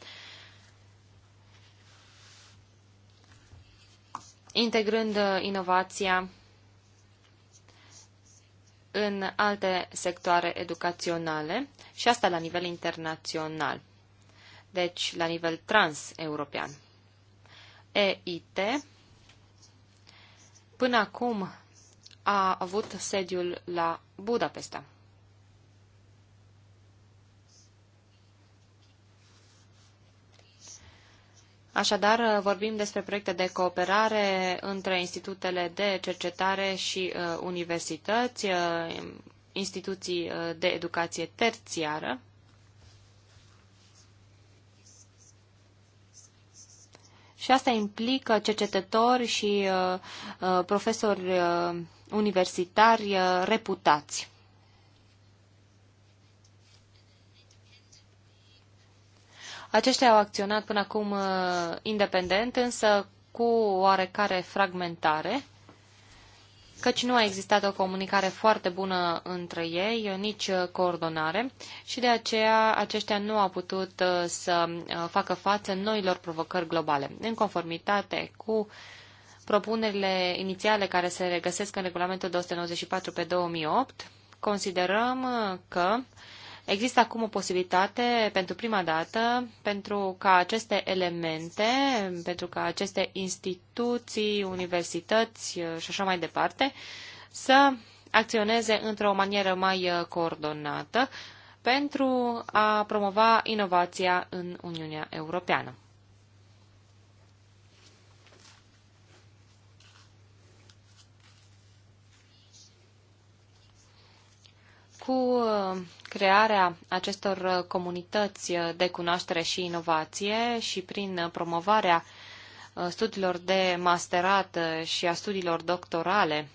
integrând inovația în alte sectoare educaționale și asta la nivel internațional, deci la nivel transeuropean. EIT până acum a avut sediul la Budapesta. Așadar, uh, vorbim despre proiecte de cooperare între institutele de cercetare și uh, universități, uh, instituții uh, de educație terțiară. Și asta implică cercetători și uh, uh profesori uh, universitari uh, reputați. Aceștia au acționat până acum uh, independent, însă cu oarecare fragmentare, căci nu a existat o comunicare foarte bună între ei, nici uh, coordonare și de aceea aceștia nu au putut uh, să facă față noilor provocări globale. În conformitate cu propunerile inițiale care se regăsesc în regulamentul 294 pe 2008, considerăm că Există acum o posibilitate pentru prima dată pentru ca aceste elemente, pentru ca aceste instituții, universități uh, și așa mai departe, să acționeze într-o manieră mai uh, coordonată pentru a promova inovația în Uniunea Europeană. Cu uh, crearea acestor comunități de cunoaștere și inovație și prin promovarea uh, studiilor de masterat uh, și a studiilor doctorale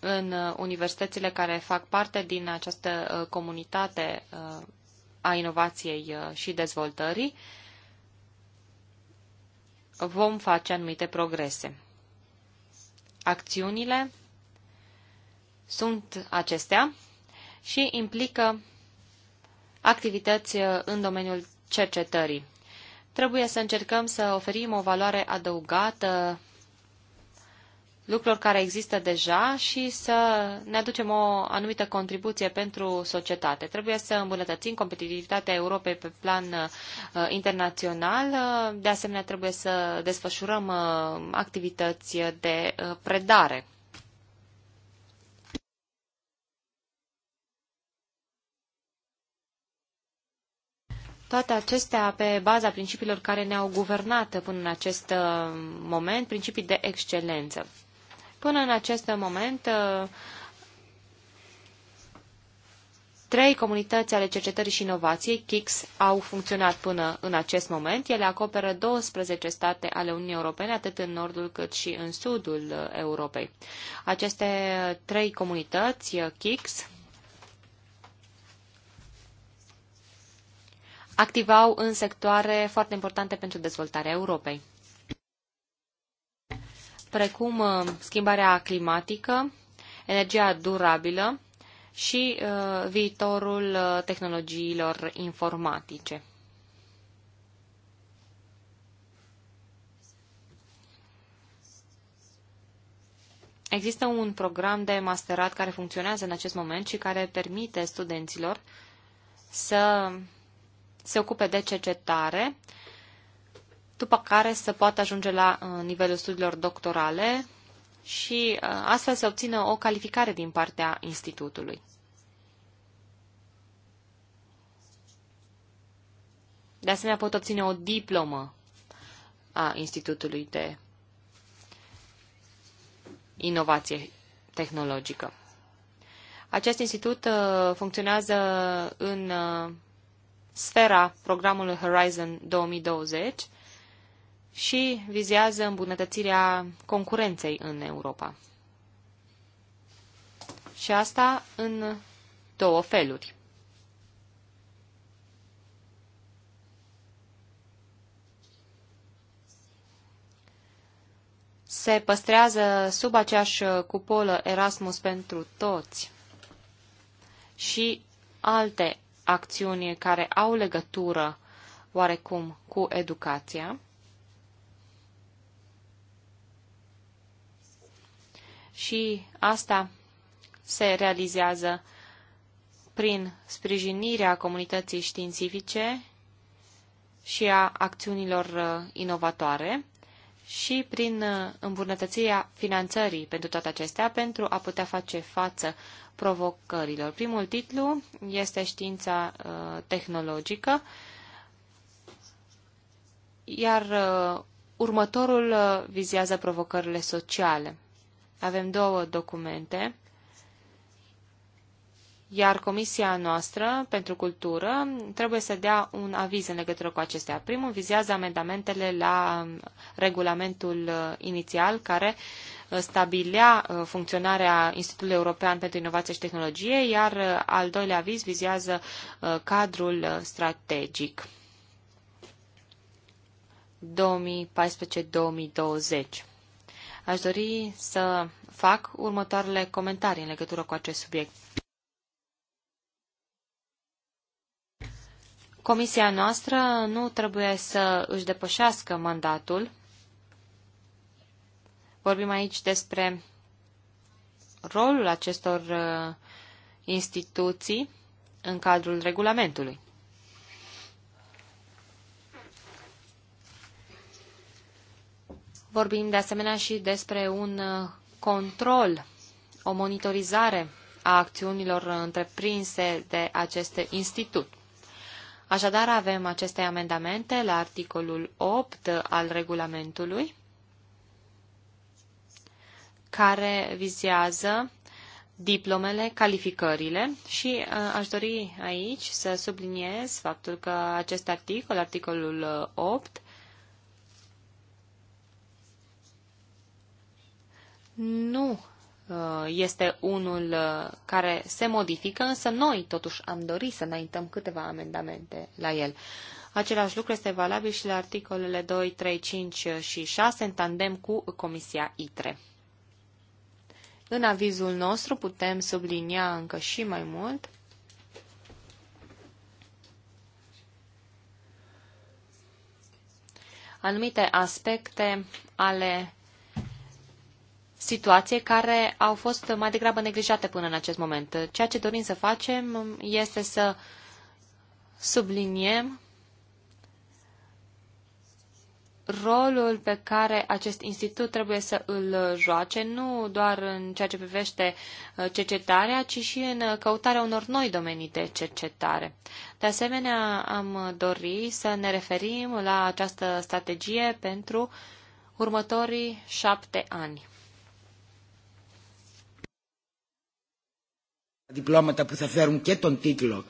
în uh, universitățile care fac parte din această comunitate a inovației și dezvoltării, vom face anumite progrese. Acțiunile sunt acestea și implică activități uh, în domeniul cercetării. Trebuie să încercăm să oferim o valoare adăugată lucrurilor care există deja și să ne aducem o anumită contribuție pentru societate. Trebuie să îmbunătățim competitivitatea Europei pe plan uh, internațional, de asemenea trebuie să desfășurăm uh, activități de uh, predare. Toate acestea pe baza principiilor care ne-au guvernat până în acest uh, moment, principii de excelență. Până în acest moment, uh, Trei comunități ale cercetării și inovației, KICS, au funcționat până în acest moment. Ele acoperă 12 state ale Uniunii Europene, atât în nordul cât și în sudul uh, Europei. Aceste trei comunități, KICS, activau în sectoare foarte importante pentru dezvoltarea Europei, precum uh, schimbarea climatică, energia durabilă și uh, viitorul uh, tehnologiilor informatice. Există un program de masterat care funcționează în acest moment și care permite studenților să se ocupe de cercetare, după care să poată ajunge la uh, nivelul studiilor doctorale și uh, astfel să obțină o calificare din partea institutului. De asemenea, pot obține o diplomă a Institutului de Inovație Tehnologică. Acest institut uh, funcționează în sfera programului Horizon 2020 și vizează îmbunătățirea concurenței în Europa. Și asta în două feluri. se păstrează sub aceeași cupolă Erasmus pentru toți și alte acțiuni care au legătură oarecum cu educația. Și asta se realizează prin sprijinirea comunității științifice și a acțiunilor uh, inovatoare și prin uh, îmbunătățirea finanțării pentru toate acestea, pentru a putea face față provocărilor. Primul titlu este știința uh, tehnologică, iar uh, următorul vizează provocările sociale. Avem două documente iar comisia noastră pentru cultură trebuie să dea un aviz în legătură cu acestea. Primul vizează amendamentele la um, regulamentul uh, inițial care uh, stabilea uh, funcționarea Institutului European pentru Inovație și Tehnologie, iar al doilea aviz vizează cadrul strategic 2014-2020. Aș dori să fac următoarele comentarii în legătură cu acest subiect. Comisia noastră nu trebuie să își depășească mandatul. Vorbim aici despre rolul acestor uh, instituții în cadrul regulamentului. Vorbim de asemenea și despre un uh, control, o monitorizare a acțiunilor întreprinse de aceste institut. Așadar, avem aceste amendamente la articolul 8 al regulamentului, care vizează diplomele, calificările și uh, aș dori aici să subliniez faptul că acest articol, articolul 8, uh, nu Uh, este unul uh, care se modifică, însă noi totuși am dorit să înaintăm câteva amendamente la el. Același lucru este valabil și la articolele 2, 3, 5 și 6 în tandem cu Comisia ITRE. În avizul nostru putem sublinia încă și mai mult anumite aspecte ale situație care au fost mai degrabă neglijate până în acest moment. Ceea ce dorim să facem este să subliniem rolul pe care acest institut trebuie să îl joace, nu doar în ceea ce privește uh, cercetarea, ci și în uh, căutarea unor noi domenii de cercetare. De asemenea, am dori să ne referim la această strategie pentru următorii șapte ani. διπλώματα που θα φέρουν και τον τίτλο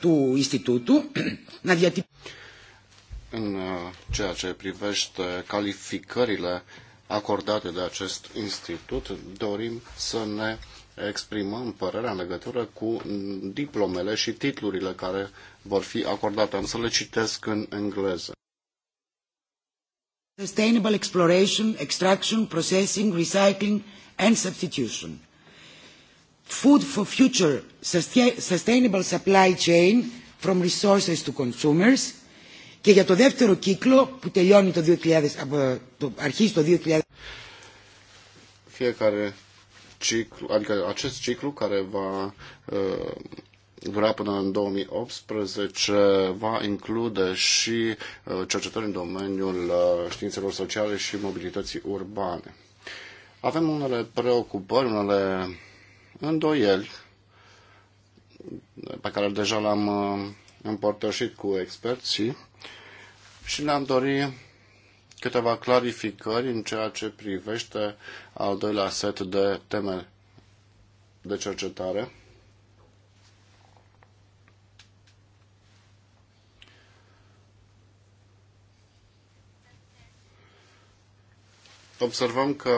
του Ινστιτούτου να διατυπώσουν. În uh, ceea ce privește calificările acordate de acest institut, dorim să ne exprimăm părerea în legătură cu diplomele și titlurile care vor fi acordate. Am să le citesc în engleză. Sustainable exploration, extraction, processing, recycling and substitution food for future sustainable supply chain from resources to consumers και για το δεύτερο κύκλο που τελειώνει το 2000, από το, αρχίζει το 2000. Fiecare ciclu, adică acest ciclu care va uh, vrea până în 2018 va include și uh, cercetări în domeniul uh, științelor sociale și mobilității urbane. Avem unele preocupări, unele îndoieli pe care deja l-am uh, împărtășit cu experții și ne-am dorit câteva clarificări în ceea ce privește al doilea set de teme de cercetare. Observăm că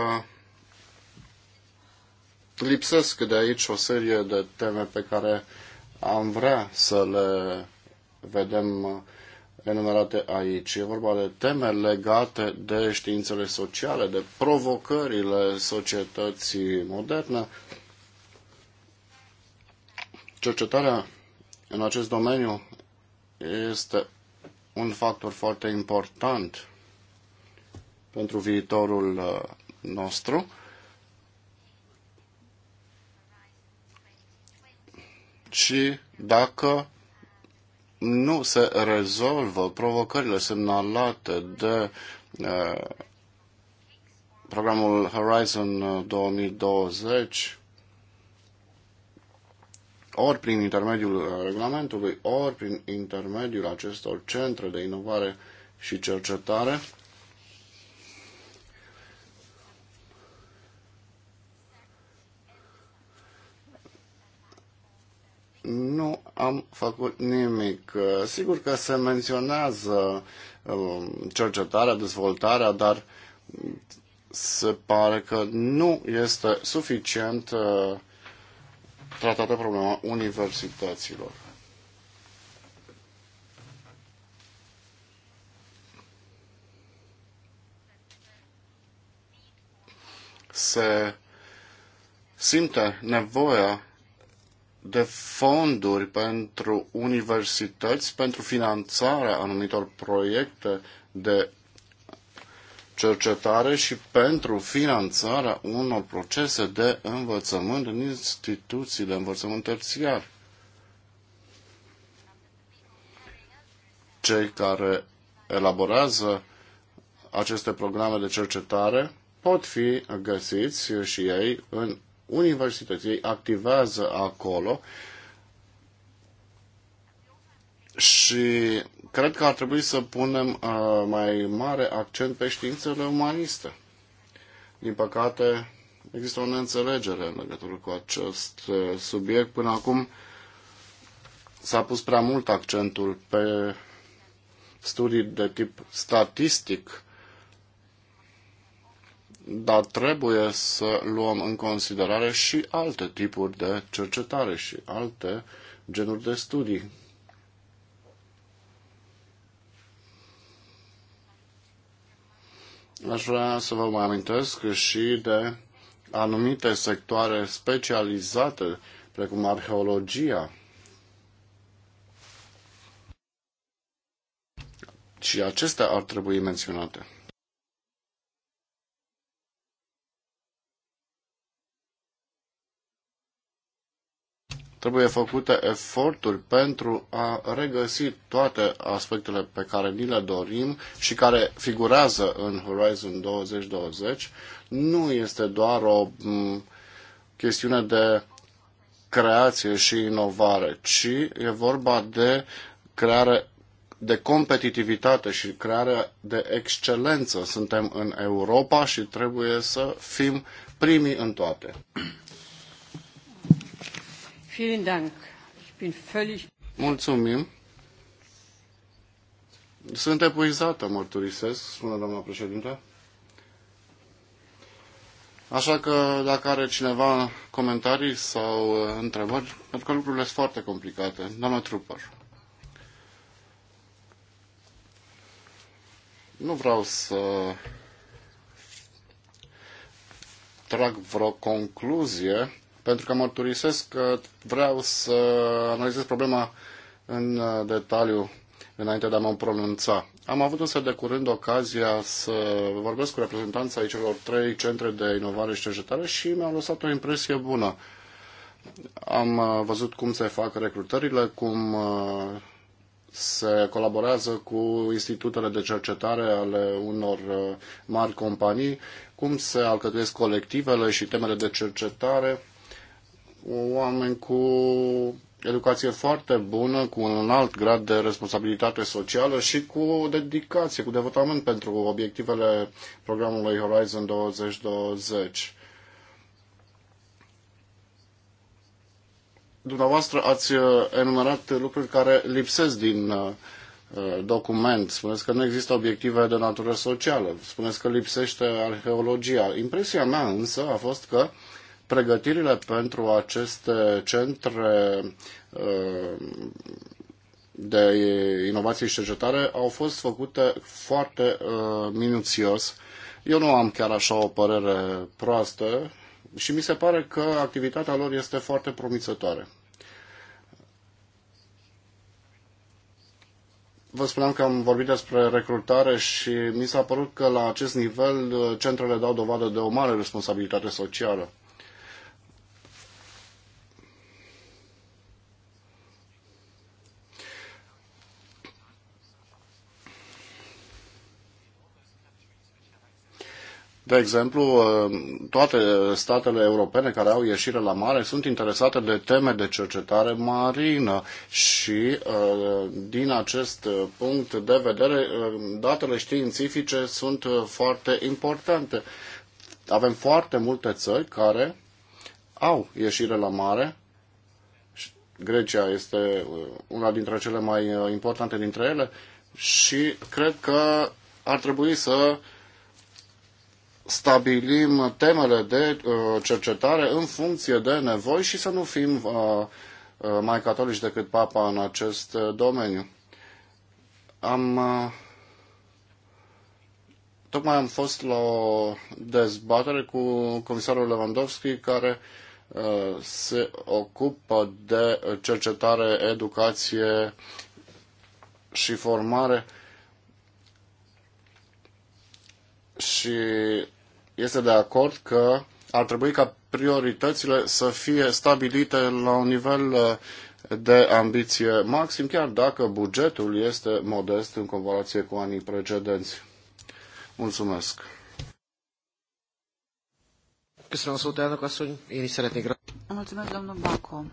lipsesc de aici o serie de teme pe care am vrea să le vedem enumerate aici. E vorba de teme legate de științele sociale, de provocările societății moderne. Cercetarea în acest domeniu este un factor foarte important pentru viitorul uh, nostru. ci dacă nu se rezolvă provocările semnalate de uh, programul Horizon 2020, uh, ori prin intermediul uh, regulamentului, ori prin intermediul acestor centre de inovare și cercetare, nu am făcut nimic. Sigur că se menționează um, cercetarea, dezvoltarea, dar se pare că nu este suficient uh, tratată problema universităților. Se simte nevoia de fonduri pentru universități, pentru finanțarea anumitor proiecte de cercetare și pentru finanțarea unor procese de învățământ în instituții de învățământ terțiar. Cei care elaborează aceste programe de cercetare pot fi găsiți și ei în universități. Ei activează acolo și cred că ar trebui să punem uh, mai mare accent pe științele umaniste. Din păcate, există o neînțelegere în legătură cu acest uh, subiect. Până acum s-a pus prea mult accentul pe studii de tip statistic dar trebuie să luăm în considerare și alte tipuri de cercetare și alte genuri de studii. Aș vrea să vă mai amintesc și de anumite sectoare specializate, precum arheologia și acestea ar trebui menționate. Trebuie făcute eforturi pentru a regăsi toate aspectele pe care ni le dorim și care figurează în Horizon 2020. Nu este doar o chestiune de creație și inovare, ci e vorba de creare de competitivitate și crearea de excelență. Suntem în Europa și trebuie să fim primii în toate. Vielen Dank. Ich bin völlig... Mulțumim. Sunt epuizată, mărturisesc, spune doamna președinte. Așa că dacă are cineva comentarii sau uh, întrebări, pentru că lucrurile sunt foarte complicate. Doamna Trooper. Nu vreau să trag vreo concluzie, pentru că mărturisesc că vreau să analizez problema în uh, detaliu înainte de a mă pronunța. Am avut însă de curând ocazia să vorbesc cu reprezentanța ai celor trei centre de inovare și cercetare și mi-au lăsat o impresie bună. Am uh, văzut cum se fac recrutările, cum uh, se colaborează cu institutele de cercetare ale unor mari companii, cum se alcătuiesc colectivele și temele de cercetare oameni cu educație foarte bună, cu un alt grad de responsabilitate socială și cu dedicație, cu devotament pentru obiectivele programului Horizon 2020. Dumneavoastră ați uh, enumerat lucruri care lipsesc din uh, uh, document. Spuneți că nu există obiective de natură socială. Spuneți că lipsește arheologia. Impresia mea însă a fost că uh, pregătirile pentru aceste centre uh, de inovație și cercetare au fost făcute foarte uh, minuțios. Eu nu am chiar așa o părere proastă și mi se pare că activitatea lor este foarte promițătoare. vă spuneam că am vorbit despre recrutare și mi s-a părut că la acest nivel uh, centrele dau dovadă de o mare responsabilitate socială. De exemplu, uh, toate statele europene care au ieșire la mare sunt interesate de teme de cercetare marină și uh, din acest uh, punct de vedere datele științifice sunt foarte importante. Avem foarte multe țări care au ieșire la mare. Grecia este una dintre cele mai importante dintre ele și cred că ar trebui să stabilim temele de uh, cercetare în funcție de nevoi și să nu fim uh, uh, mai catolici decât Papa în acest domeniu. Am tocmai am fost la o dezbatere cu comisarul Lewandowski care se ocupă de cercetare, educație și formare și este de acord că ar trebui ca prioritățile să fie stabilite la un nivel uh, de ambiție maxim, chiar dacă bugetul este modest în comparație cu anii precedenți. Mulțumesc! Mulțumesc, domnul Baco.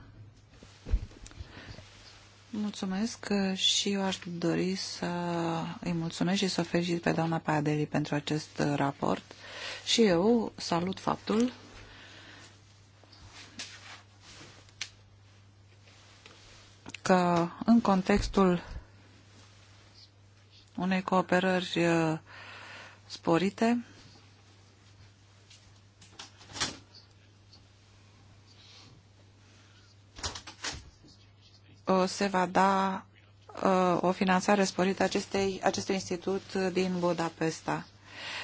Mulțumesc și eu aș dori să îi mulțumesc și să o felicit pe doamna Padeli pentru acest raport. Și eu salut faptul că în contextul unei cooperări uh, sporite, uh, se va da uh, o finanțare sporită acestei, acestui institut din Budapesta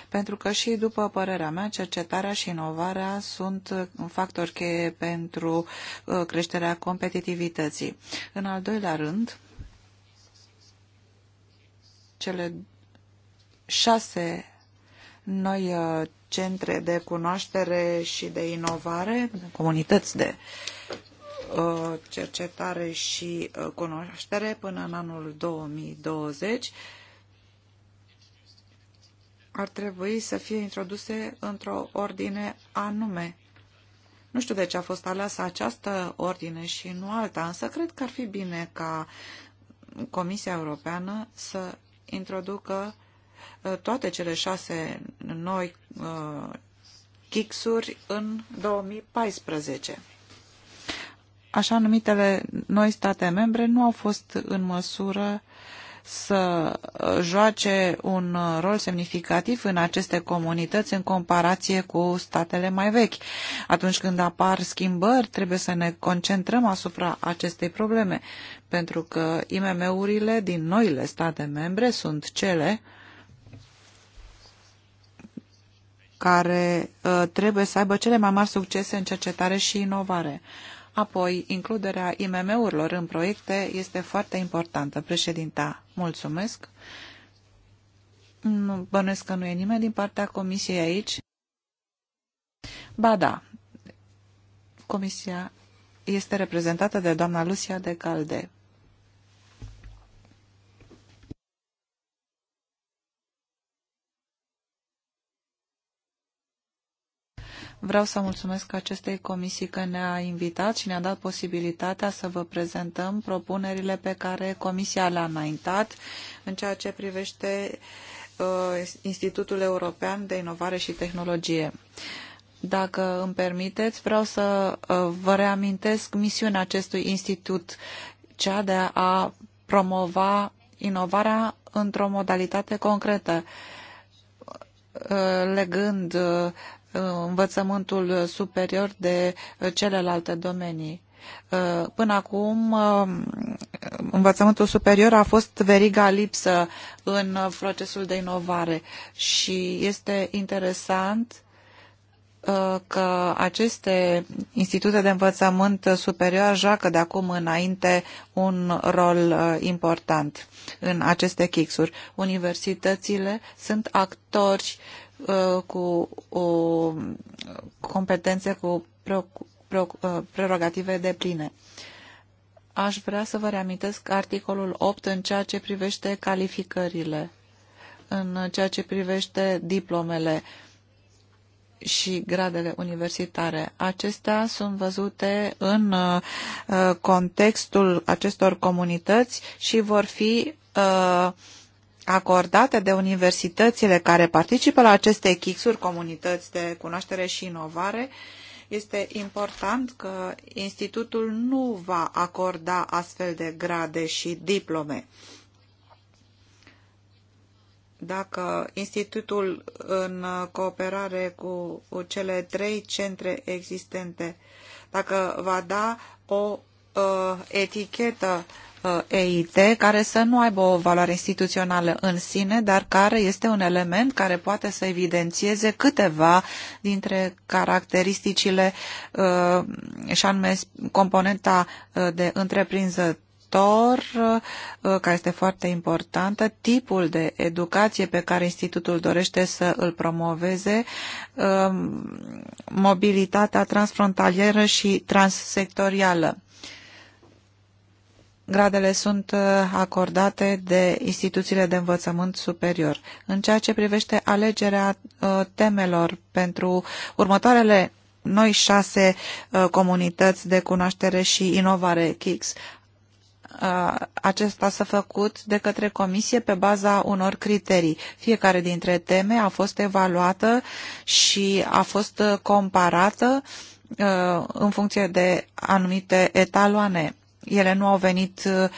pentru că și după părerea mea, cercetarea și inovarea sunt un factor cheie pentru uh, creșterea competitivității. În al doilea rând, cele șase noi uh, centre de cunoaștere și de inovare, comunități de uh, cercetare și cunoaștere până în anul 2020 ar trebui să fie introduse într-o ordine anume. Nu știu de ce a fost aleasă această ordine și nu alta, însă cred că ar fi bine ca Comisia Europeană să introducă uh, toate cele șase noi uh, chixuri în 2014. Așa numitele noi state membre nu au fost în măsură uh, să uh, joace un uh, rol semnificativ în aceste comunități în comparație cu statele mai vechi. Atunci când apar schimbări, trebuie să ne concentrăm asupra acestei probleme, pentru că IMM-urile din noile state membre sunt cele care uh, trebuie să aibă cele mai mari succese în cercetare și inovare. Apoi, includerea IMM-urilor în proiecte este foarte importantă. Președinta, mulțumesc. bănuiesc că nu e nimeni din partea comisiei aici. Ba da, comisia este reprezentată de doamna Lucia de Calde. Vreau să mulțumesc acestei comisii că ne-a invitat și ne-a dat posibilitatea să vă prezentăm propunerile pe care comisia le-a înaintat în ceea ce privește uh, Institutul European de Inovare și Tehnologie. Dacă îmi permiteți, vreau să uh, vă reamintesc misiunea acestui institut, cea de a promova inovarea într-o modalitate concretă, uh, legând învățământul superior de celelalte domenii. Uh, până acum, uh, învățământul superior a fost veriga lipsă în procesul de inovare și este interesant uh, că aceste institute de învățământ superior joacă de acum înainte un rol important în aceste chixuri. Universitățile sunt actori uh, Uh, cu o competențe cu uh, prerogative de pline. Aș vrea să vă reamintesc articolul 8 în ceea ce privește calificările, în ceea ce privește diplomele și gradele universitare. Acestea sunt văzute în uh, contextul acestor comunități și vor fi acordate de universitățile care participă la aceste chixuri, comunități de cunoaștere și inovare, este important că institutul nu va acorda astfel de grade și diplome. Dacă institutul, în cooperare cu cele trei centre existente, dacă va da o Uh, etichetă uh, EIT care să nu aibă o valoare instituțională în sine, dar care este un element care poate să evidențieze câteva dintre caracteristicile uh, și anume componenta de întreprinzător care este foarte importantă, tipul de educație pe care institutul dorește să îl promoveze, mobilitatea transfrontalieră și transsectorială gradele sunt uh, acordate de instituțiile de învățământ superior. În ceea ce privește alegerea uh, temelor pentru următoarele noi șase uh, comunități de cunoaștere și inovare KICS, acesta s-a făcut de către comisie pe baza unor criterii. Fiecare dintre teme a fost evaluată și a fost comparată în funcție de anumite etaloane ele nu au venit uh,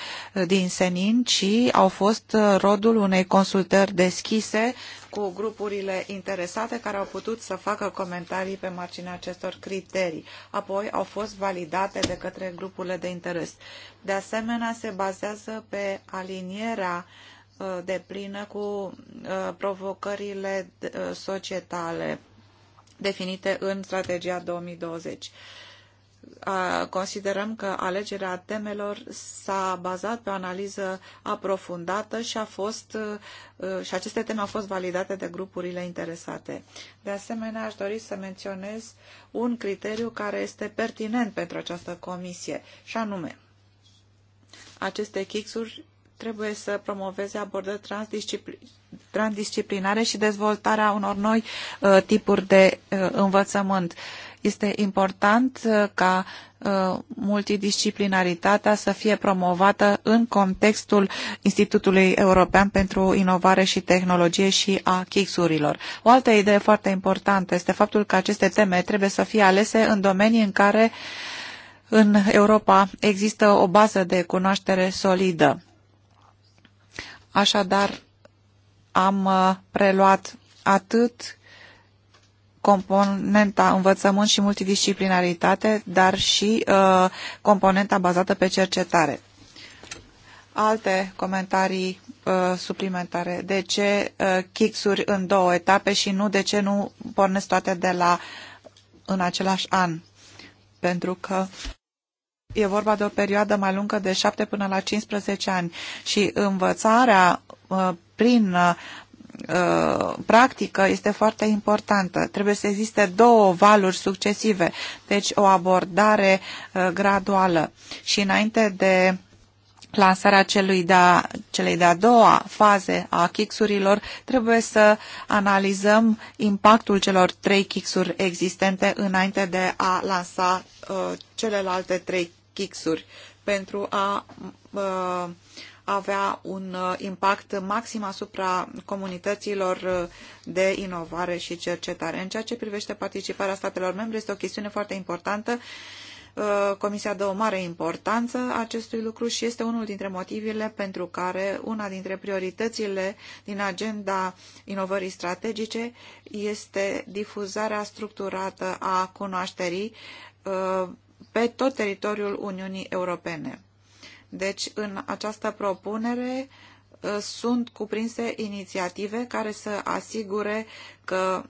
din senin, ci au fost uh, rodul unei consultări deschise cu grupurile interesate care au putut să facă comentarii pe marginea acestor criterii. Apoi au fost validate de către grupurile de interes. De asemenea, se bazează pe alinierea uh, de plină cu provocările societale definite în strategia 2020 considerăm că alegerea temelor s-a bazat pe o analiză aprofundată și, a fost, uh, uh, și aceste teme au fost validate de grupurile interesate. De asemenea, aș dori să menționez un criteriu care este pertinent pentru această comisie, și anume, aceste chixuri trebuie să promoveze abordări transdiscipl transdisciplinare și dezvoltarea unor noi uh, tipuri de uh, învățământ. Uh, este important uh, ca uh, multidisciplinaritatea să fie promovată în contextul Institutului European pentru Inovare și Tehnologie și a CIX-urilor. O altă idee foarte importantă este faptul că aceste teme trebuie să fie alese în domenii în care în Europa există o bază de cunoaștere solidă. Așadar, am uh, preluat atât componenta învățământ și multidisciplinaritate, dar și uh, componenta bazată pe cercetare. Alte comentarii uh, suplimentare. De ce uh, chixuri în două etape și nu de ce nu pornesc toate de la în același an? Pentru că e vorba de o perioadă mai lungă de 7 până la 15 ani și învățarea uh, prin uh, Uh, practică este foarte importantă. Trebuie să existe două valuri succesive, deci o abordare uh, graduală. Și înainte de lansarea celui de-a, celei de-a doua faze a kixurilor, trebuie să analizăm impactul celor trei kixuri existente înainte de a lansa uh, celelalte trei kixuri pentru a uh, avea un uh, impact maxim asupra comunităților uh, de inovare și cercetare. În ceea ce privește participarea statelor membre, este o chestiune foarte importantă. Uh, Comisia dă o mare importanță acestui lucru și este unul dintre motivele pentru care una dintre prioritățile din agenda inovării strategice este difuzarea structurată a cunoașterii pe tot teritoriul Uniunii Europene. Deci, în această propunere uh, sunt cuprinse inițiative care să asigure că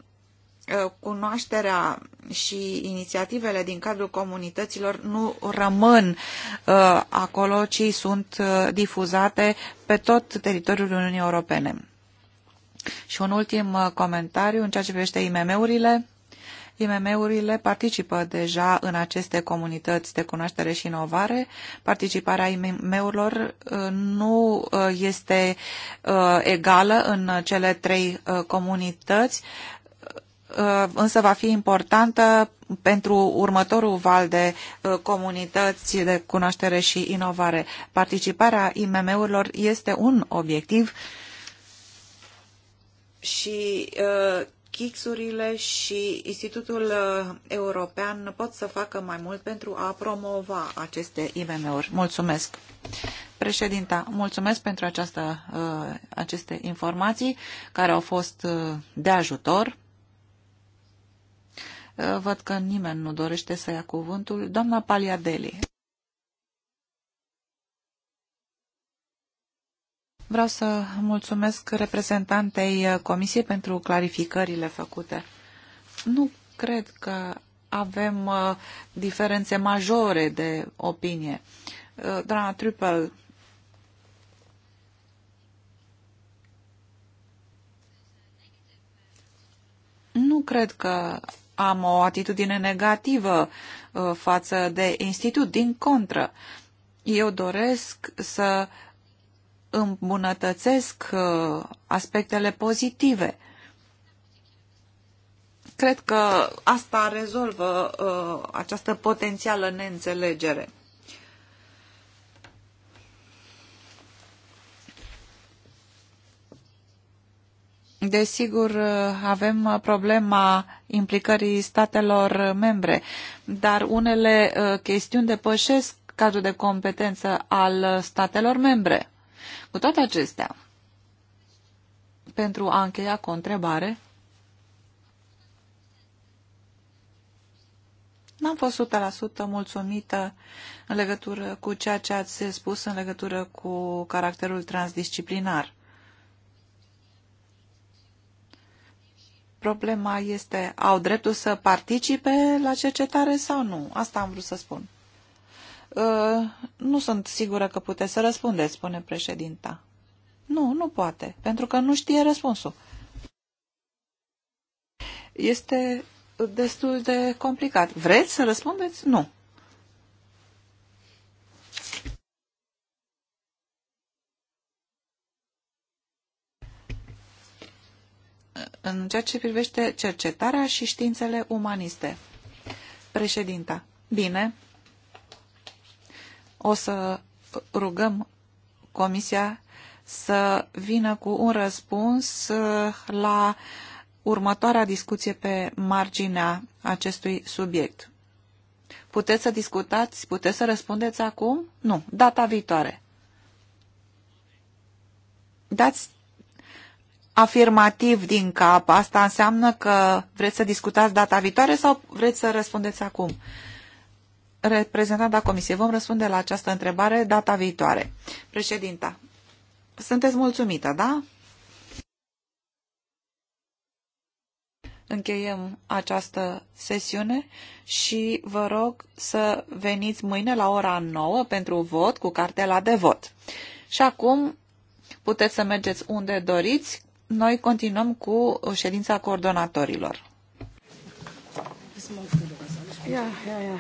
uh, cunoașterea și inițiativele din cadrul comunităților nu rămân uh, acolo, ci sunt difuzate pe tot teritoriul Uniunii Europene. Și un ultim comentariu în ceea ce privește IMM-urile. IMM-urile participă deja în aceste comunități de cunoaștere și inovare. Participarea IMM-urilor uh, nu uh, este uh, egală în cele trei comunități, însă va fi importantă pentru următorul val de comunități de cunoaștere și inovare. Participarea IMM-urilor este un obiectiv și Chixurile și Institutul uh, European pot să facă mai mult pentru a promova aceste IMM-uri. Mulțumesc! Președinta, mulțumesc pentru această, uh, aceste informații care au fost uh, de ajutor. Văd că nimeni nu dorește să ia cuvântul. Doamna Paliadeli. Vreau să mulțumesc reprezentantei uh, Comisiei pentru clarificările făcute. Nu cred că avem uh, diferențe majore de opinie. Uh, doamna Triple Nu cred că am o atitudine negativă față de institut, din contră. Eu doresc să uh, îmbunătățesc uh, aspectele pozitive. Cred că asta rezolvă uh, această potențială neînțelegere. Desigur, uh, avem problema implicării statelor membre, dar unele chestiuni depășesc cadrul de competență al statelor membre. Cu toate acestea, pentru a încheia cu o întrebare, N-am fost 100% mulțumită în legătură cu ceea ce ați spus în legătură cu caracterul transdisciplinar. Problema este, au dreptul să participe la cercetare sau nu? Asta am vrut să spun. Uh, nu sunt sigură că puteți să răspundeți, spune președinta. Nu, nu poate, pentru că nu știe răspunsul. Este destul de complicat. Vreți să răspundeți? Nu. în ceea ce privește cercetarea și științele umaniste. Președinta, bine, o să rugăm Comisia să vină cu un răspuns uh, la următoarea discuție pe marginea acestui subiect. Puteți să discutați? Puteți să răspundeți acum? Nu, data viitoare. Dați afirmativ din cap. Asta înseamnă că vreți să discutați data viitoare sau vreți să răspundeți acum? reprezentanta Comisiei. Vom răspunde la această întrebare data viitoare. Președinta, sunteți mulțumită, da? Încheiem această sesiune și vă rog să veniți mâine la ora 9 pentru vot cu cartela de vot. Și acum puteți să mergeți unde doriți. Noi continuăm cu ședința coordonatorilor. Ja, ja, ja.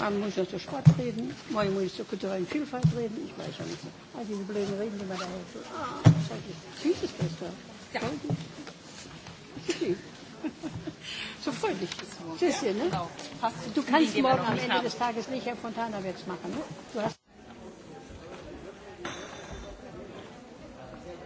Man muss ja zur Sport reden, man muss zur kulturellen Vielfalt reden. Ich weiß ja nicht. All diese blöden Reden, die man da hält. Ah, ist dieses besser. Ja. So freundlich. ja. ne? Du kannst morgen am Ende des Tages nicht Herr Fontana jetzt machen. Ne? Du hast